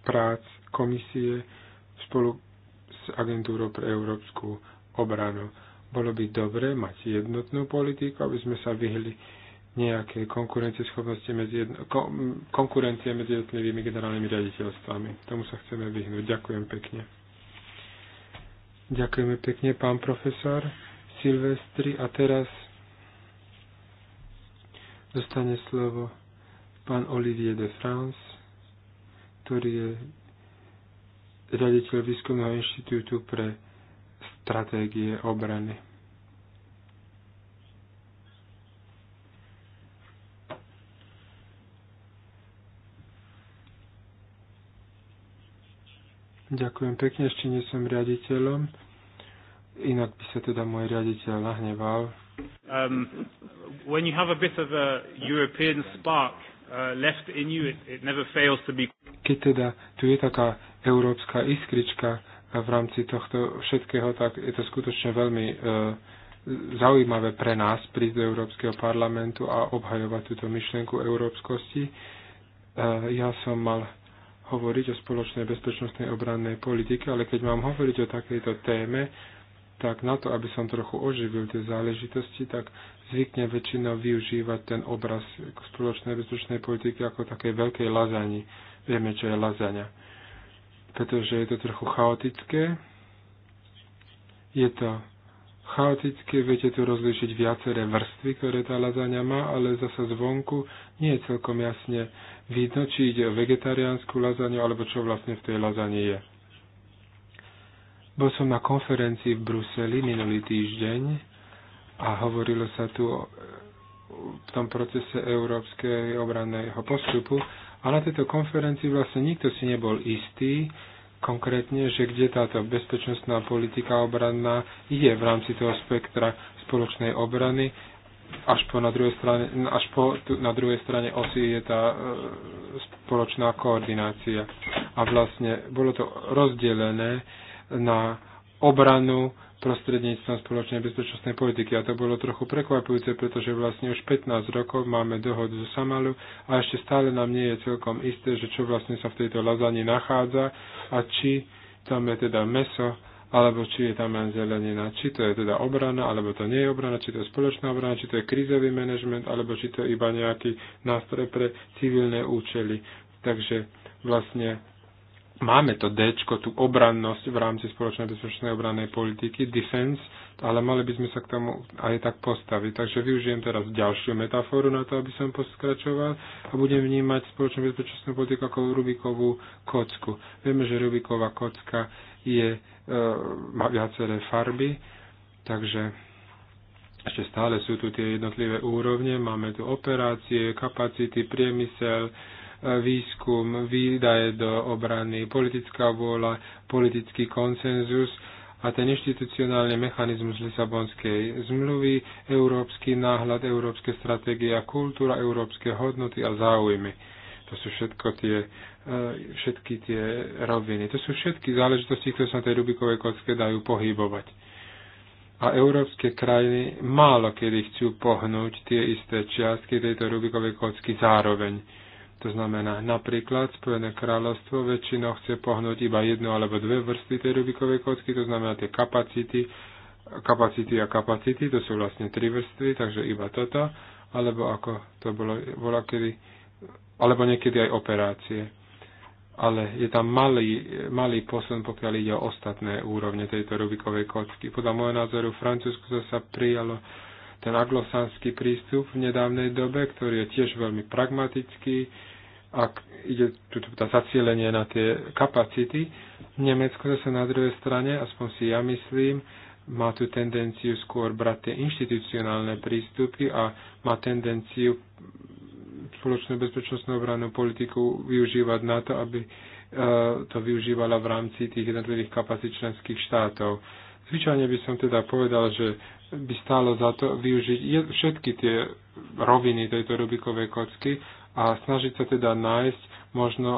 prác komisie spolu s agentúrou pre európsku obranu. Bolo by dobre mať jednotnú politiku, aby sme sa vyhli nejaké konkurencieschopnosti medzi jedno, kon, konkurencie medzi jednotlivými generálnymi riaditeľstvami. Tomu sa chceme vyhnúť. Ďakujem pekne. Ďakujeme pekne, pán profesor Silvestri. A teraz Dostane slovo pán Olivier de France, ktorý je riaditeľ Výskumného inštitútu pre stratégie obrany. Ďakujem pekne, ešte nie som riaditeľom, inak by sa teda môj riaditeľ nahneval. Um, when you have a bit of a European spark uh, left in you, it, it never fails to be... Keď teda tu je taká európska iskrička v rámci tohto všetkého, tak je to skutočne veľmi e, zaujímavé pre nás prísť do Európskeho parlamentu a obhajovať túto myšlienku európskosti. E, ja som mal hovoriť o spoločnej bezpečnostnej obrannej politike, ale keď mám hovoriť o takejto téme, tak na to, aby som trochu oživil tie záležitosti, tak zvykne väčšinou využívať ten obraz spoločnej bezpečnej politiky ako také veľkej lazani. Vieme, čo je lazania. Pretože je to trochu chaotické. Je to chaotické, viete tu rozlišiť viaceré vrstvy, ktoré tá lazania má, ale zasa zvonku nie je celkom jasne vidno, či ide o vegetariánsku lazaniu, alebo čo vlastne v tej lazani je. Bol som na konferencii v Bruseli minulý týždeň a hovorilo sa tu o v tom procese európskej obranného postupu a na tejto konferencii vlastne nikto si nebol istý konkrétne, že kde táto bezpečnostná politika obranná je v rámci toho spektra spoločnej obrany. Až po na druhej strane, až po, tu na druhej strane osy je tá e, spoločná koordinácia. A vlastne bolo to rozdelené na obranu prostredníctvom spoločnej bezpečnostnej politiky. A to bolo trochu prekvapujúce, pretože vlastne už 15 rokov máme dohodu so Samalu a ešte stále nám nie je celkom isté, že čo vlastne sa v tejto lazani nachádza a či tam je teda meso, alebo či je tam len zelenina, či to je teda obrana, alebo to nie je obrana, či to je spoločná obrana, či to je krízový manažment, alebo či to je iba nejaký nástroj pre civilné účely. Takže vlastne máme to D, tú obrannosť v rámci spoločnej bezpečnej obrannej politiky, defense, ale mali by sme sa k tomu aj tak postaviť. Takže využijem teraz ďalšiu metaforu na to, aby som poskračoval a budem vnímať spoločnú bezpečnostnú politiku ako Rubikovú kocku. Vieme, že Rubiková kocka je, e, má viaceré farby, takže ešte stále sú tu tie jednotlivé úrovne, máme tu operácie, kapacity, priemysel, výskum, výdaje do obrany, politická vôľa, politický konsenzus a ten inštitucionálny mechanizmus Lisabonskej zmluvy, európsky náhľad, európske stratégie a kultúra, európske hodnoty a záujmy. To sú všetko tie, e, všetky tie roviny. To sú všetky záležitosti, ktoré sa na tej Rubikovej kocke dajú pohybovať. A európske krajiny málo kedy chcú pohnúť tie isté čiastky tejto Rubikovej kocky zároveň to znamená, napríklad Spojené kráľovstvo väčšinou chce pohnúť iba jednu alebo dve vrstvy tej Rubikovej kocky, to znamená tie kapacity, kapacity a kapacity, to sú vlastne tri vrstvy, takže iba toto, alebo ako to bolo, bola kedy, alebo niekedy aj operácie. Ale je tam malý, malý posun, pokiaľ ide o ostatné úrovne tejto Rubikovej kocky. Podľa môjho názoru Francúzsko sa prijalo ten aglosanský prístup v nedávnej dobe, ktorý je tiež veľmi pragmatický, ak ide tu tá zacielenie na tie kapacity, Nemecko zase na druhej strane, aspoň si ja myslím, má tu tendenciu skôr brať tie inštitucionálne prístupy a má tendenciu spoločnú bezpečnostnú obrannú politiku využívať na to, aby e, to využívala v rámci tých jednotlivých kapacít členských štátov. Zvyčajne by som teda povedal, že by stálo za to využiť všetky tie roviny tejto Rubikovej kocky a snažiť sa teda nájsť, možno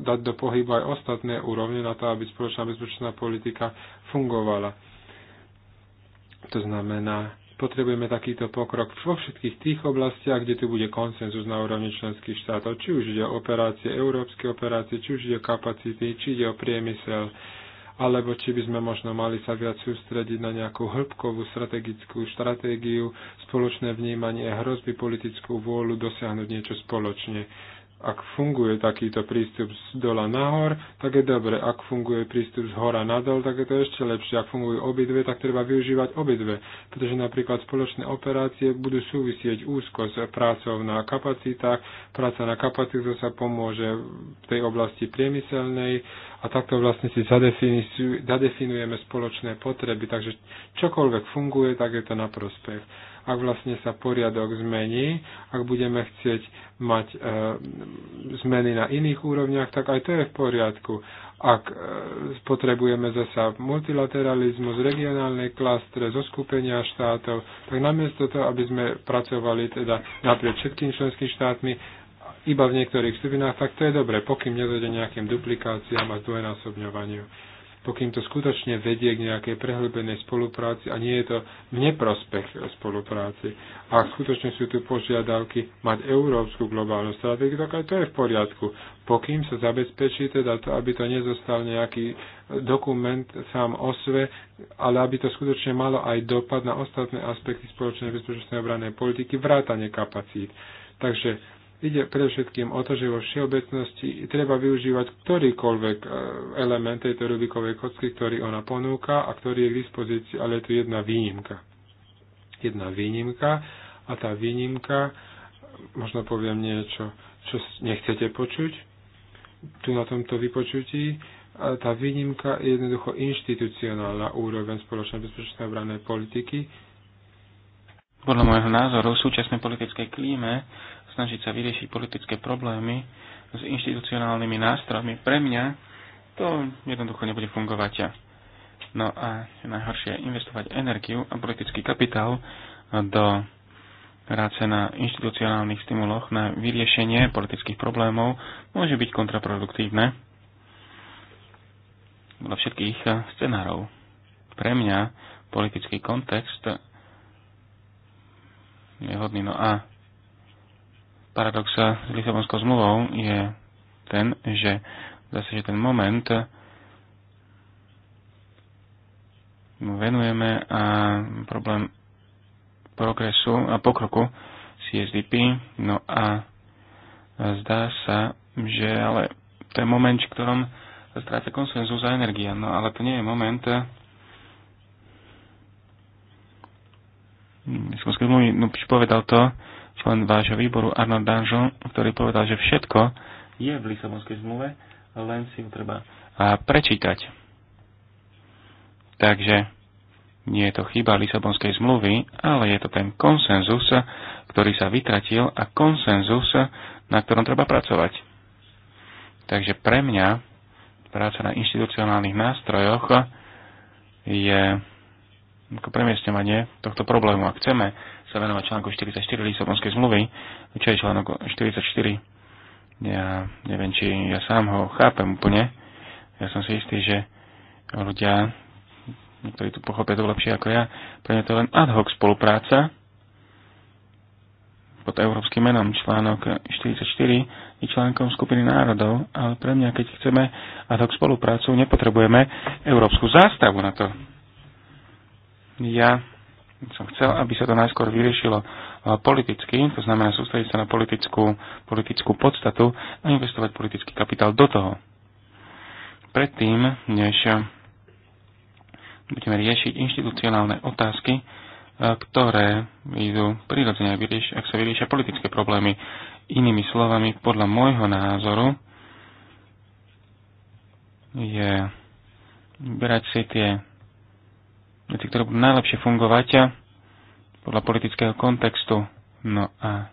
dať do pohybu aj ostatné úrovne na to, aby spoločná bezpečná politika fungovala. To znamená, potrebujeme takýto pokrok vo všetkých tých oblastiach, kde tu bude konsenzus na úrovni členských štátov, či už ide o operácie, európske operácie, či už ide o kapacity, či ide o priemysel, alebo či by sme možno mali sa viac sústrediť na nejakú hĺbkovú strategickú stratégiu, spoločné vnímanie hrozby, politickú vôľu dosiahnuť niečo spoločne. Ak funguje takýto prístup z dola nahor, tak je dobre. Ak funguje prístup z hora nadol, tak je to ešte lepšie. Ak fungujú obidve, tak treba využívať obidve, pretože napríklad spoločné operácie budú súvisieť úzko s prácou na kapacitách. Práca na kapacitách sa pomôže v tej oblasti priemyselnej a takto vlastne si zadefinujeme spoločné potreby. Takže čokoľvek funguje, tak je to na prospech ak vlastne sa poriadok zmení, ak budeme chcieť mať e, zmeny na iných úrovniach, tak aj to je v poriadku. Ak e, potrebujeme zasa multilateralizmus, regionálne klastre, zo skupenia štátov, tak namiesto toho, aby sme pracovali teda napriek všetkým členským štátmi, iba v niektorých skupinách, tak to je dobre, pokým nedojde nejakým duplikáciám a zdvojnásobňovaniu pokým to skutočne vedie k nejakej prehlbenej spolupráci a nie je to v neprospech spolupráci. A skutočne sú tu požiadavky mať európsku globálnu stratégiu, tak aj to je v poriadku, pokým sa zabezpečí teda to, aby to nezostal nejaký dokument sám o sve, ale aby to skutočne malo aj dopad na ostatné aspekty spoločnej bezpečnostnej obranej politiky, vrátanie kapacít. Takže Ide predovšetkým o to, že vo všeobecnosti treba využívať ktorýkoľvek e, element tejto Rubikovej kocky, ktorý ona ponúka a ktorý je k dispozícii, ale je tu jedna výnimka. Jedna výnimka a tá výnimka, možno poviem niečo, čo nechcete počuť, tu na tomto vypočutí, a tá výnimka je jednoducho inštitucionálna úroveň spoločnej bezpečnostnej obrannej politiky. Podľa môjho názoru v súčasnej politickej klíme snažiť sa vyriešiť politické problémy s inštitucionálnymi nástrojmi, pre mňa to jednoducho nebude fungovať. No a najhoršie je investovať energiu a politický kapitál do práce na inštitucionálnych stimuloch na vyriešenie politických problémov môže byť kontraproduktívne Do všetkých scenárov. Pre mňa politický kontext je hodný. No a paradox s Lisabonskou zmluvou je ten, že zase, že ten moment venujeme a problém progresu a pokroku CSDP, no a zdá sa, že ale to je moment, v ktorom stráca konsenzus a energia, no ale to nie je moment, som skôr no, povedal to, člen vášho výboru Arnold Danjon, ktorý povedal, že všetko je v Lisabonskej zmluve, len si ju treba prečítať. Takže nie je to chyba Lisabonskej zmluvy, ale je to ten konsenzus, ktorý sa vytratil a konsenzus, na ktorom treba pracovať. Takže pre mňa práca na inštitucionálnych nástrojoch je ako premiestňovanie tohto problému. Ak chceme sa venovať článku 44 Lisabonskej zmluvy, čo je článok 44. Ja neviem, či ja sám ho chápem úplne. Ja som si istý, že ľudia, ktorí tu pochopia to lepšie ako ja, pre mňa to je len ad hoc spolupráca pod európskym menom článok 44 je článkom skupiny národov, ale pre mňa, keď chceme ad hoc spoluprácu, nepotrebujeme európsku zástavu na to. Ja som chcel, aby sa to najskôr vyriešilo eh, politicky, to znamená sústrediť sa na politickú, politickú podstatu a investovať politický kapitál do toho. Predtým, než eh, budeme riešiť inštitucionálne otázky, eh, ktoré idú prirodzene, ak sa vyriešia politické problémy. Inými slovami, podľa môjho názoru je brať si tie veci, ktoré budú najlepšie fungovať eh, podľa politického kontextu. No a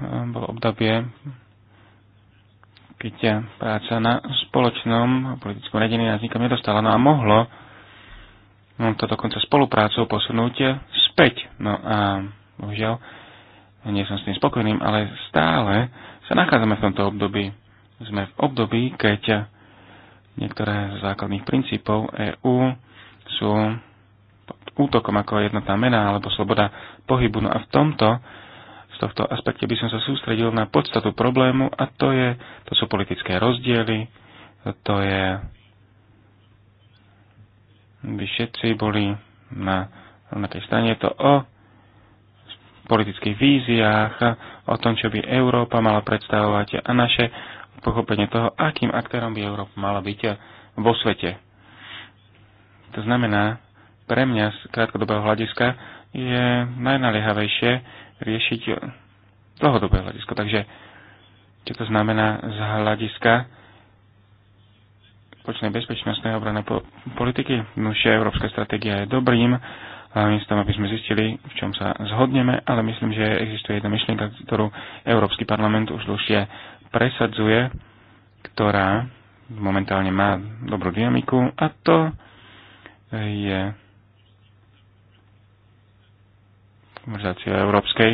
eh, bolo obdobie, keď eh, práca na spoločnom politickom radení nás nikam nedostala. No a mohlo no, to dokonca spoluprácou posunúť späť. No a bohužiaľ, nie som s tým spokojným, ale stále sa nachádzame v tomto období. Sme v období, keď niektoré z základných princípov EÚ sú útokom ako jednotná mena alebo sloboda pohybu. No a v tomto, z tohto aspekte by som sa sústredil na podstatu problému a to, je, to sú politické rozdiely, to je by všetci boli na, na tej strane. to o politických víziách, o tom, čo by Európa mala predstavovať a naše pochopenie toho, akým aktérom by Európa mala byť vo svete. To znamená, pre mňa z krátkodobého hľadiska je najnaliehavejšie riešiť dlhodobé hľadisko. Takže čo to znamená z hľadiska počnej bezpečnostnej obrané po politiky? Nušia no, európska stratégia je dobrým s tom, aby sme zistili, v čom sa zhodneme, ale myslím, že existuje jedna myšlienka, ktorú Európsky parlament už dlhšie presadzuje, ktorá momentálne má dobrú dynamiku a to je konverzácia o európskej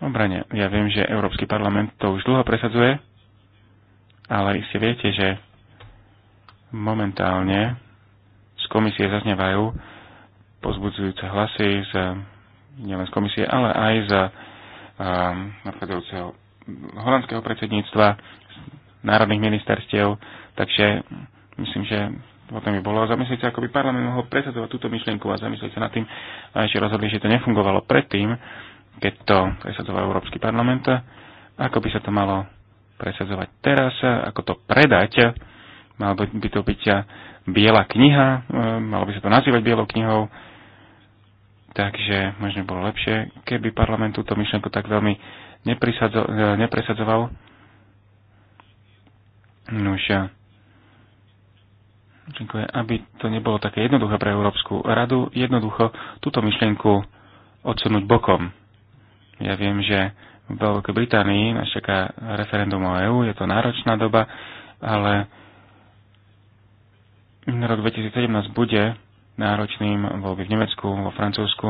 obrane. Ja viem, že Európsky parlament to už dlho presadzuje, ale iste viete, že momentálne z komisie zaznevajú pozbudzujúce hlasy z, nielen z komisie, ale aj z um, nadchádzajúceho holandského predsedníctva, národných ministerstiev, takže myslím, že potom by bolo zamyslieť sa, ako by parlament mohol presadzovať túto myšlienku a zamyslieť sa nad tým, že rozhodli, že to nefungovalo predtým, keď to presadzoval Európsky parlament, ako by sa to malo presadzovať teraz, ako to predať, mal by to byť biela kniha, ehm, malo by sa to nazývať bielou knihou, takže možno bolo lepšie, keby parlament túto myšlienku tak veľmi nepresadzoval. Nuž, Ďakujem, aby to nebolo také jednoduché pre Európsku radu, jednoducho túto myšlienku odsunúť bokom. Ja viem, že v Veľkej Británii nás čaká referendum o EÚ, je to náročná doba, ale rok 2017 bude náročným, voľby v Nemecku, vo Francúzsku,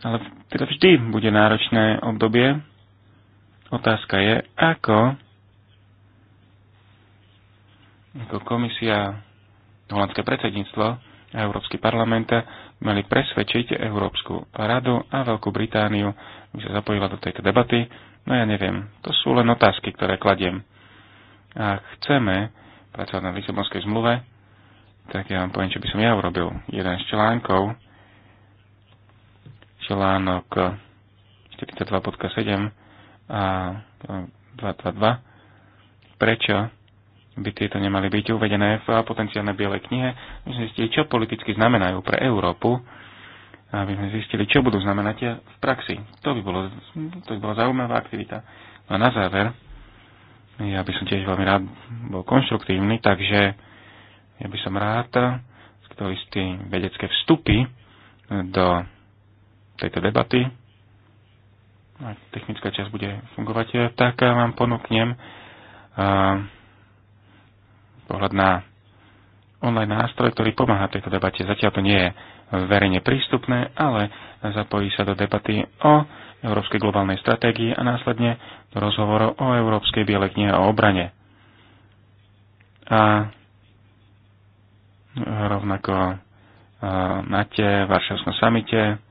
ale teda vždy bude náročné obdobie. Otázka je, ako ako komisia, holandské predsedníctvo a Európsky parlament mali presvedčiť Európsku radu a Veľkú Britániu, aby sa zapojila do tejto debaty. No ja neviem, to sú len otázky, ktoré kladiem. A chceme pracovať na Lisabonskej zmluve, tak ja vám poviem, čo by som ja urobil. Jeden z článkov, článok 42.7 a 222. Prečo by tieto nemali byť uvedené v potenciálnej bielej knihe, aby sme zistili, čo politicky znamenajú pre Európu, aby sme zistili, čo budú znamenať v praxi. To by, bolo, to by bola zaujímavá aktivita. No a na záver, ja by som tiež veľmi rád bol konštruktívny, takže ja by som rád skto istý vedecké vstupy do tejto debaty. Ak technická časť bude fungovať, tak vám ponúknem uh, pohľad na online nástroj, ktorý pomáha tejto debate. Zatiaľ to nie je verejne prístupné, ale zapojí sa do debaty o európskej globálnej stratégii a následne do rozhovoru o európskej bielej knihe o obrane. A rovnako na tie Varšavskom samite.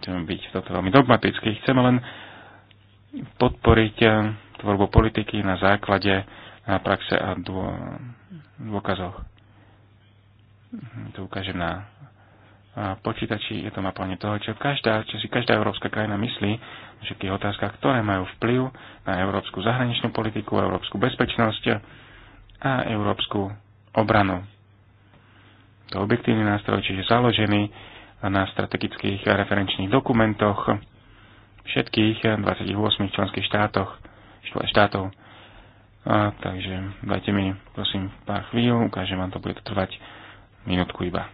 Chcem byť toto veľmi dogmatický. Chceme len podporiť e, tvorbu politiky na základe na praxe a dô, dôkazoch. To ukážem na počítači, je to naplne toho, čo, každá, čo si každá európska krajina myslí o všetkých otázkach, ktoré majú vplyv na európsku zahraničnú politiku, európsku bezpečnosť a európsku obranu. To je objektívny nástroj, čiže založený na strategických referenčných dokumentoch všetkých 28 členských štátoch, štátov. A, takže dajte mi prosím pár chvíľ, ukážem vám to, bude to trvať minútku iba.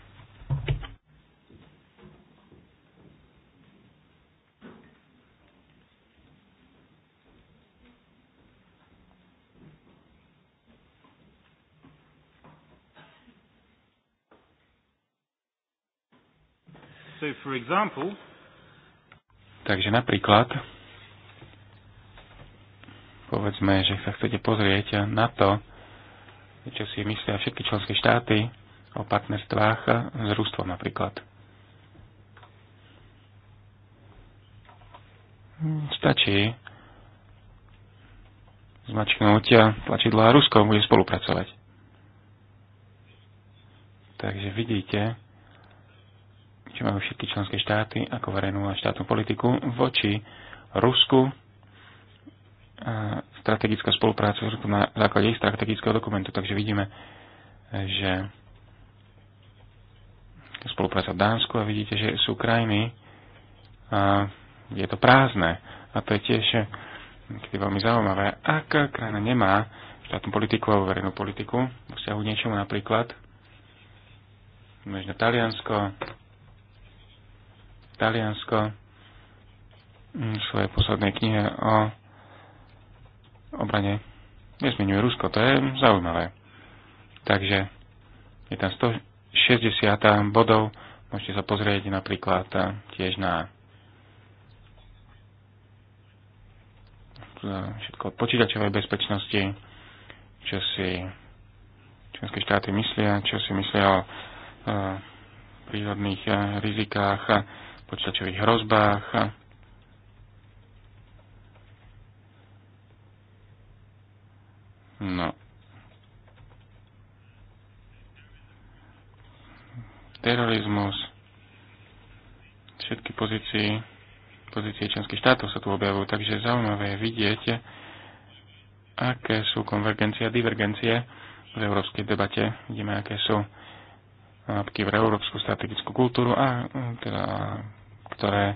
So for example, Takže napríklad povedzme, že sa chcete pozrieť na to, čo si myslia všetky členské štáty o partnerstvách s Rústvom napríklad. Stačí zmačknúť tlačidlo a Rusko bude spolupracovať. Takže vidíte, čo majú všetky členské štáty ako verejnú a štátnu politiku voči Rusku strategická spolupráca na základe ich strategického dokumentu. Takže vidíme, že spolupráca v Dánsku a vidíte, že sú krajiny, a je to prázdne. A to je tiež je veľmi zaujímavé. Ak krajina nemá štátnu politiku alebo verejnú politiku, vzťahu niečomu napríklad, možno Taliansko, Taliansko hm, v svojej poslednej knihe o obrane nezmiňuje Rusko. To je zaujímavé. Takže je tam 160 bodov. Môžete sa pozrieť napríklad eh, tiež na všetko od počítačovej bezpečnosti, čo si členské štáty myslia, čo si myslia o eh, prírodných eh, rizikách, počítačových hrozbách, No. Terorizmus. Všetky pozície, pozície členských štátov sa tu objavujú, takže zaujímavé je vidieť, aké sú konvergencie a divergencie v európskej debate. Vidíme, aké sú nápky v európsku strategickú kultúru a teda, ktoré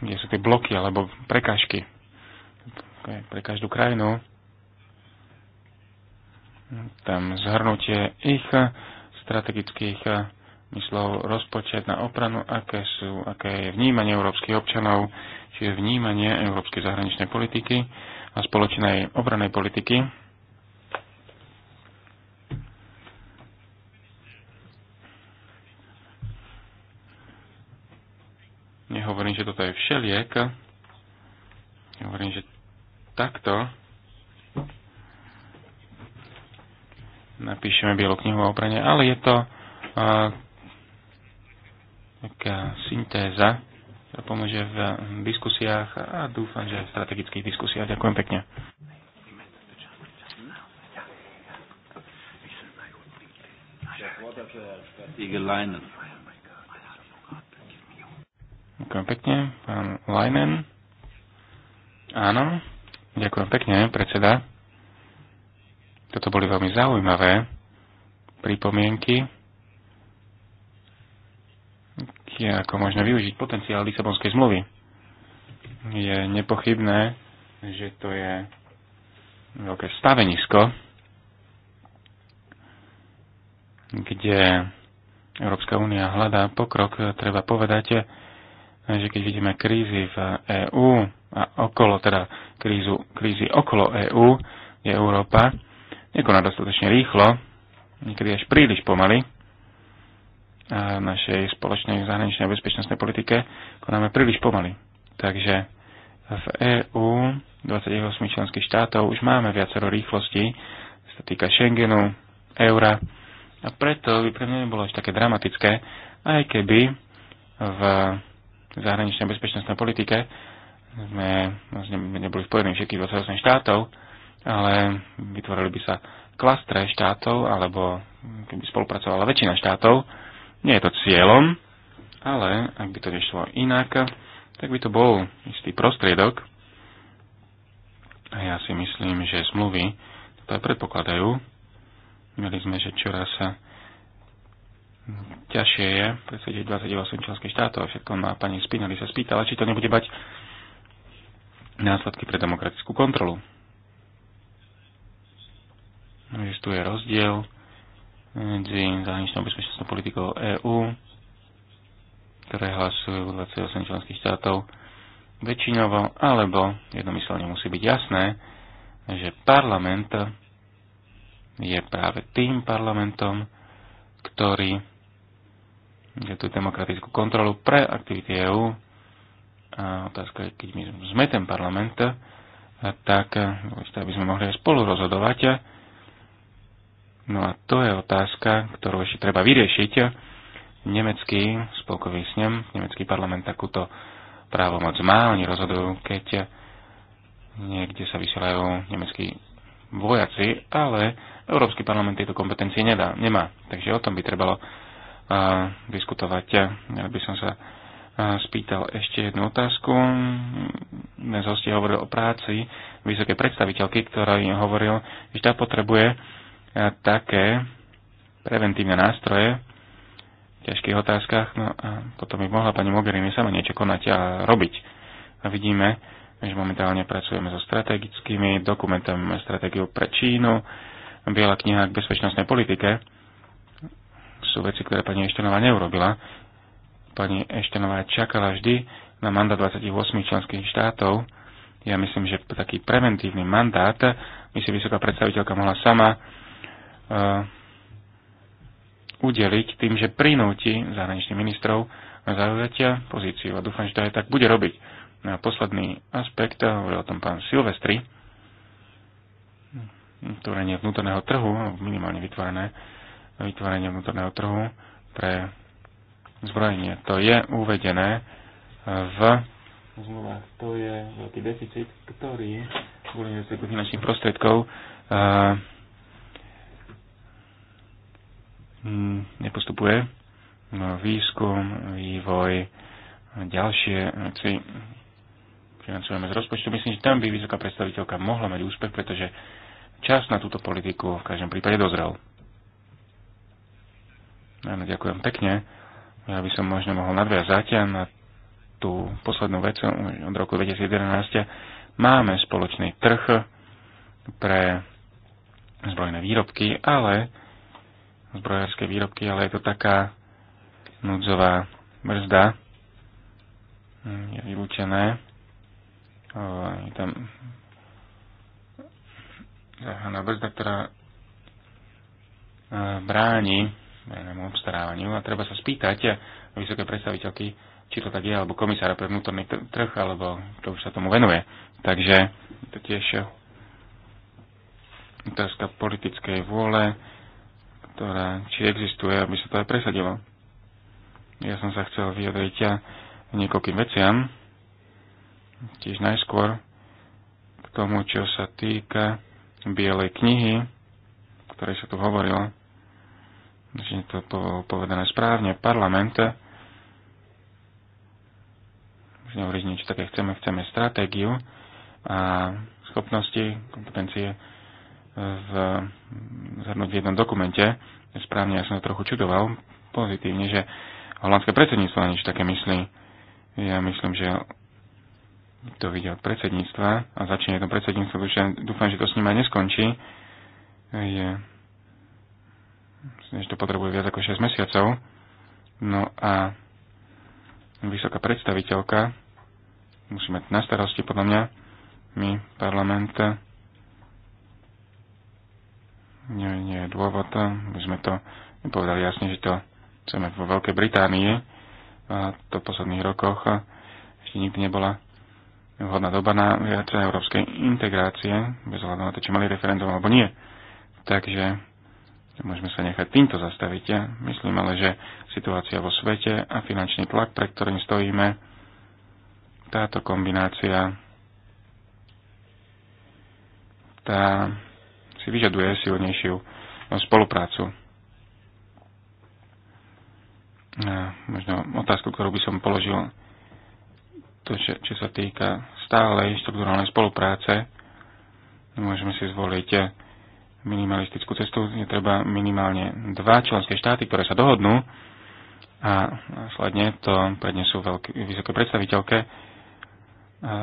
kde sú tie bloky alebo prekážky pre každú krajinu tam zhrnutie ich eh, strategických eh, myslov, rozpočet na opranu, aké, sú, aké je vnímanie európskych občanov, čiže vnímanie európskej zahraničnej politiky a spoločnej obranej politiky. Nehovorím, že toto je všeliek. Hovorím, že takto napíšeme bielu knihu o obrane, ale je to taká syntéza, ktorá pomôže v diskusiách a dúfam, že v strategických diskusiách. Ďakujem pekne. Ďakujem pekne, pán Leinen. Áno, ďakujem pekne, predseda. Toto boli veľmi zaujímavé pripomienky, ako možno využiť potenciál Lisabonskej zmluvy. Je nepochybné, že to je veľké stavenisko, kde Európska únia hľadá pokrok, treba povedať, že keď vidíme krízy v EÚ a okolo, teda krízu, krízy okolo EÚ, je Európa, nekoná dostatočne rýchlo, niekedy až príliš pomaly. A v našej spoločnej zahraničnej a bezpečnostnej politike konáme príliš pomaly. Takže v EÚ 28 členských štátov už máme viacero rýchlosti, čo sa týka Schengenu, eura, a preto by pre mňa nebolo až také dramatické, aj keby v zahraničnej bezpečnostnej politike sme vlastne neboli spojení všetkých 28 štátov, ale vytvorili by sa klastre štátov, alebo keby spolupracovala väčšina štátov. Nie je to cieľom, ale ak by to nešlo inak, tak by to bol istý prostriedok. A ja si myslím, že zmluvy to aj predpokladajú. Mieli sme, že čoraz sa ťažšie je presvedčiť 28 členských štátov. Všetko má pani Spinelli sa spýtala, či to nebude mať následky pre demokratickú kontrolu. Existuje rozdiel medzi zahraničnou bezpečnostnou politikou EÚ, ktoré hlasujú 28 členských štátov väčšinovo, alebo jednomyselne musí byť jasné, že parlament je práve tým parlamentom, ktorý je tú demokratickú kontrolu pre aktivity EÚ. A otázka je, keď my sme ten parlament, tak aby sme mohli aj spolu rozhodovať, No a to je otázka, ktorú ešte treba vyriešiť. Nemecký spolkový snem, nemecký parlament takúto právomoc má. Oni rozhodujú, keď niekde sa vysielajú nemeckí vojaci, ale Európsky parlament tieto kompetencie nedá, nemá. Takže o tom by trebalo uh, diskutovať. Ja by som sa spýtal ešte jednu otázku. Dnes hostie hovoril o práci vysokej predstaviteľky, ktorá hovoril, že tá potrebuje také preventívne nástroje v ťažkých otázkach, no a potom by mohla pani Mogherini sama niečo konať a robiť. A vidíme, že momentálne pracujeme so strategickými dokumentami, máme stratégiu pre Čínu, Biela kniha k bezpečnostnej politike. Sú veci, ktoré pani Eštenová neurobila. Pani Eštenová čakala vždy na mandát 28 členských štátov. Ja myslím, že taký preventívny mandát by si vysoká predstaviteľka mohla sama udeliť tým, že prinúti zahraničných ministrov zaujatia pozíciu. A dúfam, že to aj tak bude robiť. No a posledný aspekt, hovoril o tom pán Silvestri, vytvorenie vnútorného trhu, minimálne vytvorené, vytvorenie vnútorného trhu pre zbrojenie. To je uvedené v Znova, To je veľký deficit, ktorý kvôli nedostatku finančných prostriedkov uh, Mm, nepostupuje. No, výskum, vývoj, ďalšie veci financujeme z rozpočtu. Myslím, že tam by vysoká predstaviteľka mohla mať úspech, pretože čas na túto politiku v každom prípade dozrel. No, ďakujem pekne. Ja by som možno mohol nadviazať na tú poslednú vec od roku 2011. Máme spoločný trh pre zbrojné výrobky, ale zbrojárske výrobky, ale je to taká núdzová brzda. Mm, je vylúčené. Je tam záhraná brzda, ktorá e, bráni verejnému obstarávaniu a treba sa spýtať vysoké predstaviteľky, či to tak je, alebo komisára pre vnútorný trh, alebo kto už sa tomu venuje. Takže to tiež otázka politickej vôle, ktorá či existuje, aby sa to aj presadilo. Ja som sa chcel vyjadriť ja niekoľkým veciam, tiež najskôr k tomu, čo sa týka Bielej knihy, o ktorej sa tu hovorilo, že to bolo povedané správne, parlament, už nehovoríš niečo také, chceme, chceme stratégiu a schopnosti, kompetencie v, zhrnúť v jednom dokumente. Správne, ja som to trochu čudoval pozitívne, že holandské predsedníctvo na niečo také myslí. Ja myslím, že to vidia od predsedníctva a začne to predsedníctvo, dúfam, že to s ním aj neskončí. Je, myslím, že to potrebuje viac ako 6 mesiacov. No a vysoká predstaviteľka musí mať na starosti podľa mňa my parlament nie, nie je dôvod, my eh, sme to povedali jasne, že to chceme vo Veľkej Británii, a to v posledných rokoch eh, ešte nikdy nebola vhodná doba na viac európskej integrácie, bez hľadu na to, či mali referendum alebo nie. Takže môžeme sa nechať týmto zastaviť. Ja eh. myslím ale, že situácia vo svete a finančný tlak, pre ktorým stojíme, táto kombinácia tá si vyžaduje silnejšiu spoluprácu. A možno otázku, ktorú by som položil, to, čo, čo sa týka stálej štruktúrálnej spolupráce, môžeme si zvoliť minimalistickú cestu. Je treba minimálne dva členské štáty, ktoré sa dohodnú a následne to prednesú veľké, vysoké predstaviteľke. A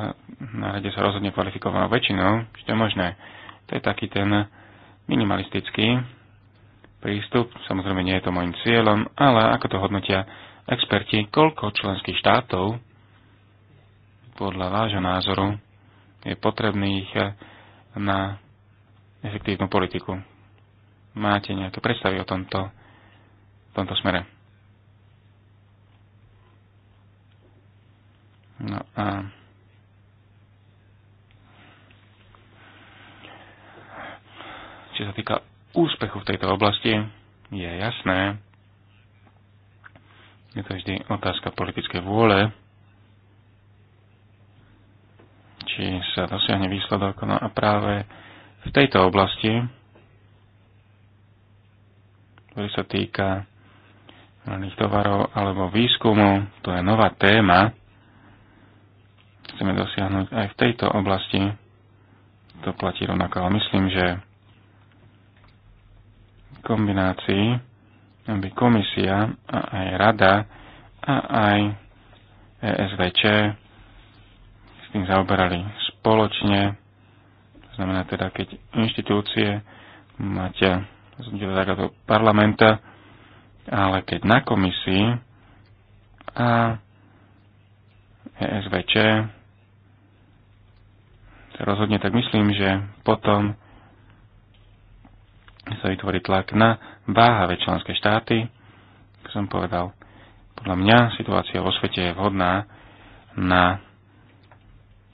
na rade sa rozhodne kvalifikovanou väčšinou, čo je možné. To je taký ten minimalistický prístup. Samozrejme, nie je to môjim cieľom, ale ako to hodnotia experti, koľko členských štátov podľa vášho názoru je potrebných eh, na efektívnu politiku. Máte nejaké predstavy o tomto, v tomto smere? No a Čo sa týka úspechu v tejto oblasti, je jasné, je to vždy otázka politickej vôle, či sa dosiahne výsledok. No a práve v tejto oblasti, ktorý sa týka zelených tovarov alebo výskumu, to je nová téma, chceme dosiahnuť aj v tejto oblasti. To platí rovnako, ale myslím, že kombinácii, aby komisia a aj rada a aj ESVČ s tým zaoberali spoločne. To znamená teda, keď inštitúcie máte do parlamenta, ale keď na komisii a ESVČ sa rozhodne, tak myslím, že potom sa vytvorí tlak na váhavé členské štáty. Ako som povedal, podľa mňa situácia vo svete je vhodná na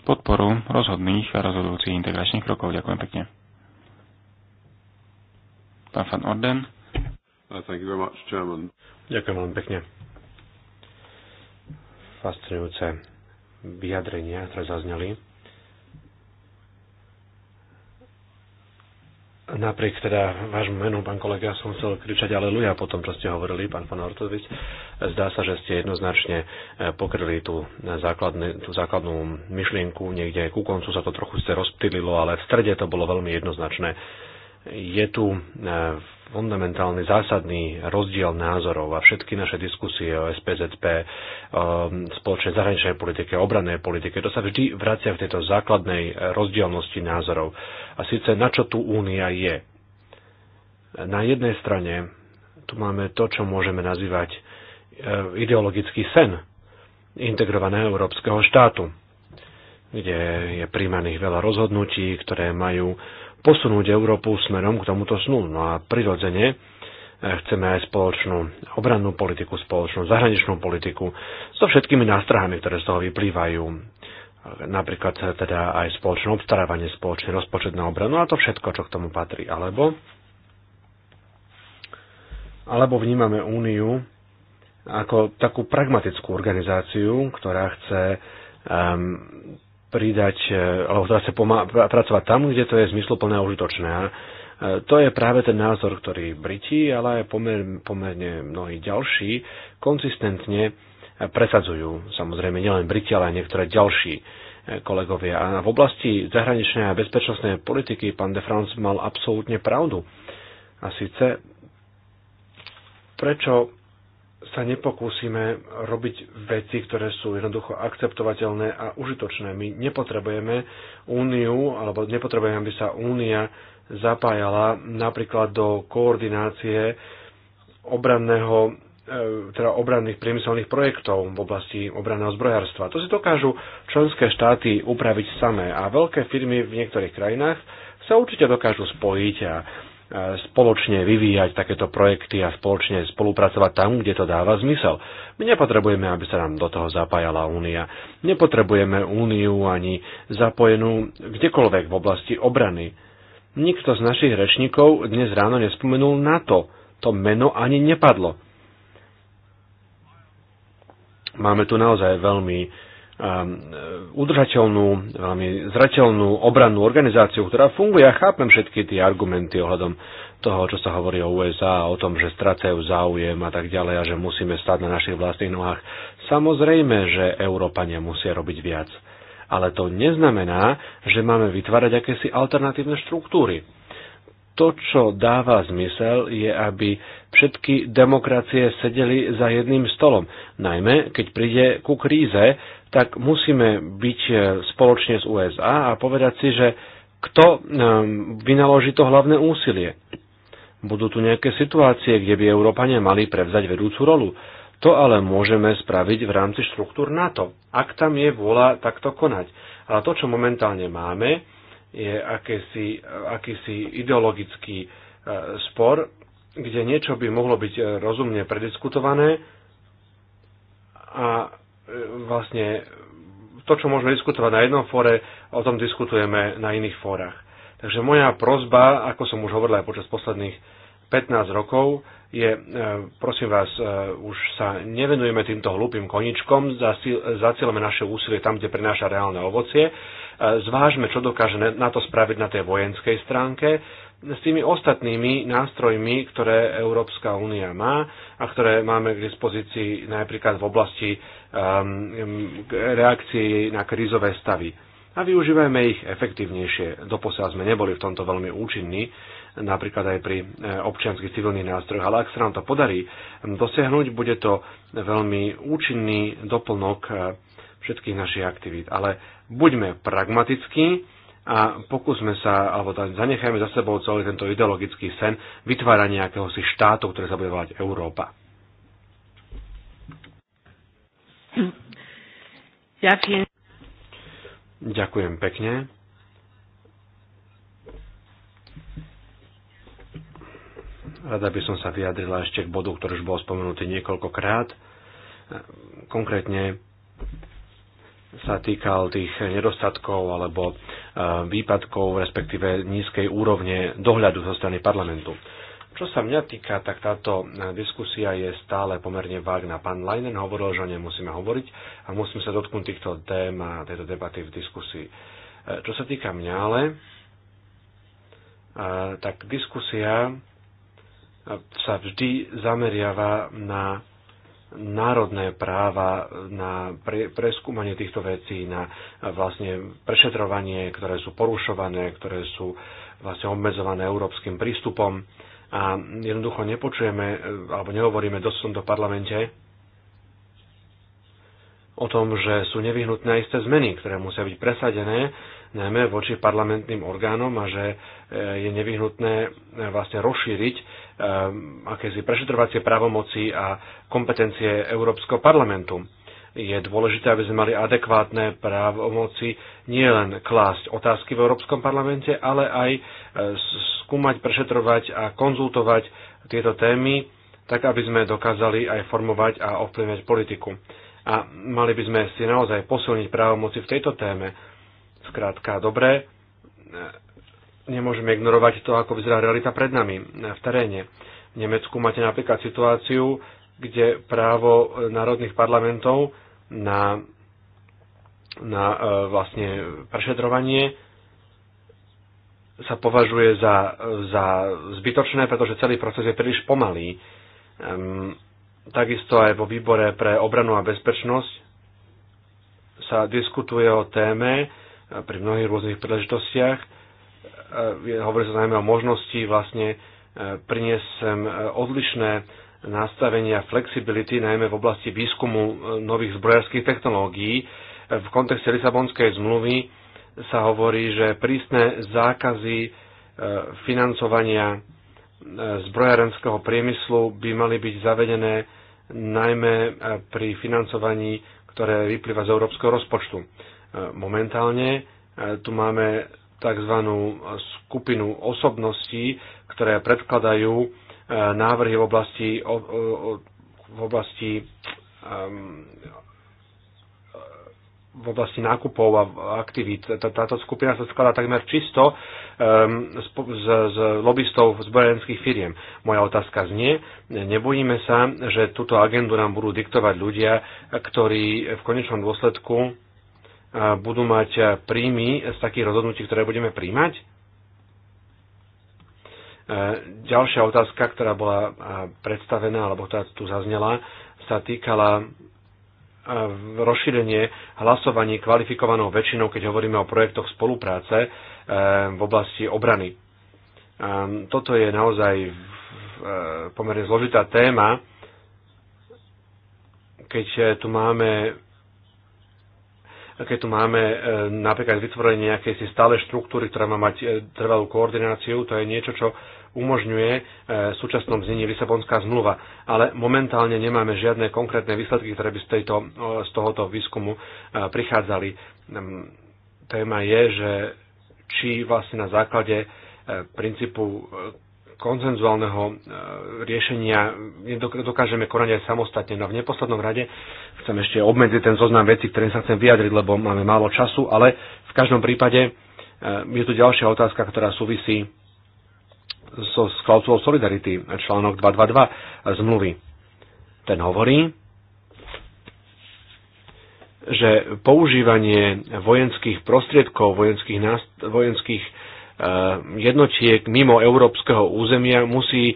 podporu rozhodných a rozhodujúcich integračných krokov. Ďakujem pekne. Pán Van Orden. Uh, much, Ďakujem veľmi pekne. Fascinujúce vyjadrenia, ktoré zazneli napriek teda vášmu menu, pán kolega, som chcel kričať aleluja po tom, čo ste hovorili, pán pán Ortovič. Zdá sa, že ste jednoznačne e, pokryli tú, základne, tú základnú myšlienku. Niekde ku koncu sa to trochu ste rozptýlilo, ale v strede to bolo veľmi jednoznačné je tu e, fundamentálny, zásadný rozdiel názorov a všetky naše diskusie o SPZP, e, spoločnej zahraničnej politike, obranej politike, to sa vždy vracia v tejto základnej rozdielnosti názorov. A síce na čo tu únia je. Na jednej strane tu máme to, čo môžeme nazývať e, ideologický sen integrovaného európskeho štátu, kde je príjmaných veľa rozhodnutí, ktoré majú uh, posunúť Európu smerom k tomuto snu. No a prirodzene eh, chceme aj spoločnú obrannú politiku, spoločnú zahraničnú politiku so všetkými nástrahami, ktoré z toho vyplývajú napríklad teda aj spoločné obstarávanie, spoločný rozpočet na obranu a to všetko, čo k tomu patrí. Alebo, alebo vnímame Úniu ako takú pragmatickú organizáciu, ktorá chce um, pridať, e, alebo teda chce pracovať tam, kde to je zmysluplné a užitočné. A e, to je práve ten názor, ktorý Briti, ale aj pomer, pomerne mnohí ďalší konsistentne presadzujú. Samozrejme nielen Briti, ale aj niektoré ďalší e, kolegovia. A v oblasti zahraničnej a bezpečnostnej politiky pán de France mal absolútne pravdu. A síce prečo sa nepokúsime robiť veci, ktoré sú jednoducho akceptovateľné a užitočné. My nepotrebujeme úniu, alebo nepotrebujeme, aby sa únia zapájala napríklad do koordinácie obranného e, teda obranných priemyselných projektov v oblasti obranného zbrojárstva. To si dokážu členské štáty upraviť samé a veľké firmy v niektorých krajinách sa určite dokážu spojiť a spoločne vyvíjať takéto projekty a spoločne spolupracovať tam, kde to dáva zmysel. My nepotrebujeme, aby sa nám do toho zapájala únia. Nepotrebujeme úniu ani zapojenú kdekoľvek v oblasti obrany. Nikto z našich rečníkov dnes ráno nespomenul to. To meno ani nepadlo. Máme tu naozaj veľmi Um, udržateľnú, veľmi zrateľnú obrannú organizáciu, ktorá funguje. Ja chápem všetky tie argumenty ohľadom toho, čo sa hovorí o USA, o tom, že stracajú záujem a tak ďalej a že musíme stáť na našich vlastných nohách. Samozrejme, že Európania musia robiť viac. Ale to neznamená, že máme vytvárať akési alternatívne štruktúry. To, čo dáva zmysel, je, aby všetky demokracie sedeli za jedným stolom. Najmä, keď príde ku kríze, tak musíme byť e, spoločne s USA a povedať si, že kto e, vynaloží to hlavné úsilie. Budú tu nejaké situácie, kde by Európania mali prevzať vedúcu rolu. To ale môžeme spraviť v rámci štruktúr NATO, ak tam je vôľa takto konať. Ale to, čo momentálne máme, je akési, akýsi ideologický e, spor, kde niečo by mohlo byť rozumne prediskutované a E, vlastne to, čo môžeme diskutovať na jednom fóre, o tom diskutujeme na iných fórach. Takže moja prozba, ako som už hovoril aj počas posledných 15 rokov, je, e, prosím vás, e, už sa nevenujeme týmto hlúpým koničkom, zacielame naše úsilie tam, kde prináša reálne ovocie, zvážme, čo dokáže na to spraviť na tej vojenskej stránke, s tými ostatnými nástrojmi, ktoré Európska únia má a ktoré máme k dispozícii napríklad v oblasti um, reakcií na krízové stavy. A využívajme ich efektívnejšie. Doposiaľ sme neboli v tomto veľmi účinní, napríklad aj pri eh, občianských civilných nástrojoch. Ale ak sa nám to podarí hm, dosiahnuť, bude to veľmi účinný doplnok eh, všetkých našich aktivít. Ale buďme pragmatickí, a pokúsme sa, alebo zanechajme za sebou celý tento ideologický sen vytvárania si štátu, ktoré sa bude volať Európa. Ďakujem. Ďakujem pekne. Rada by som sa vyjadrila ešte k bodu, ktorý už bol spomenutý niekoľkokrát. Konkrétne sa týkal tých nedostatkov alebo e, výpadkov, respektíve nízkej úrovne dohľadu zo strany parlamentu. Čo sa mňa týka, tak táto e, diskusia je stále pomerne vágna. Pán Leinen hovoril, že o nej musíme hovoriť a musím sa dotknúť týchto tém a tejto debaty v diskusii. E, čo sa týka mňa ale, tak diskusia sa vždy zameriava na národné práva na pre, preskúmanie týchto vecí, na vlastne prešetrovanie, ktoré sú porušované, ktoré sú vlastne obmedzované európskym prístupom. A jednoducho nepočujeme e, alebo nehovoríme dosť v parlamente o tom, že sú nevyhnutné isté zmeny, ktoré musia byť presadené, najmä voči parlamentným orgánom a že e, je nevyhnutné e, vlastne rozšíriť Ehm, akési prešetrovacie právomoci a kompetencie Európskeho parlamentu. Je dôležité, aby sme mali adekvátne právomoci nielen klásť otázky v Európskom parlamente, ale aj e, skúmať, prešetrovať a konzultovať tieto témy, tak aby sme dokázali aj formovať a ovplyvňovať politiku. A mali by sme si naozaj posilniť právomoci v tejto téme. zkrátka dobre, e, nemôžeme ignorovať to, ako vyzerá realita pred nami eh, v teréne. V Nemecku máte napríklad situáciu, kde právo eh, národných parlamentov na, na e, vlastne prešetrovanie sa považuje za, za zbytočné, pretože celý proces je príliš pomalý. Ehm, takisto aj vo výbore pre obranu a bezpečnosť sa diskutuje o téme pri mnohých rôznych príležitostiach, E, hovorí sa najmä o možnosti vlastne e, priniesť sem e, odlišné nastavenia flexibility, najmä v oblasti výskumu nových zbrojárských technológií. V kontexte Lisabonskej zmluvy sa hovorí, že prísne zákazy financovania zbrojárenského priemyslu by mali byť zavedené najmä pri financovaní, ktoré vyplýva z európskeho rozpočtu. Momentálne tu máme tzv. skupinu osobností, ktoré predkladajú e, návrhy v oblasti, v oblasti v oblasti nákupov a aktivít. Táto skupina sa skladá takmer čisto z, z, z lobbystov zbrojenských firiem. Moja otázka znie, nebojíme sa, že túto agendu nám budú diktovať ľudia, ktorí v konečnom dôsledku budú mať príjmy z takých rozhodnutí, ktoré budeme príjmať? Ďalšia otázka, ktorá bola predstavená, alebo ktorá tu zaznela, sa týkala rozšírenie hlasovaní kvalifikovanou väčšinou, keď hovoríme o projektoch spolupráce v oblasti obrany. Toto je naozaj pomerne zložitá téma, keď e, tu máme keď tu máme e, napríklad vytvorenie nejakej si stále štruktúry, ktorá má mať e, trvalú koordináciu, to je niečo, čo umožňuje e, v súčasnom znení Lisabonská zmluva. Ale momentálne nemáme žiadne konkrétne výsledky, ktoré by z, tejto, z tohoto výskumu prichádzali. Téma je, že či vlastne na základe princípu konzenzuálneho e, riešenia dokážeme konať aj samostatne. No a v neposlednom rade chcem ešte obmedziť ten zoznam vecí, ktorým sa chcem vyjadriť, lebo máme málo času, ale v každom prípade e, je tu ďalšia otázka, ktorá súvisí so, s klauzulou Solidarity, článok 222 zmluvy. Ten hovorí, že používanie vojenských prostriedkov, vojenských, nást- vojenských Eh, jednotiek mimo európskeho územia musí eh,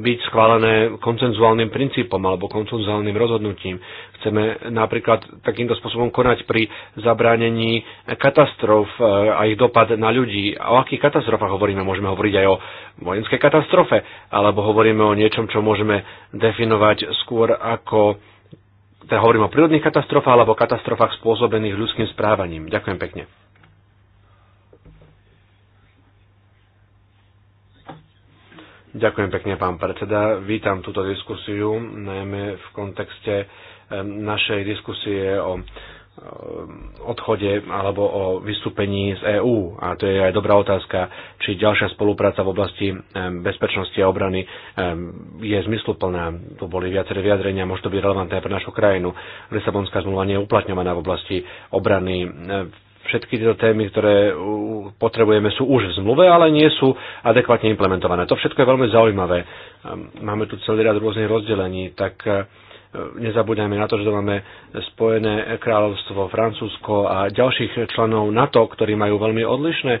byť schválené koncenzuálnym princípom alebo koncenzuálnym rozhodnutím. Chceme napríklad takýmto spôsobom konať pri zabránení katastrof eh, a ich dopad na ľudí. O akých katastrofách hovoríme? Môžeme hovoriť aj o vojenskej katastrofe, alebo hovoríme o niečom, čo môžeme definovať skôr ako teda hovorím o prírodných katastrofách alebo katastrofách spôsobených ľudským správaním. Ďakujem pekne. Ďakujem pekne, pán predseda. Vítam túto diskusiu, najmä v kontexte našej diskusie o odchode alebo o vystúpení z EÚ. A to je aj dobrá otázka, či ďalšia spolupráca v oblasti bezpečnosti a obrany je zmysluplná. Tu boli viaceré vyjadrenia, môže to byť relevantné pre našu krajinu. Lisabonská zmluva nie je uplatňovaná v oblasti obrany všetky tieto témy, ktoré potrebujeme, sú už v zmluve, ale nie sú adekvátne implementované. To všetko je veľmi zaujímavé. Ehm, máme tu celý rad rôznych rozdelení, tak e, nezabúdajme na to, že to máme Spojené kráľovstvo, Francúzsko a ďalších členov NATO, ktorí majú veľmi odlišné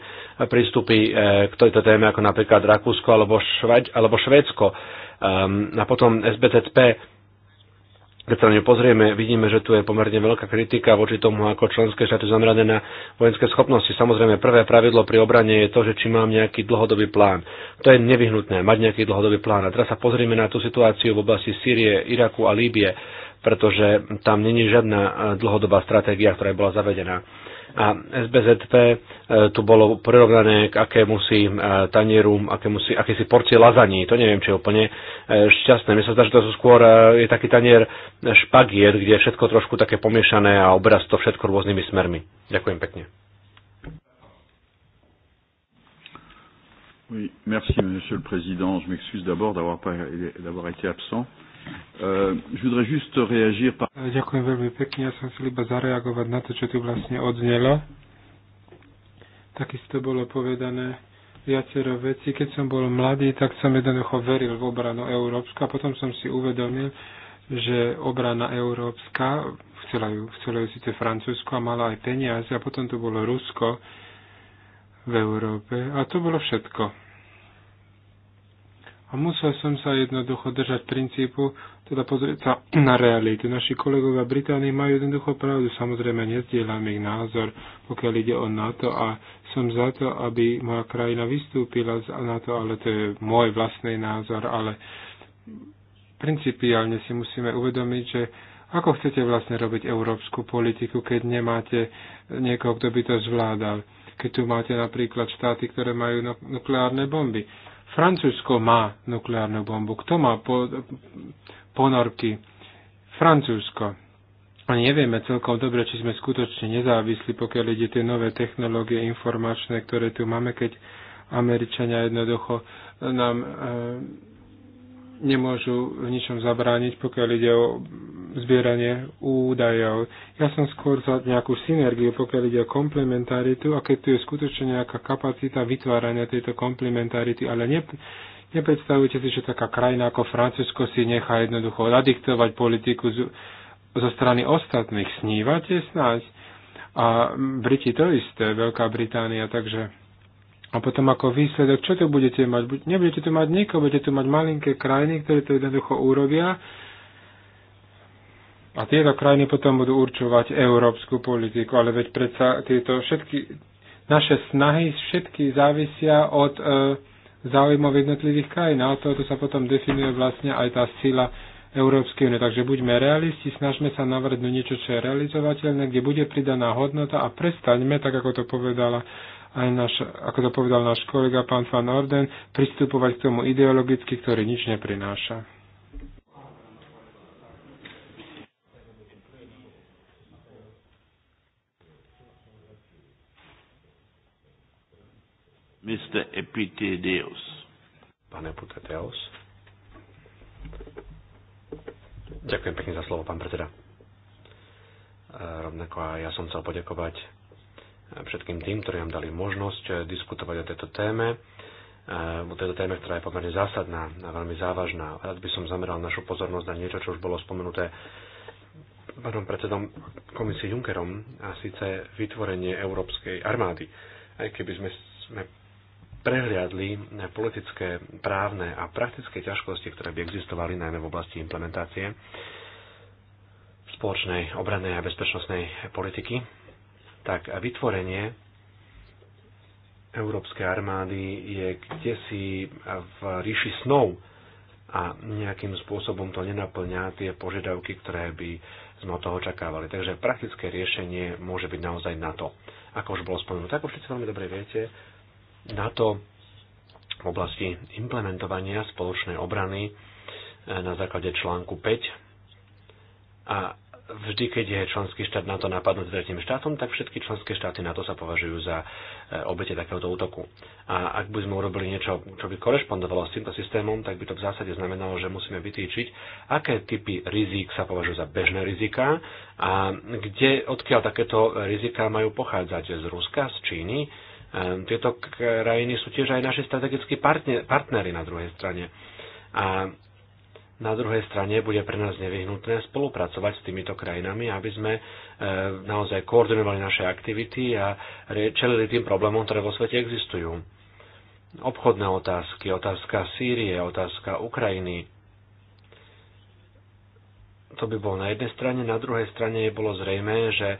prístupy e, k tejto téme, ako napríklad Rakúsko alebo, Švať, alebo Švédsko. Ehm, a potom SBTP keď sa na ňu pozrieme, vidíme, že tu je pomerne veľká kritika voči tomu, ako členské štáty zamerané na vojenské schopnosti. Samozrejme, prvé pravidlo pri obrane je to, že či mám nejaký dlhodobý plán. To je nevyhnutné, mať nejaký dlhodobý plán. A teraz sa pozrieme na tú situáciu v oblasti Sýrie, Iraku a Líbie pretože tam není žiadna e, dlhodobá stratégia, ktorá bola zavedená. A SBZP e, tu bolo prirovnané k si e, tanieru, aké akési porcie lazaní. To neviem, či je úplne šťastné. Mne sa, že to sú skôr je taký tanier špagier, kde je všetko trošku také pomiešané a obraz to všetko rôznymi smermi. Ďakujem pekne. Oui, merci Monsieur le Président. Je m'excuse d'abord d'avoir été absent. Euh, Euh, je voudrais juste réagir par... Eh, ďakujem veľmi pekne. Ja som chcel iba zareagovať na to, čo tu vlastne odznelo. Takisto bolo povedané viacero vecí. Keď som bol mladý, tak som jednoducho veril v obranu Európska. Potom som si uvedomil, že obrana európska, chcela ju, chcela ju síce Francúzsko a mala aj peniaze a potom tu bolo Rusko v Európe a to bolo všetko. A musel som sa jednoducho držať princípu, teda pozrieť sa na realitu. Naši kolegovia Británii majú jednoducho pravdu, samozrejme nezdielam ich názor, pokiaľ ide o NATO a som za to, aby moja krajina vystúpila z NATO, ale to je môj vlastný názor, ale principiálne si musíme uvedomiť, že ako chcete vlastne robiť európsku politiku, keď nemáte niekoho, kto by to zvládal. Keď tu máte napríklad štáty, ktoré majú nukleárne bomby Francúzsko má nukleárnu bombu. Kto má po, ponorky? Francúzsko. A nevieme celkom dobre, či sme skutočne nezávislí, pokiaľ ide tie nové technológie informačné, ktoré tu máme, keď Američania jednoducho nám e, nemôžu v ničom zabrániť, pokiaľ ide o zbieranie údajov. Ja som skôr za nejakú synergiu, pokiaľ ide o komplementaritu a keď tu je skutočne nejaká kapacita vytvárania tejto komplementarity, ale ne, nepredstavujte si, že taká krajina ako Francúzsko si nechá jednoducho nadiktovať politiku z, zo strany ostatných. Snívate snáď? A Briti to isté, Veľká Británia, takže... A potom ako výsledok, čo to budete mať? Nebudete tu mať nikoho, budete tu mať malinké krajiny, ktoré to jednoducho urobia a tieto krajiny potom budú určovať európsku politiku, ale veď predsa tieto všetky naše snahy všetky závisia od e, záujmov jednotlivých krajín a od toho sa potom definuje vlastne aj tá sila Európskej únie. Takže buďme realisti, snažme sa navrhnúť niečo, čo je realizovateľné, kde bude pridaná hodnota a prestaňme, tak ako to povedala aj naš, ako to povedal náš kolega pán Van Orden, pristupovať k tomu ideologicky, ktorý nič neprináša. Mr. Epitedeus. Pán Epitedeus. Ďakujem pekne za slovo, pán predseda. E, rovnako a ja som chcel poďakovať e, všetkým tým, ktorí nám dali možnosť e, diskutovať o tejto téme o tejto téme, ktorá je pomerne zásadná a veľmi závažná. Rád by som zameral našu pozornosť na niečo, čo už bolo spomenuté pánom predsedom komisie Junckerom, a síce vytvorenie Európskej armády. Aj keby sme, sme prehliadli politické, právne a praktické ťažkosti, ktoré by existovali najmä v oblasti implementácie spoločnej obrannej a bezpečnostnej politiky, tak vytvorenie európskej armády je kde si v ríši snov a nejakým spôsobom to nenaplňa tie požiadavky, ktoré by sme od toho očakávali. Takže praktické riešenie môže byť naozaj na to. Ako už bolo spomenuté, ako všetci veľmi dobre viete, na to v oblasti implementovania spoločnej obrany e, na základe článku 5 a vždy, keď je členský štát na to napadnúť tretím štátom, tak všetky členské štáty na to sa považujú za e, obete takéhoto útoku. A ak by sme urobili niečo, čo by korešpondovalo s týmto systémom, tak by to v zásade znamenalo, že musíme vytýčiť, aké typy rizík sa považujú za bežné riziká a kde, odkiaľ takéto rizika majú pochádzať z Ruska, z Číny, Ehm, tieto krajiny sú tiež aj naši strategickí partnery na druhej strane. A na druhej strane bude pre nás nevyhnutné spolupracovať s týmito krajinami, aby sme ehm, naozaj koordinovali naše aktivity a čelili tým problémom, ktoré vo svete existujú. Obchodné otázky, otázka Sýrie, otázka Ukrajiny. To by bolo na jednej strane, na druhej strane je bolo zrejme, že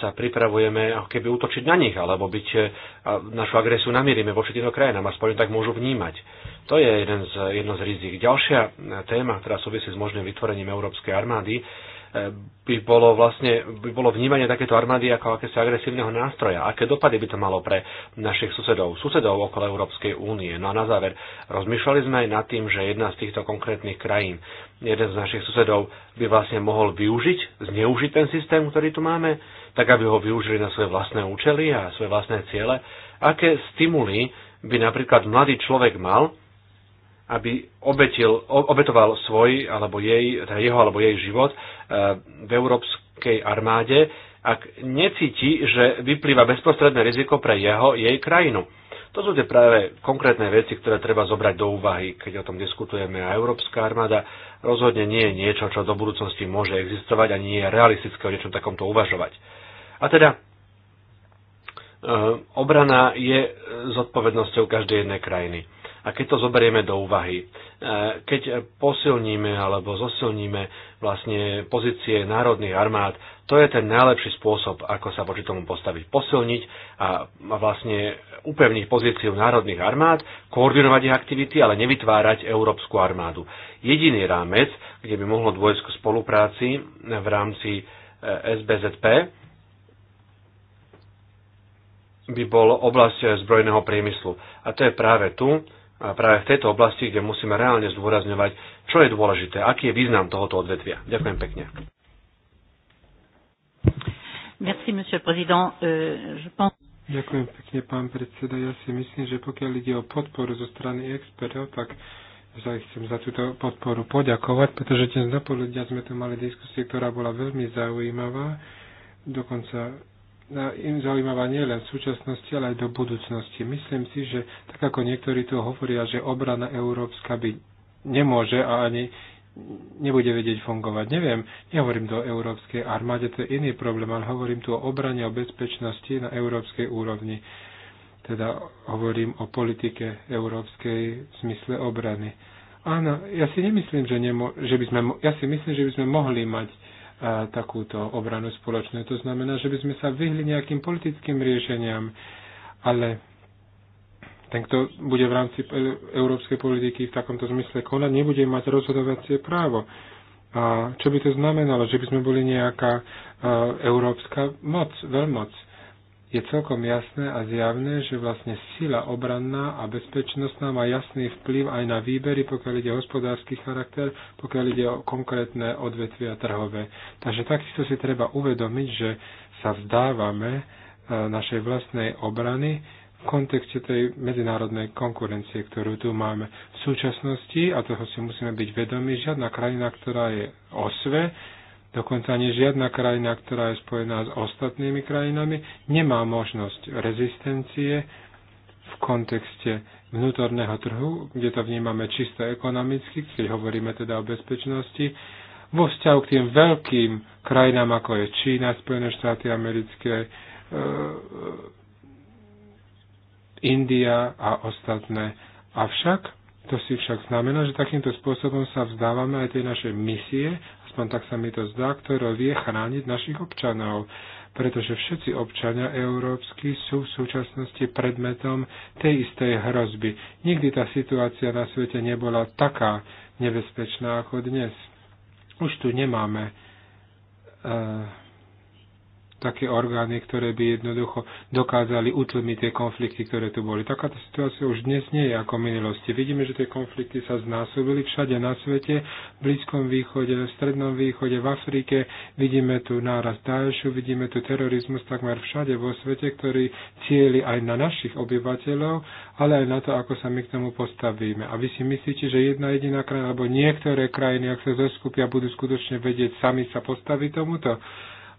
sa pripravujeme ako keby útočiť na nich, alebo byť e, našu agresiu namierime voči týmto krajinám, aspoň tak môžu vnímať. To je jeden z, jedno z rizik. Ďalšia e, téma, ktorá súvisí s možným vytvorením Európskej armády, e, by bolo vlastne by bolo vnímanie takéto armády ako akési agresívneho nástroja. Aké dopady by to malo pre našich susedov, susedov okolo Európskej únie? No a na záver, rozmýšľali sme aj nad tým, že jedna z týchto konkrétnych krajín, jeden z našich susedov by vlastne mohol využiť, zneužiť ten systém, ktorý tu máme, tak aby ho využili na svoje vlastné účely a svoje vlastné ciele? Aké stimuly by napríklad mladý človek mal, aby obetil, obetoval svoj alebo jej, teda jeho alebo jej život e, v európskej armáde, ak necíti, že vyplýva bezprostredné riziko pre jeho, jej krajinu. To sú tie práve konkrétne veci, ktoré treba zobrať do úvahy, keď o tom diskutujeme. A Európska armáda rozhodne nie je niečo, čo do budúcnosti môže existovať a nie je realistické o niečom takomto uvažovať. A teda e, obrana je zodpovednosťou každej jednej krajiny. A keď to zoberieme do úvahy, e, keď posilníme alebo zosilníme vlastne pozície národných armád, to je ten najlepší spôsob, ako sa voči tomu postaviť. Posilniť a vlastne upevniť pozíciu národných armád, koordinovať ich aktivity, ale nevytvárať európsku armádu. Jediný rámec, kde by mohlo dôjsť k spolupráci v rámci e, SBZP, by bol oblasť zbrojného priemyslu. A to je práve tu, a práve v tejto oblasti, kde musíme reálne zdôrazňovať, čo je dôležité, aký je význam tohoto odvetvia. Ďakujem pekne. Merci, monsieur le président. Euh, je pense... Ďakujem pekne, pán predseda. Ja si myslím, že pokiaľ ide o podporu zo strany expertov, tak sa chcem za túto podporu poďakovať, pretože dnes do sme tu mali diskusiu, ktorá bola veľmi zaujímavá. Dokonca im zaujímavá nielen v súčasnosti, ale aj do budúcnosti. Myslím si, že tak ako niektorí tu hovoria, že obrana európska by nemôže a ani nebude vedieť fungovať. Neviem, nehovorím do európskej armáde, to je iný problém, ale hovorím tu o obrane, o bezpečnosti na európskej úrovni. Teda hovorím o politike európskej v zmysle obrany. Áno, ja si nemyslím, že, nemo, že by sme, ja si myslím, že by sme mohli mať takúto obranu spoločnú. To znamená, že by sme sa vyhli nejakým politickým riešeniam, ale ten, kto bude v rámci európskej politiky v takomto zmysle konať, nebude mať rozhodovacie právo. A čo by to znamenalo? Že by sme boli nejaká európska moc, veľmoc je celkom jasné a zjavné, že vlastne sila obranná a bezpečnostná má jasný vplyv aj na výbery, pokiaľ ide o hospodársky charakter, pokiaľ ide o konkrétne odvetvia trhové. Takže takisto si treba uvedomiť, že sa vzdávame e, našej vlastnej obrany v kontekste tej medzinárodnej konkurencie, ktorú tu máme. V súčasnosti, a toho si musíme byť vedomi, žiadna krajina, ktorá je osve, Dokonca ani žiadna krajina, ktorá je spojená s ostatnými krajinami, nemá možnosť rezistencie v kontexte vnútorného trhu, kde to vnímame čisto ekonomicky, keď hovoríme teda o bezpečnosti, vo vzťahu k tým veľkým krajinám, ako je Čína, Spojené štáty americké, e, e India a ostatné. Avšak to si však znamená, že takýmto spôsobom sa vzdávame aj tej našej misie aspoň tak sa mi to zdá, ktorá vie chrániť našich občanov, pretože všetci občania európsky sú v súčasnosti predmetom tej istej hrozby. Nikdy tá situácia na svete nebola taká nebezpečná ako dnes. Už tu nemáme uh, také orgány, ktoré by jednoducho dokázali utlmiť tie konflikty, ktoré tu boli. Takáto situácia už dnes nie je ako minulosti. Vidíme, že tie konflikty sa znásobili všade na svete, v Blízkom východe, v Strednom východe, v Afrike. Vidíme tu náraz Daešu, vidíme tu terorizmus takmer všade vo svete, ktorý cieli aj na našich obyvateľov, ale aj na to, ako sa my k tomu postavíme. A vy si myslíte, že jedna jediná krajina, alebo niektoré krajiny, ak sa zoskupia, budú skutočne vedieť sami sa postaviť tomuto?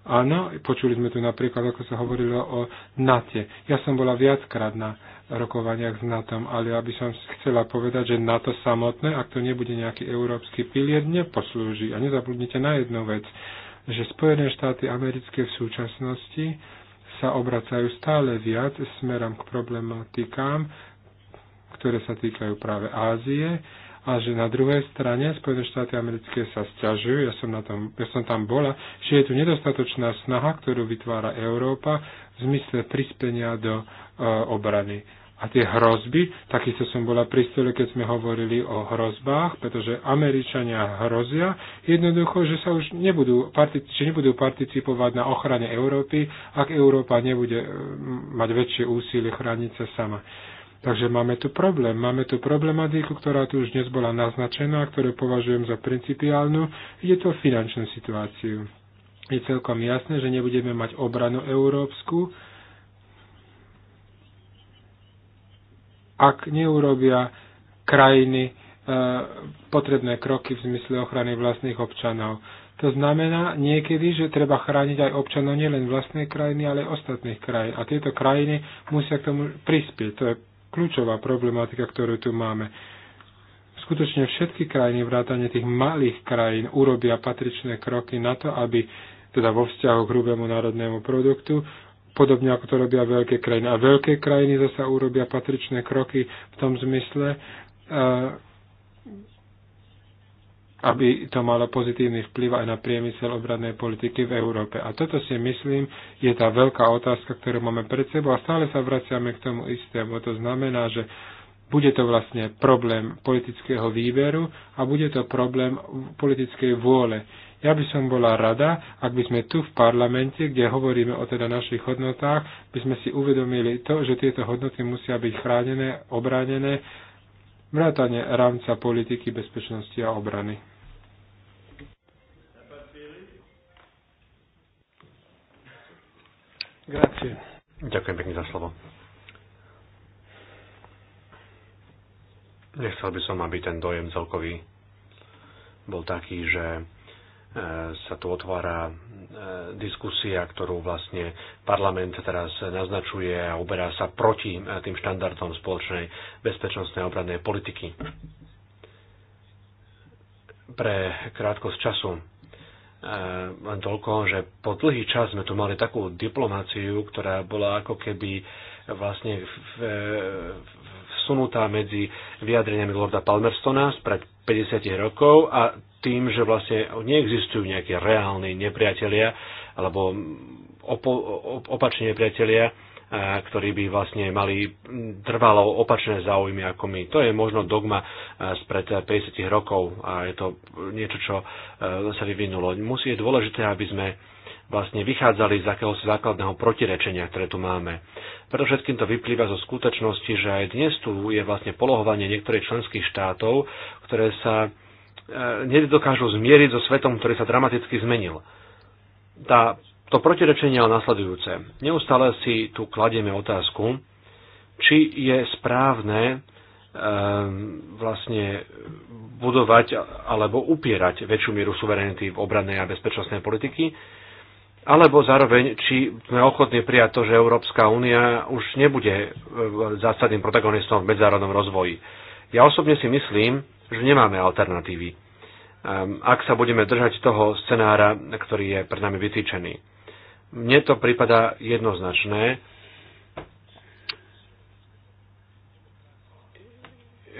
Áno, počuli sme tu napríklad, ako sa hovorilo o NATE. Ja som bola viackrát na rokovaniach s NATO, ale aby som chcela povedať, že NATO samotné, ak to nebude nejaký európsky pilier, neposlúži. A nezabudnite na jednu vec, že Spojené štáty americké v súčasnosti sa obracajú stále viac smerom k problematikám, ktoré sa týkajú práve Ázie, a že na druhej strane Spojené štáty americké sa sťažujú, ja som, na tom, ja som tam bola, že je tu nedostatočná snaha, ktorú vytvára Európa v zmysle prispenia do e, obrany. A tie hrozby, takisto som bola pri stole, keď sme hovorili o hrozbách, pretože Američania hrozia jednoducho, že sa už nebudú, že nebudú participovať na ochrane Európy, ak Európa nebude mať väčšie úsilie chrániť sa sama. Takže máme tu problém. Máme tu problematiku, ktorá tu už dnes bola naznačená, ktorú považujem za principiálnu. Ide to o finančnú situáciu. Je celkom jasné, že nebudeme mať obranu európsku, ak neurobia krajiny e, potrebné kroky v zmysle ochrany vlastných občanov. To znamená niekedy, že treba chrániť aj občanov nielen vlastnej krajiny, ale aj ostatných krajín. A tieto krajiny musia k tomu prispieť. To je kľúčová problematika, ktorú tu máme. Skutočne všetky krajiny, vrátane tých malých krajín, urobia patričné kroky na to, aby teda vo vzťahu k hrubému národnému produktu, podobne ako to robia veľké krajiny. A veľké krajiny zase urobia patričné kroky v tom zmysle, aby to malo pozitívny vplyv aj na priemysel obradnej politiky v Európe. A toto si myslím, je tá veľká otázka, ktorú máme pred sebou a stále sa vraciame k tomu istému. To znamená, že bude to vlastne problém politického výberu a bude to problém politickej vôle. Ja by som bola rada, ak by sme tu v parlamente, kde hovoríme o teda našich hodnotách, by sme si uvedomili to, že tieto hodnoty musia byť chránené, obránené vrátane rámca politiky bezpečnosti a obrany. Grazie. Ďakujem pekne za slovo. Nechcel by som, aby ten dojem celkový bol taký, že sa tu otvára e, diskusia, ktorú vlastne parlament teraz naznačuje a uberá sa proti e, tým štandardom spoločnej bezpečnostnej a obrannej politiky. Pre krátkosť času e, len toľko, že po dlhý čas sme tu mali takú diplomáciu, ktorá bola ako keby vlastne v, v, vsunutá medzi vyjadreniami Lorda Palmerstona spred 50 rokov a tým, že vlastne neexistujú nejaké reálni nepriatelia alebo opo- opační nepriatelia, ktorí by vlastne mali trvalo opačné záujmy ako my. To je možno dogma spred 50 rokov a je to niečo, čo sa vyvinulo. Musí je dôležité, aby sme vlastne vychádzali z akéhosi základného protirečenia, ktoré tu máme. Preto všetkým to vyplýva zo skutočnosti, že aj dnes tu je vlastne polohovanie niektorých členských štátov, ktoré sa e, nedokážu zmieriť so svetom, ktorý sa dramaticky zmenil. Tá, to protirečenie je nasledujúce. Neustále si tu kladieme otázku, či je správne e, vlastne budovať alebo upierať väčšiu mieru suverenity v obrannej a bezpečnostnej politiky, alebo zároveň, či sme ochotní prijať to, že Európska únia už nebude e, zásadným protagonistom v medzárodnom rozvoji. Ja osobne si myslím, že nemáme alternatívy, ehm, ak sa budeme držať toho scenára, ktorý je pred nami vytýčený. Mne to prípada jednoznačné,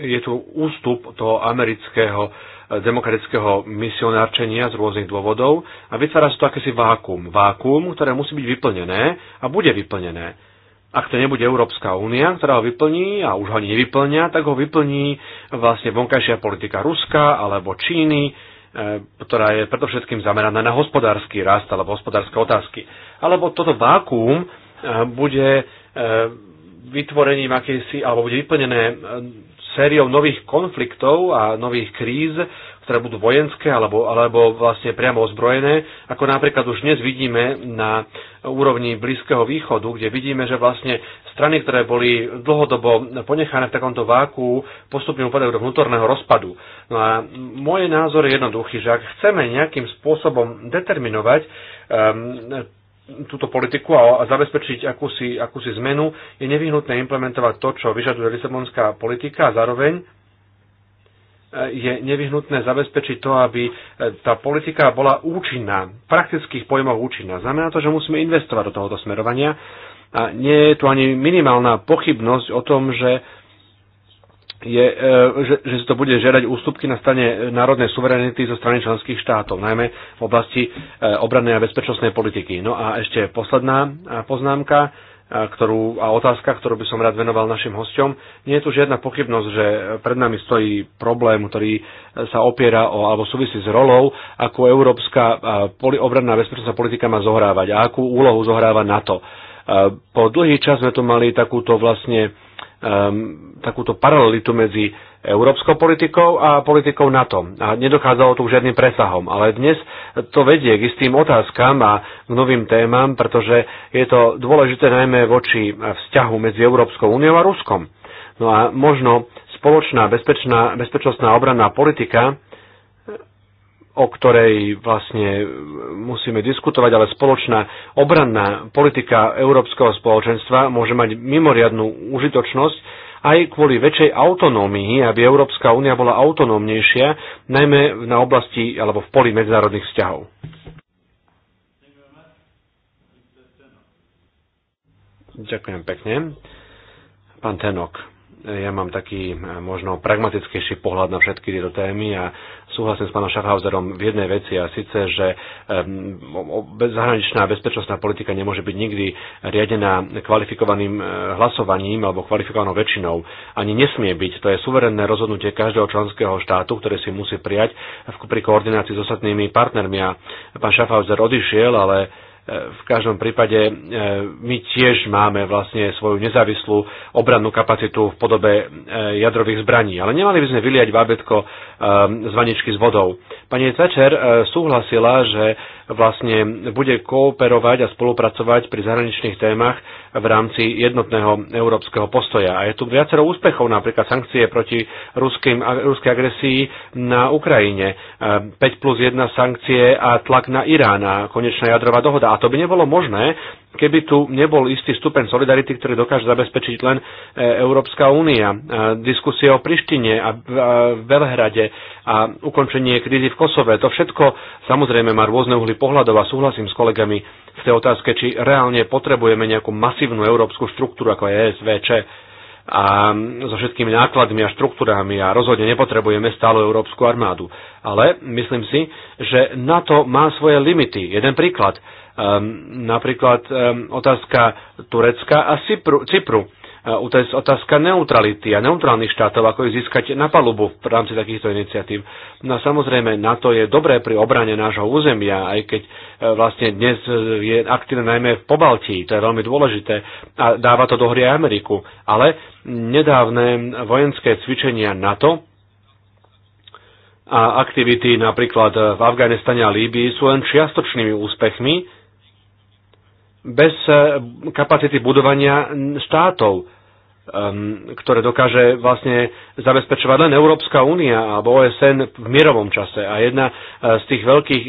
je tu ústup toho amerického demokratického misionárčenia z rôznych dôvodov a vytvára sa to akési vákum. Vákum, ktoré musí byť vyplnené a bude vyplnené. Ak to nebude Európska únia, ktorá ho vyplní a už ho ani nevyplňa, tak ho vyplní vlastne vonkajšia politika Ruska alebo Číny, e, ktorá je predovšetkým zameraná na hospodársky rast alebo hospodárske otázky. Alebo toto vákuum e, bude e, vytvorením akejsi, alebo bude vyplnené sériou nových konfliktov a nových kríz, ktoré budú vojenské alebo, alebo vlastne priamo ozbrojené, ako napríklad už dnes vidíme na úrovni Blízkeho východu, kde vidíme, že vlastne strany, ktoré boli dlhodobo ponechané v takomto váku, postupne upadajú do vnútorného rozpadu. No a môj názor je jednoduchý, že ak chceme nejakým spôsobom determinovať um, túto politiku a zabezpečiť akúsi, akúsi zmenu, je nevyhnutné implementovať to, čo vyžaduje Lisabonská politika a zároveň e, je nevyhnutné zabezpečiť to, aby e, tá politika bola účinná, praktických pojmov účinná. Znamená to, že musíme investovať do tohoto smerovania a nie je tu ani minimálna pochybnosť o tom, že je, e, že, že si to bude žiadať ústupky na strane národnej suverenity zo strany členských štátov, najmä v oblasti e, obrannej a bezpečnostnej politiky. No a ešte posledná e, poznámka ktorú, a otázka, ktorú by som rád venoval našim hosťom. Nie je tu žiadna pochybnosť, že pred nami stojí problém, ktorý sa opiera o, alebo súvisí s rolou, ako európska obranná bezpečnostná politika má zohrávať a akú úlohu zohráva NATO. Po dlhý čas sme tu mali takúto vlastne um, takúto paralelitu medzi európskou politikou a politikou NATO. A nedochádzalo tu k žiadnym presahom. Ale dnes to vedie k istým otázkam a k novým témam, pretože je to dôležité najmä voči vzťahu medzi Európskou úniou a Ruskom. No a možno spoločná bezpečná, bezpečnostná obranná politika o ktorej vlastne musíme diskutovať, ale spoločná obranná politika Európskeho spoločenstva môže mať mimoriadnú užitočnosť aj kvôli väčšej autonómii, aby Európska únia bola autonómnejšia, najmä na oblasti alebo v poli medzinárodných vzťahov. Ďakujem pekne. Pán Tenok ja mám taký e, možno pragmatickejší pohľad na všetky tieto témy a súhlasím s pánom Schaffhauserom v jednej veci a síce, že zahraničná bezpečnostná politika nemôže byť nikdy riadená kvalifikovaným e, hlasovaním alebo kvalifikovanou väčšinou. Ani nesmie byť. To je suverénne rozhodnutie každého členského štátu, ktoré si musí prijať pri koordinácii s ostatnými partnermi. A pán Schaffhauser odišiel, ale v každom prípade e, my tiež máme vlastne svoju nezávislú obrannú kapacitu v podobe e, jadrových zbraní, ale nemali by sme vyliať bábetko e, z vaničky s vodou. Pani Thatcher súhlasila, že vlastne bude kooperovať a spolupracovať pri zahraničných témach v rámci jednotného európskeho postoja. A je tu viacero úspechov, napríklad sankcie proti ruským, ruskej agresii na Ukrajine, 5 plus 1 sankcie a tlak na Irán a konečná jadrová dohoda. A to by nebolo možné, keby tu nebol istý stupeň solidarity, ktorý dokáže zabezpečiť len e, Európska únia. E, diskusie o Prištine a v e, a ukončenie krízy v Kosove. To všetko samozrejme má rôzne uhly pohľadov a súhlasím s kolegami v tej otázke, či reálne potrebujeme nejakú masívnu európsku štruktúru ako je ESVČ a so všetkými nákladmi a štruktúrami a rozhodne nepotrebujeme stálu európsku armádu. Ale myslím si, že NATO má svoje limity. Jeden príklad. Um, napríklad um, otázka Turecka a Cypru. Cypru otázka neutrality a neutrálnych štátov, ako ich získať na palubu v rámci takýchto iniciatív. No a samozrejme, NATO je dobré pri obrane nášho územia, aj keď e, vlastne dnes e, je aktívne najmä v Pobaltí, to je veľmi dôležité a dáva to do hry aj Ameriku. Ale nedávne vojenské cvičenia NATO a aktivity napríklad v Afganistane a Líbii sú len čiastočnými úspechmi bez eh, kapacity budovania štátov, ehm, ktoré dokáže vlastne zabezpečovať len Európska únia alebo OSN v mierovom čase. A jedna eh, z tých veľkých,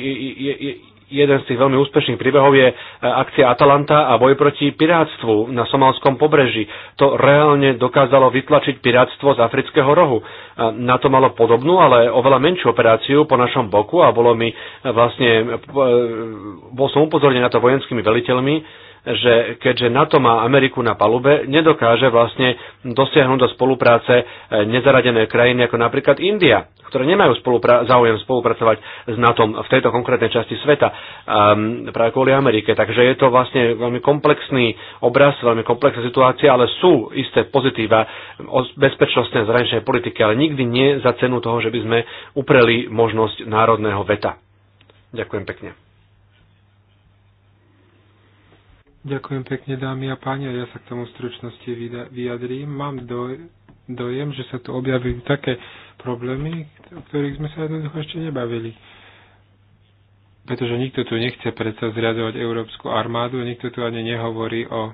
jeden z tých veľmi úspešných príbehov je e, akcia Atalanta a boj proti pirátstvu na somalskom pobreží. To reálne dokázalo vytlačiť pirátstvo z afrického rohu. E, na to malo podobnú, ale oveľa menšiu operáciu po našom boku a bolo mi e, vlastne, bol som upozornený na to vojenskými veliteľmi, že keďže NATO má Ameriku na palube, nedokáže vlastne dosiahnuť do spolupráce e, nezaradené krajiny ako napríklad India, ktoré nemajú spolupra- záujem spolupracovať s NATO v tejto konkrétnej časti sveta um, práve kvôli Amerike. Takže je to vlastne veľmi komplexný obraz, veľmi komplexná situácia, ale sú isté pozitíva bezpečnostnej zraničnej politiky, ale nikdy nie za cenu toho, že by sme upreli možnosť národného veta. Ďakujem pekne. Ďakujem pekne, dámy a páni, a ja sa k tomu stručnosti vyjadrím. Mám doj, dojem, že sa tu objavili také problémy, o ktorých sme sa jednoducho ešte nebavili. Pretože nikto tu nechce predsa zriadovať európsku armádu, nikto tu ani nehovorí o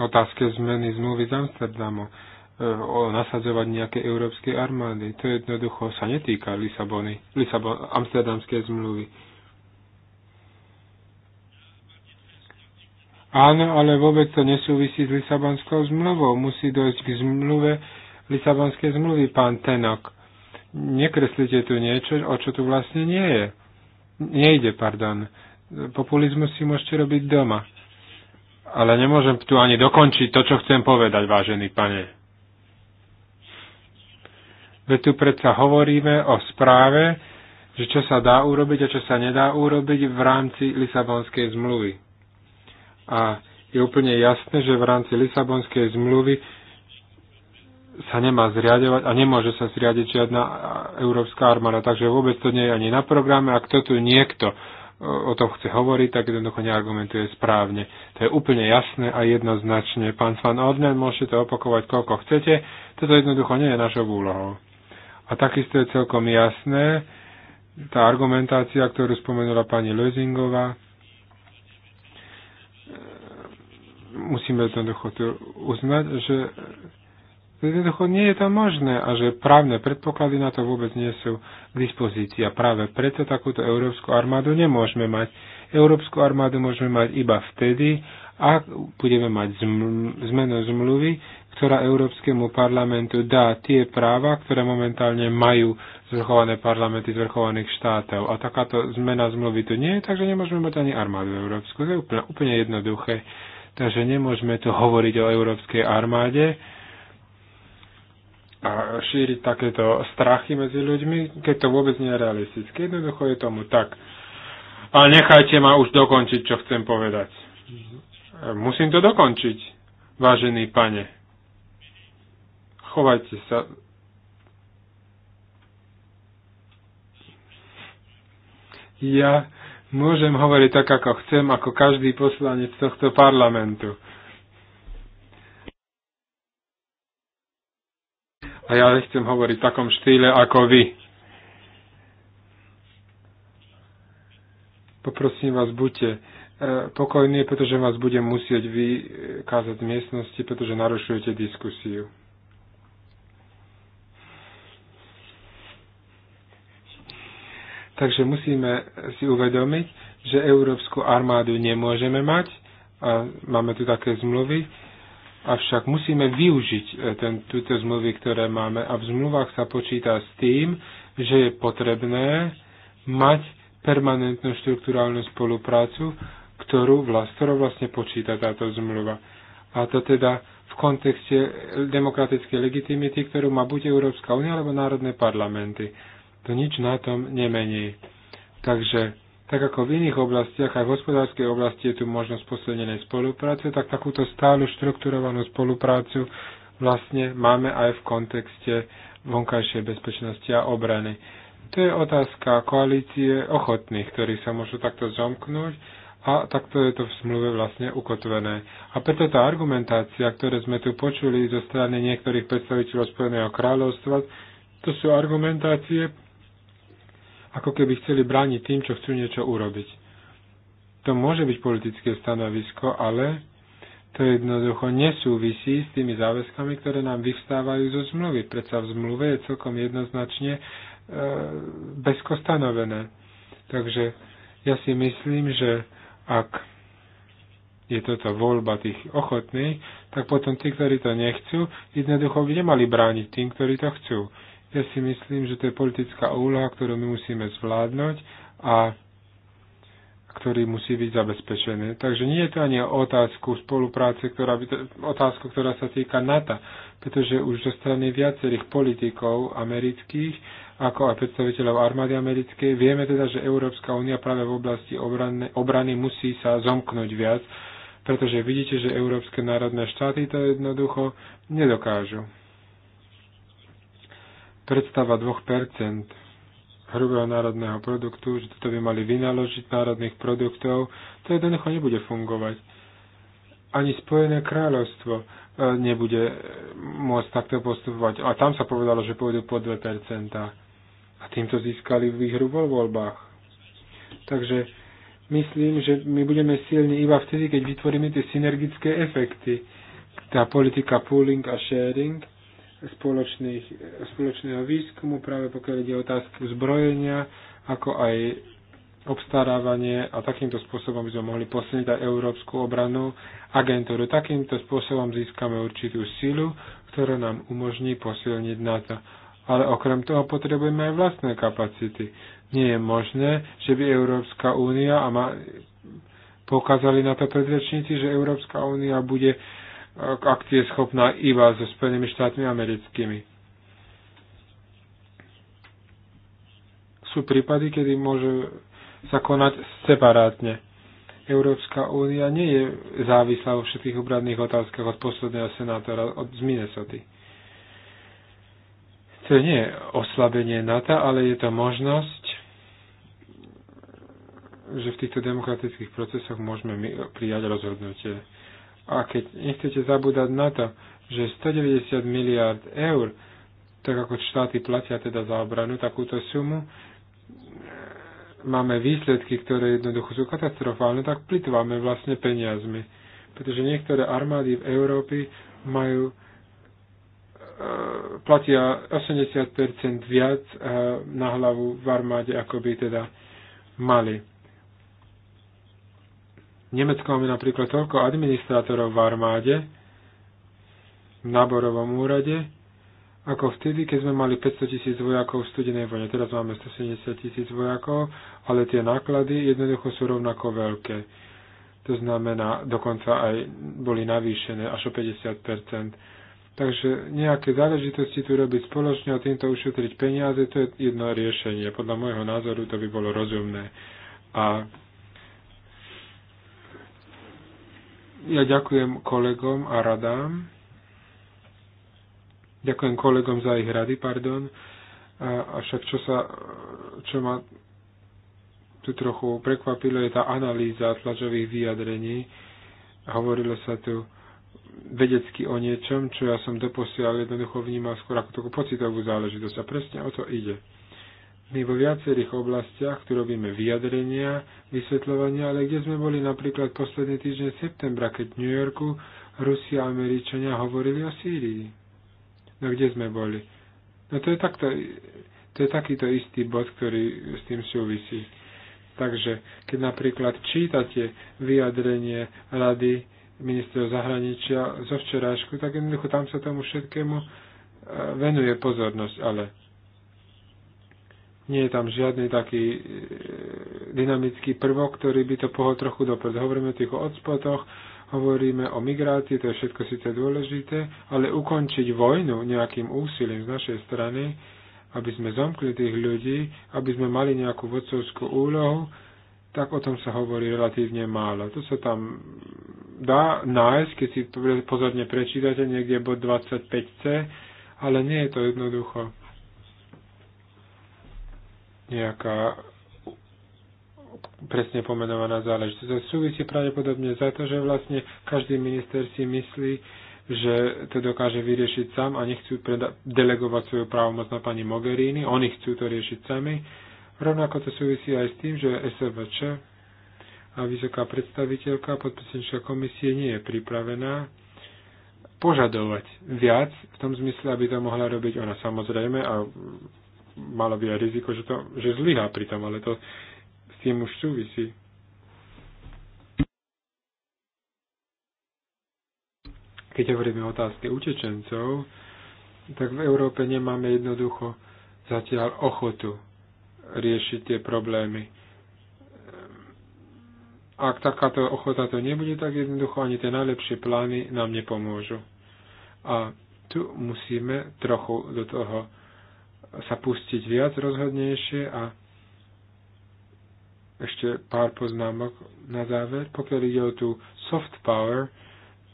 otázke zmeny zmluvy z Amsterdamu nasadzovať nejaké európske armády. To jednoducho sa netýka Lisabony, Lisabon, Amsterdamskej zmluvy. Áno, ale vôbec to nesúvisí s Lisabonskou zmluvou. Musí dojsť k zmluve Lisabonskej zmluvy, pán Tenok. Nekreslite tu niečo, o čo tu vlastne nie je. Nejde, pardon. Populizmus si môžete robiť doma. Ale nemôžem tu ani dokončiť to, čo chcem povedať, vážený pane. Veď tu predsa hovoríme o správe, že čo sa dá urobiť a čo sa nedá urobiť v rámci Lisabonskej zmluvy. A je úplne jasné, že v rámci Lisabonskej zmluvy sa nemá zriadovať a nemôže sa zriadiť žiadna európska armáda. Takže vôbec to nie je ani na programe. Ak to tu niekto e, o tom chce hovoriť, tak jednoducho neargumentuje správne. To je úplne jasné a jednoznačne. Pán Svan Odnen, môžete to opakovať koľko chcete. Toto jednoducho nie je našou úlohou. A takisto je celkom jasné, tá argumentácia, ktorú spomenula pani Lezingová, musíme jednoducho to uznať, že jednoducho nie je to možné a že právne predpoklady na to vôbec nie sú k dispozícii. A práve preto takúto európsku armádu nemôžeme mať. Európsku armádu môžeme mať iba vtedy, ak budeme mať zmenu zmluvy, ktorá Európskemu parlamentu dá tie práva, ktoré momentálne majú zvrchované parlamenty zvrchovaných štátov. A takáto zmena zmluvy tu nie je, takže nemôžeme mať ani armádu európsku. To je úplne, úplne jednoduché. Takže nemôžeme tu hovoriť o európskej armáde a šíriť takéto strachy medzi ľuďmi, keď to vôbec nie je realistické. Jednoducho je tomu tak. A nechajte ma už dokončiť, čo chcem povedať. Musím to dokončiť, vážený pane. Chovajte sa. Ja môžem hovoriť tak, ako chcem, ako každý poslanec tohto parlamentu. A ja chcem hovoriť v takom štýle ako vy. Poprosím vás, buďte e, pokojní, pretože vás budem musieť vykázať z miestnosti, pretože narušujete diskusiu. Takže musíme si uvedomiť, že európsku armádu nemôžeme mať, a máme tu také zmluvy, avšak musíme využiť e, ten, túto zmluvy, ktoré máme. A v zmluvách sa počíta s tým, že je potrebné mať permanentnú štruktúrálnu spoluprácu, ktorú vlast, ktorou vlastne počíta táto zmluva. A to teda v kontexte demokratickej legitimity, ktorú má buď Európska únia alebo národné parlamenty. To nič na tom nemení. Takže tak ako v iných oblastiach, aj v hospodárskej oblasti je tu možnosť posilnenej spolupráce, tak takúto stálu štrukturovanú spoluprácu vlastne máme aj v kontexte vonkajšej bezpečnosti a obrany. To je otázka koalície ochotných, ktorí sa môžu takto zomknúť a takto je to v smluve vlastne ukotvené. A preto tá argumentácia, ktoré sme tu počuli zo strany niektorých predstaviteľov Spojeného kráľovstva, to sú argumentácie, ako keby chceli brániť tým, čo chcú niečo urobiť. To môže byť politické stanovisko, ale to jednoducho nesúvisí s tými záväzkami, ktoré nám vyvstávajú zo zmluvy. Predsa v zmluve je celkom jednoznačne e, bezko stanovené. Takže ja si myslím, že ak je toto voľba tých ochotných, tak potom tí, ktorí to nechcú, jednoducho by nemali brániť tým, ktorí to chcú. Ja si myslím, že to je politická úloha, ktorú my musíme zvládnuť a ktorý musí byť zabezpečený. Takže nie je to ani otázku spolupráce, ktorá by to, otázku, ktorá sa týka NATO, pretože už zo strany viacerých politikov amerických, ako aj predstaviteľov armády americkej, vieme teda, že Európska únia práve v oblasti obrany, obrany musí sa zomknúť viac, pretože vidíte, že európske národné štáty to jednoducho nedokážu predstava 2% hrubého národného produktu, že toto by mali vynaložiť národných produktov, to jednoducho nebude fungovať. Ani Spojené kráľovstvo e, nebude e, môcť takto postupovať. A tam sa povedalo, že pôjdu po 2%. A týmto získali výhru vo voľbách. Takže myslím, že my budeme silní iba vtedy, keď vytvoríme tie synergické efekty. Tá politika pooling a sharing – spoločného výskumu, práve pokiaľ ide o otázku zbrojenia, ako aj obstarávanie a takýmto spôsobom by sme mohli posilniť aj Európsku obranu agentúru. Takýmto spôsobom získame určitú silu, ktorá nám umožní posilniť NATO. Ale okrem toho potrebujeme aj vlastné kapacity. Nie je možné, že by Európska únia, a ma, pokázali na to predrečníci, že Európska únia bude ak je schopná iba so Spojenými štátmi americkými. Sú prípady, kedy môže sa konať separátne. Európska únia nie je závislá vo všetkých obradných otázkach od posledného senátora od z Minnesota. To nie je oslabenie NATO, ale je to možnosť, že v týchto demokratických procesoch môžeme my prijať rozhodnutie. A keď nechcete zabúdať na to, že 190 miliard eur, tak ako štáty platia teda za obranu takúto sumu, máme výsledky, ktoré jednoducho sú katastrofálne, tak plitváme vlastne peniazmi. Pretože niektoré armády v Európe majú e, platia 80% viac e, na hlavu v armáde, ako by teda mali. Nemecko máme napríklad toľko administrátorov v armáde, v náborovom úrade, ako vtedy, keď sme mali 500 tisíc vojakov v studenej vojne. Teraz máme 170 tisíc vojakov, ale tie náklady jednoducho sú rovnako veľké. To znamená, dokonca aj boli navýšené až o 50 Takže nejaké záležitosti tu robiť spoločne a týmto ušetriť peniaze, to je jedno riešenie. Podľa môjho názoru to by bolo rozumné. A Ja ďakujem kolegom a radám. Ďakujem kolegom za ich rady, pardon. A, však čo, sa, čo ma tu trochu prekvapilo, je tá analýza tlačových vyjadrení. Hovorilo sa tu vedecky o niečom, čo ja som doposiaľ jednoducho vnímal skôr ako takú pocitovú záležitosť. A presne o to ide my vo viacerých oblastiach, tu robíme vyjadrenia, vysvetľovania, ale kde sme boli napríklad posledný týždeň septembra, keď v New Yorku Rusi a Američania hovorili o Sýrii. No kde sme boli? No to je, takto, to je takýto istý bod, ktorý s tým súvisí. Takže keď napríklad čítate vyjadrenie Rady ministrov zahraničia zo včerajšku, tak jednoducho tam sa tomu všetkému eh, venuje pozornosť, ale nie je tam žiadny taký e, dynamický prvok, ktorý by to pohol trochu dopredu. Hovoríme o tých odspotoch, hovoríme o migrácii, to je všetko síce dôležité, ale ukončiť vojnu nejakým úsilím z našej strany, aby sme zomkli tých ľudí, aby sme mali nejakú vodcovskú úlohu, tak o tom sa hovorí relatívne málo. To sa tam dá nájsť, keď si pozorne prečítate niekde bod 25c, ale nie je to jednoducho nejaká presne pomenovaná záležitosť. To súvisí pravdepodobne za to, že vlastne každý minister si myslí, že to dokáže vyriešiť sám a nechcú delegovať svoju právomoc na pani Mogherini, oni chcú to riešiť sami. Rovnako to súvisí aj s tým, že SVČ a vysoká predstaviteľka podpredsednička komisie nie je pripravená požadovať viac v tom zmysle, aby to mohla robiť ona samozrejme a malo by aj riziko, že, to, že zlyhá pri tom, ale to s tým už súvisí. Keď hovoríme o otázke utečencov, tak v Európe nemáme jednoducho zatiaľ ochotu riešiť tie problémy. Ak takáto ochota to nebude, tak jednoducho ani tie najlepšie plány nám nepomôžu. A tu musíme trochu do toho sa pustiť viac rozhodnejšie a ešte pár poznámok na záver. Pokiaľ ide o tú soft power,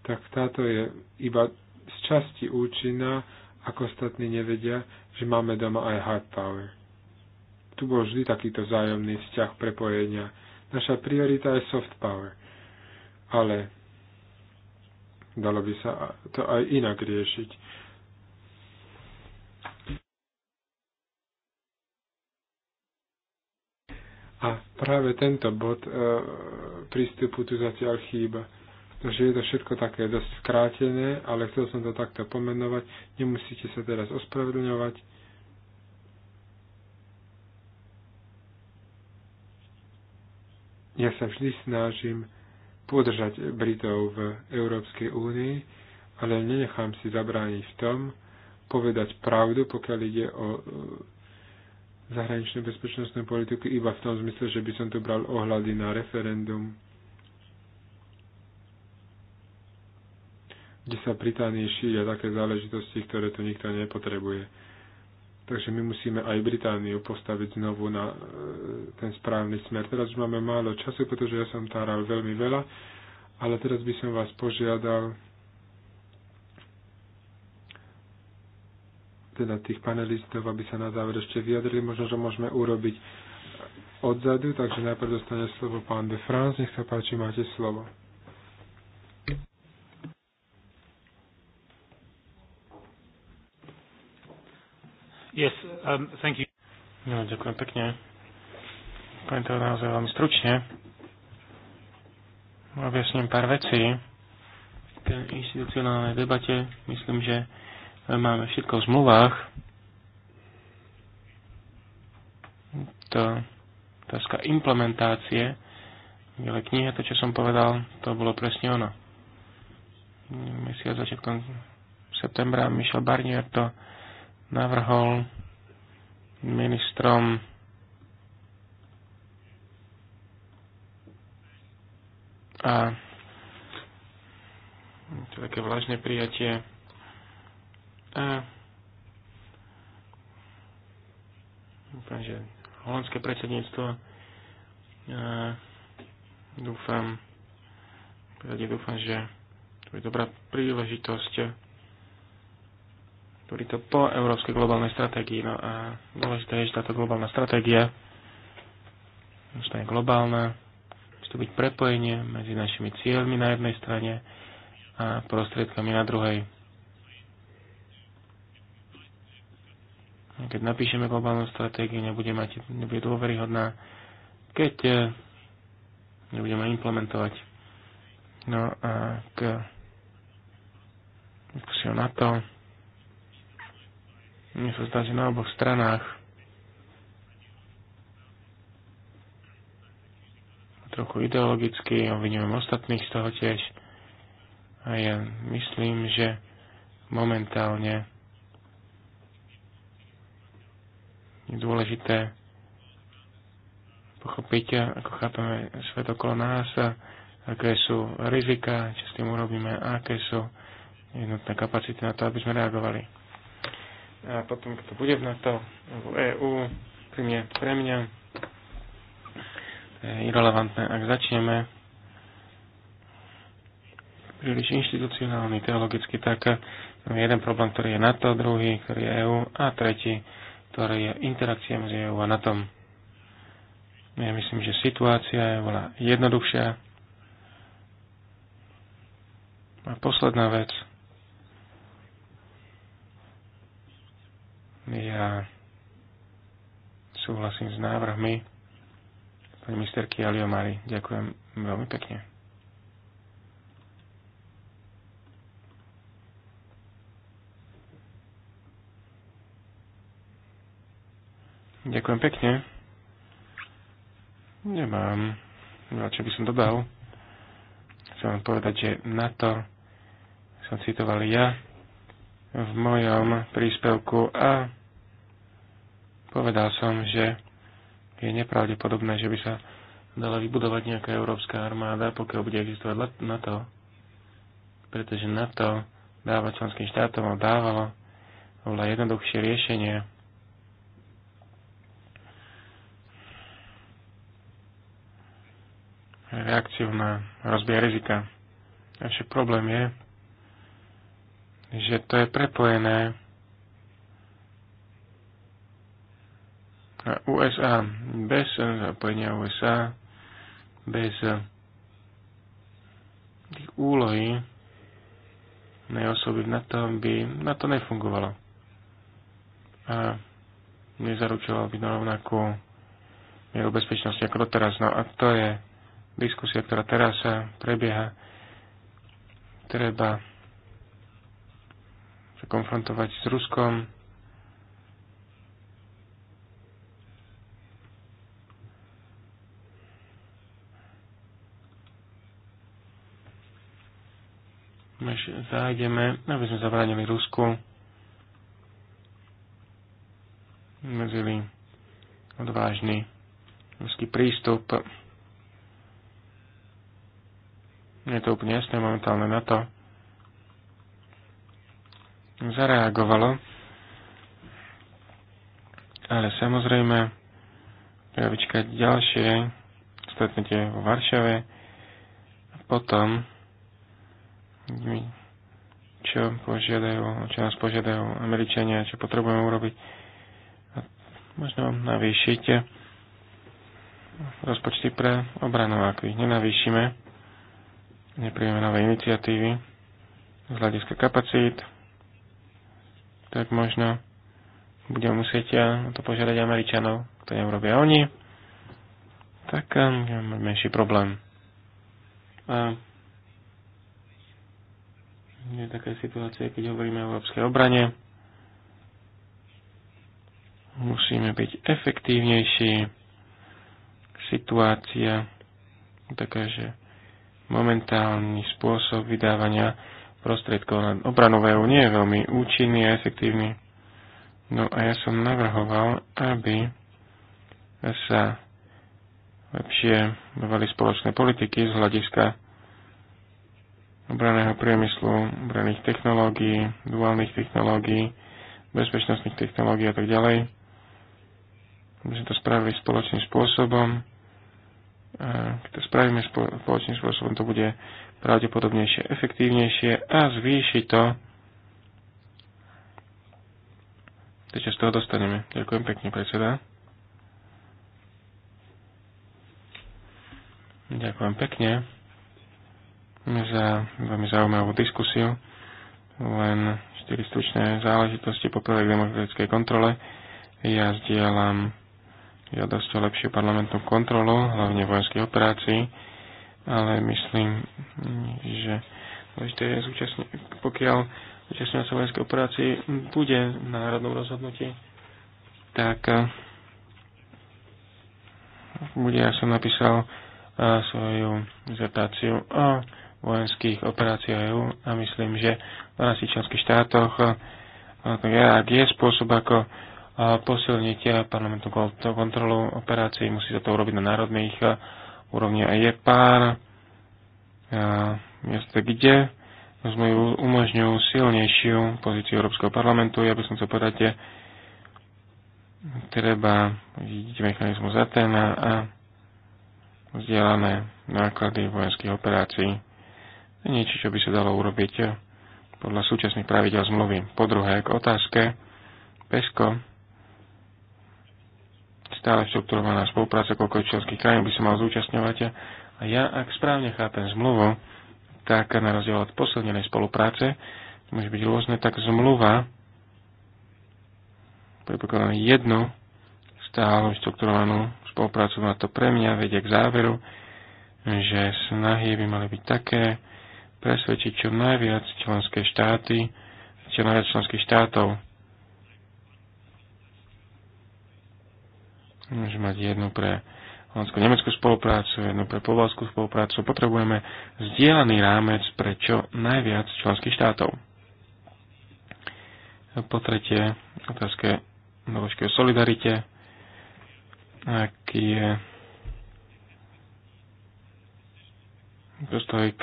tak táto je iba z časti účinná, ak ostatní nevedia, že máme doma aj hard power. Tu bol vždy takýto vzájomný vzťah prepojenia. Naša priorita je soft power. Ale dalo by sa to aj inak riešiť. A práve tento bod e, prístupu tu zatiaľ chýba. Takže je to všetko také dosť skrátené, ale chcel som to takto pomenovať. Nemusíte sa teraz ospravedlňovať. Ja sa vždy snažím podržať Britov v Európskej únii, ale nenechám si zabrániť v tom, povedať pravdu, pokiaľ ide o e, zahraničnú bezpečnostnú politiky iba v tom zmysle, že by som tu bral ohľady na referendum, kde sa Británii šíria také záležitosti, ktoré tu nikto nepotrebuje. Takže my musíme aj Britániu postaviť znovu na e, ten správny smer. Teraz už máme málo času, pretože ja som táral veľmi veľa, ale teraz by som vás požiadal, teda tých panelistov, aby sa na záver ešte vyjadrili. Možno, že môžeme urobiť odzadu, takže najprv dostane slovo pán de France. Nech sa páči, máte slovo. Yes, um, thank you. No, ďakujem pekne. Poviem to naozaj veľmi stručne. Objasním pár vecí. V institucionálnej debate myslím, že máme všetko v zmluvách. To otázka implementácie, ale kniha, to čo som povedal, to bolo presne ono. Mesiac začiatkom septembra Michel Barnier to navrhol ministrom a to také vlažné prijatie a dúfam, že holandské predsedníctvo a dúfam, pevne dúfam, že to je dobrá príležitosť ktorý to po európskej globálnej stratégii. No a dôležité je, že táto globálna stratégia zostane globálna, musí to byť prepojenie medzi našimi cieľmi na jednej strane a prostriedkami na druhej. keď napíšeme globálnu stratégiu, nebude, mať, nebude dôveryhodná, keď eh, nebudeme implementovať. No a k diskusiu na to, mne sa zdá, že na oboch stranách trochu ideologicky, obvinujem ostatných z toho tiež. A ja myslím, že momentálne je dôležité pochopiť, ako chápeme svet okolo nás, aké sú rizika, čo s tým urobíme, aké sú jednotné kapacity na to, aby sme reagovali. A potom, keď to bude v NATO, v EU, pre mňa, pre mňa je irrelevantné, ak začneme príliš inštitucionálny, teologicky, tak jeden problém, ktorý je NATO, druhý, ktorý je EU a tretí ktoré je interakcia medzi EU a NATO. Ja myslím, že situácia je veľa jednoduchšia. A posledná vec. Ja súhlasím s návrhmi pani ministerky Aliomari. Ďakujem veľmi pekne. Ďakujem pekne. Nemám veľa, čo by som dodal. Chcem vám povedať, že na to som citoval ja v mojom príspevku a povedal som, že je nepravdepodobné, že by sa dala vybudovať nejaká európska armáda, pokiaľ bude existovať NATO. Pretože NATO dáva členským štátom a dávalo oveľa jednoduchšie riešenie reakciu na rozbie rizika. Avšak problém je, že to je prepojené na USA. Bez zapojenia USA, bez tých úlohy nej osoby na to by na to nefungovalo. A nezaručovalo by rovnakú mieru bezpečnosti ako doteraz. No a to je diskusia, ktorá teraz eh, prebieha, treba sa konfrontovať s Ruskom, než zájdeme, aby sme zabránili Rusku, medzili odvážny ruský prístup nie je to úplne jasné momentálne na to. Zareagovalo. Ale samozrejme, vyčkať ďalšie stretnutie vo Varšave. Potom čo požiadajú, čo nás požiadajú Američania, čo potrebujeme urobiť. A možno navýšite rozpočty pre obranu, ak ich nenavýšime, nepríjeme nové iniciatívy z hľadiska kapacít, tak možno budeme musieť eh, to požiadať Američanov, to neurobia oni, tak eh, máme menší problém. A je taká situácia, keď hovoríme o európskej obrane, musíme byť efektívnejší, situácia taká, že momentálny spôsob vydávania prostriedkov na obranu EU nie je veľmi účinný a efektívny. No a ja som navrhoval, aby sa lepšie bavili spoločné politiky z hľadiska obraného priemyslu, obraných technológií, duálnych technológií, bezpečnostných technológií a tak ďalej. Aby sme to spravili spoločným spôsobom, keď to spravíme spoločným spôsobom, to bude pravdepodobnejšie, efektívnejšie a zvýši to. Takže z toho dostaneme. Ďakujem pekne, predseda. Ďakujem pekne za veľmi zaujímavú diskusiu. Len 4 stručné záležitosti po prvej demokratickej kontrole. Ja zdieľam žiadosť o lepšiu parlamentnú kontrolu, hlavne vojenských operácií, ale myslím, že dôležité je zúčastni- pokiaľ zúčastňovať sa vojenskej operácii bude na národnom rozhodnutí, tak eh, bude, ja som napísal eh, svoju dizertáciu o vojenských operáciách EU a myslím, že v 12 členských štátoch eh, tak je, ak je spôsob, ako posilniť parlamentnú kontrolu operácií, musí sa to urobiť na národných eh, úrovni a je pár eh, miest, kde sme umožňujú silnejšiu pozíciu Európskeho parlamentu. Ja by som chcel povedať, treba vidieť mechanizmus Atena a vzdielané náklady vojenských operácií. To je niečo, čo by sa dalo urobiť eh, podľa súčasných pravidel zmluvy. Po druhé, k otázke PESKO stále štrukturovaná spolupráca, koľko členských krajín by sa mal zúčastňovať. A ja, ak správne chápem zmluvu, tak na rozdiel od posilnenej spolupráce, môže byť rôzne, tak zmluva pripokladá jednu stálu štrukturovanú spoluprácu na no to pre mňa vedie k záveru, že snahy by mali byť také, presvedčiť čo najviac členské štáty, čo najviac členských štátov Môžeme mať jednu pre holandsko-nemeckú spoluprácu, jednu pre povalskú spoluprácu. Potrebujeme zdieľaný rámec pre čo najviac členských štátov. Po tretie, otázke doložky o solidarite, aký je postoj k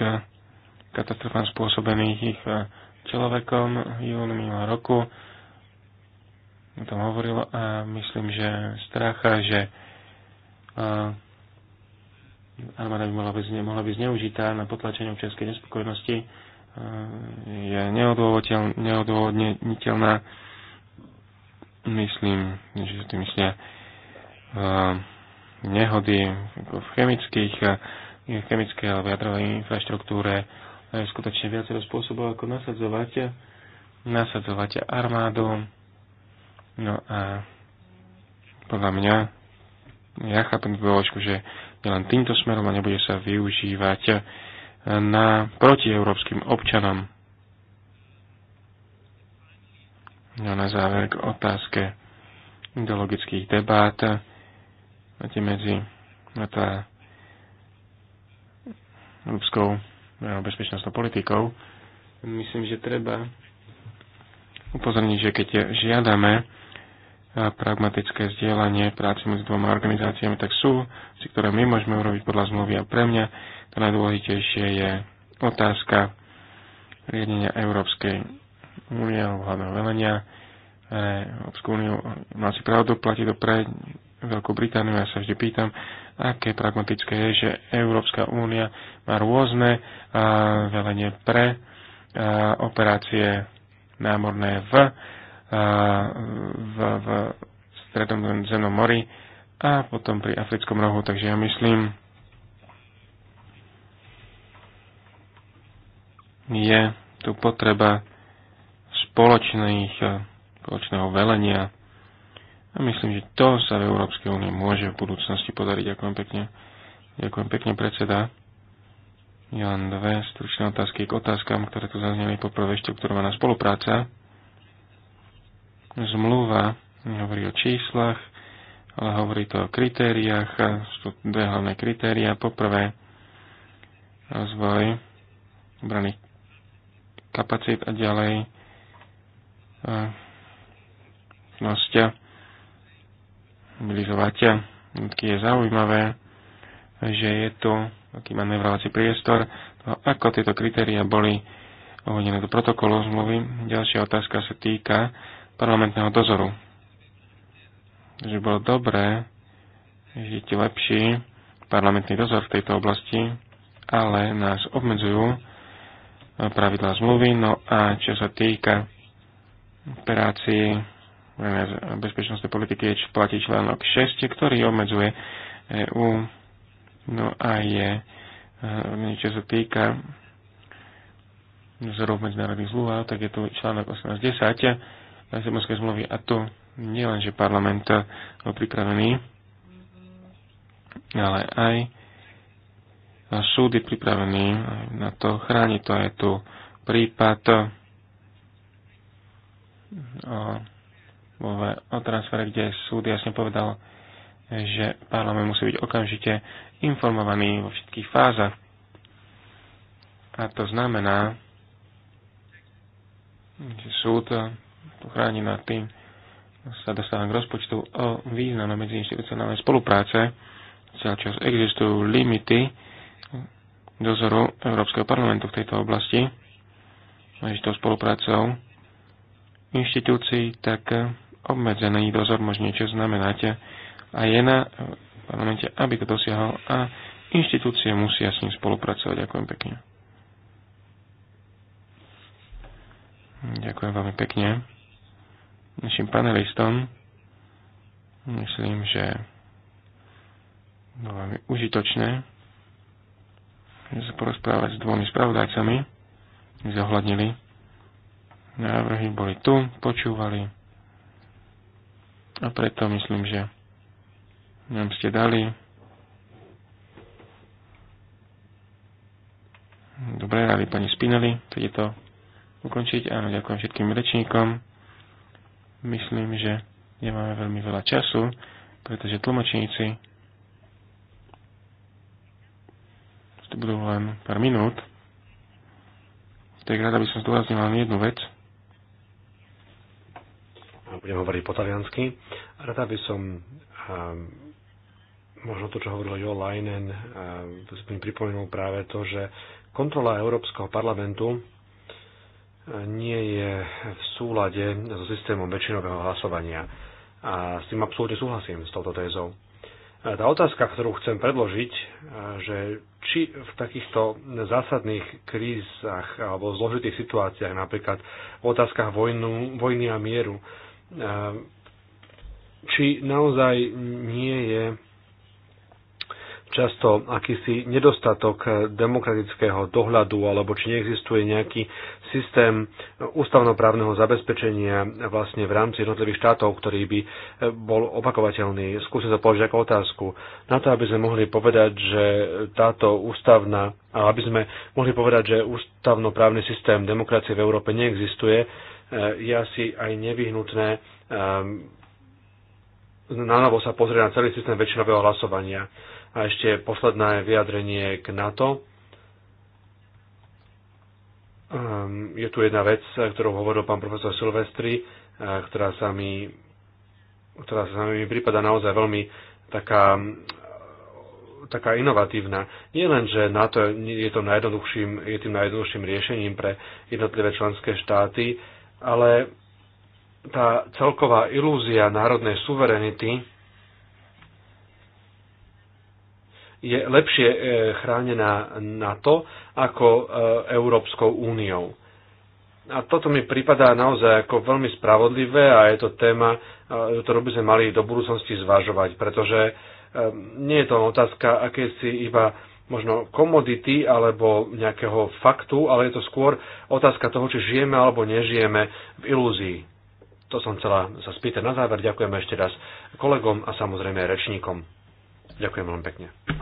katastrofám spôsobených ich eh, človekom júni minulého roku o tom hovoril a myslím, že stracha, že armáda by mohla byť, mohla byť zneužitá na potlačenie občianskej nespokojnosti je neodôvodniteľná. Myslím, že si tým myslia nehody v chemických, v chemickej alebo jadrovej infraštruktúre je skutočne viacero spôsobov, ako nasadzovať, nasadzovať armádu No a podľa mňa, ja chápem doložku, že len týmto smerom a nebude sa využívať eh, na protieurópskym občanom. No na záver k otázke ideologických debát. Máte medzi NATO a európskou eh, bezpečnostnou politikou. Myslím, že treba upozorniť, že keď žiadame pragmatické vzdielanie práce medzi dvoma organizáciami, tak sú si, ktoré my môžeme urobiť podľa zmluvy a pre mňa to najdôležitejšie je otázka riadenia Európskej únie alebo hlavného velenia. E, Európsku úniu má si pravdu, platiť do pre Veľkú Britániu. Ja sa vždy pýtam, aké pragmatické je, že Európska únia má rôzne e, velenie pre e, operácie námorné v v, v stredom zemnom mori a potom pri africkom rohu. Takže ja myslím, je tu potreba spoločných, spoločného velenia a myslím, že to sa v Európskej únie môže v budúcnosti podariť. Ďakujem pekne. Ďakujem pekne, predseda. Ja len dve stručné otázky k otázkam, ktoré tu zazneli. Poprvé štruktúrovaná spolupráca. Zmluva hovorí o číslach, ale hovorí to o kritériách. Sú dve hlavné kritéria. Poprvé, rozvoj obraných kapacít a ďalej vnosťa mobilizovať jednotky je zaujímavé, že je tu taký manevrovací priestor, toho, no, ako tieto kritéria boli uvedené do protokolu zmluvy. Ďalšia otázka sa týka parlamentného dozoru. Že bolo dobré, že je lepší parlamentný dozor v tejto oblasti, ale nás obmedzujú eh, pravidlá zmluvy. No a čo sa týka operácií eh, bezpečnostnej politiky, platí článok 6, ktorý obmedzuje EU. No a je, eh, čo sa týka vzorov medzinárodných zlúhav, tak je tu článok 1810, Lisabonskej zmluvy a tu nie len, že parlament bol pripravený, ale aj súd je pripravený na to chráni To je tu prípad o, o transfere, kde súd jasne povedal, že parlament musí byť okamžite informovaný vo všetkých fázach. A to znamená, že súd chránená tým, sa dostávam k rozpočtu o význame medziinstitucionálnej spolupráce. Celý čas existujú limity dozoru Európskeho parlamentu v tejto oblasti. tou spoluprácou inštitúcií, tak obmedzený dozor môže niečo znamenať a je na parlamente, aby to dosiahol a inštitúcie musia s ním spolupracovať. Ďakujem pekne. Ďakujem veľmi pekne našim panelistom. Myslím, že bolo veľmi užitočné, sa porozprávať s dvomi spravodajcami, zohľadnili návrhy, boli tu, počúvali a preto myslím, že nám ste dali Dobre, rady pani Spinelli, to je to ukončiť. Áno, ďakujem všetkým rečníkom. Myslím, že nemáme veľmi veľa času, pretože tlmočníci to budú len pár minút. Tak rada by som zdôraznil len jednu vec. Budem hovoriť po taliansky. Rada by som možno to, čo hovoril Jo Leinen, to som pripomenul práve to, že kontrola Európskeho parlamentu nie je v súlade so systémom väčšinového hlasovania. A s tým absolútne súhlasím, s touto tézou. Tá otázka, ktorú chcem predložiť, že či v takýchto zásadných krízach alebo zložitých situáciách, napríklad v otázkach vojnu, vojny a mieru, či naozaj nie je často akýsi nedostatok demokratického dohľadu alebo či neexistuje nejaký systém ústavnoprávneho zabezpečenia vlastne v rámci jednotlivých štátov, ktorý by bol opakovateľný. Skúsim sa položiť ako otázku. Na to, aby sme mohli povedať, že táto ústavná, aby sme mohli povedať, že ústavnoprávny systém demokracie v Európe neexistuje, e, je asi aj nevyhnutné e, na novo sa pozrieť na celý systém väčšinového hlasovania a ešte posledné vyjadrenie k NATO. Ehm, je tu jedna vec, ktorú hovoril pán profesor Silvestri, eh, ktorá sa mi, ktorá sa mi prípada naozaj veľmi taká taká inovatívna. Nie len, že NATO je, to najjednoduchším, je tým najjednoduchším riešením pre jednotlivé členské štáty, ale tá celková ilúzia národnej suverenity je lepšie e, chránená NATO ako e, Európskou úniou. A toto mi pripadá naozaj ako veľmi spravodlivé a je to téma, e, ktorú by sme mali do budúcnosti zvažovať, pretože nie je to otázka akési iba možno komodity alebo nejakého faktu, ale je to skôr otázka toho, či žijeme alebo nežijeme v ilúzii. To som chcela sa spýtať na záver. Ďakujeme ešte raz kolegom a samozrejme rečníkom. Ďakujem veľmi pekne.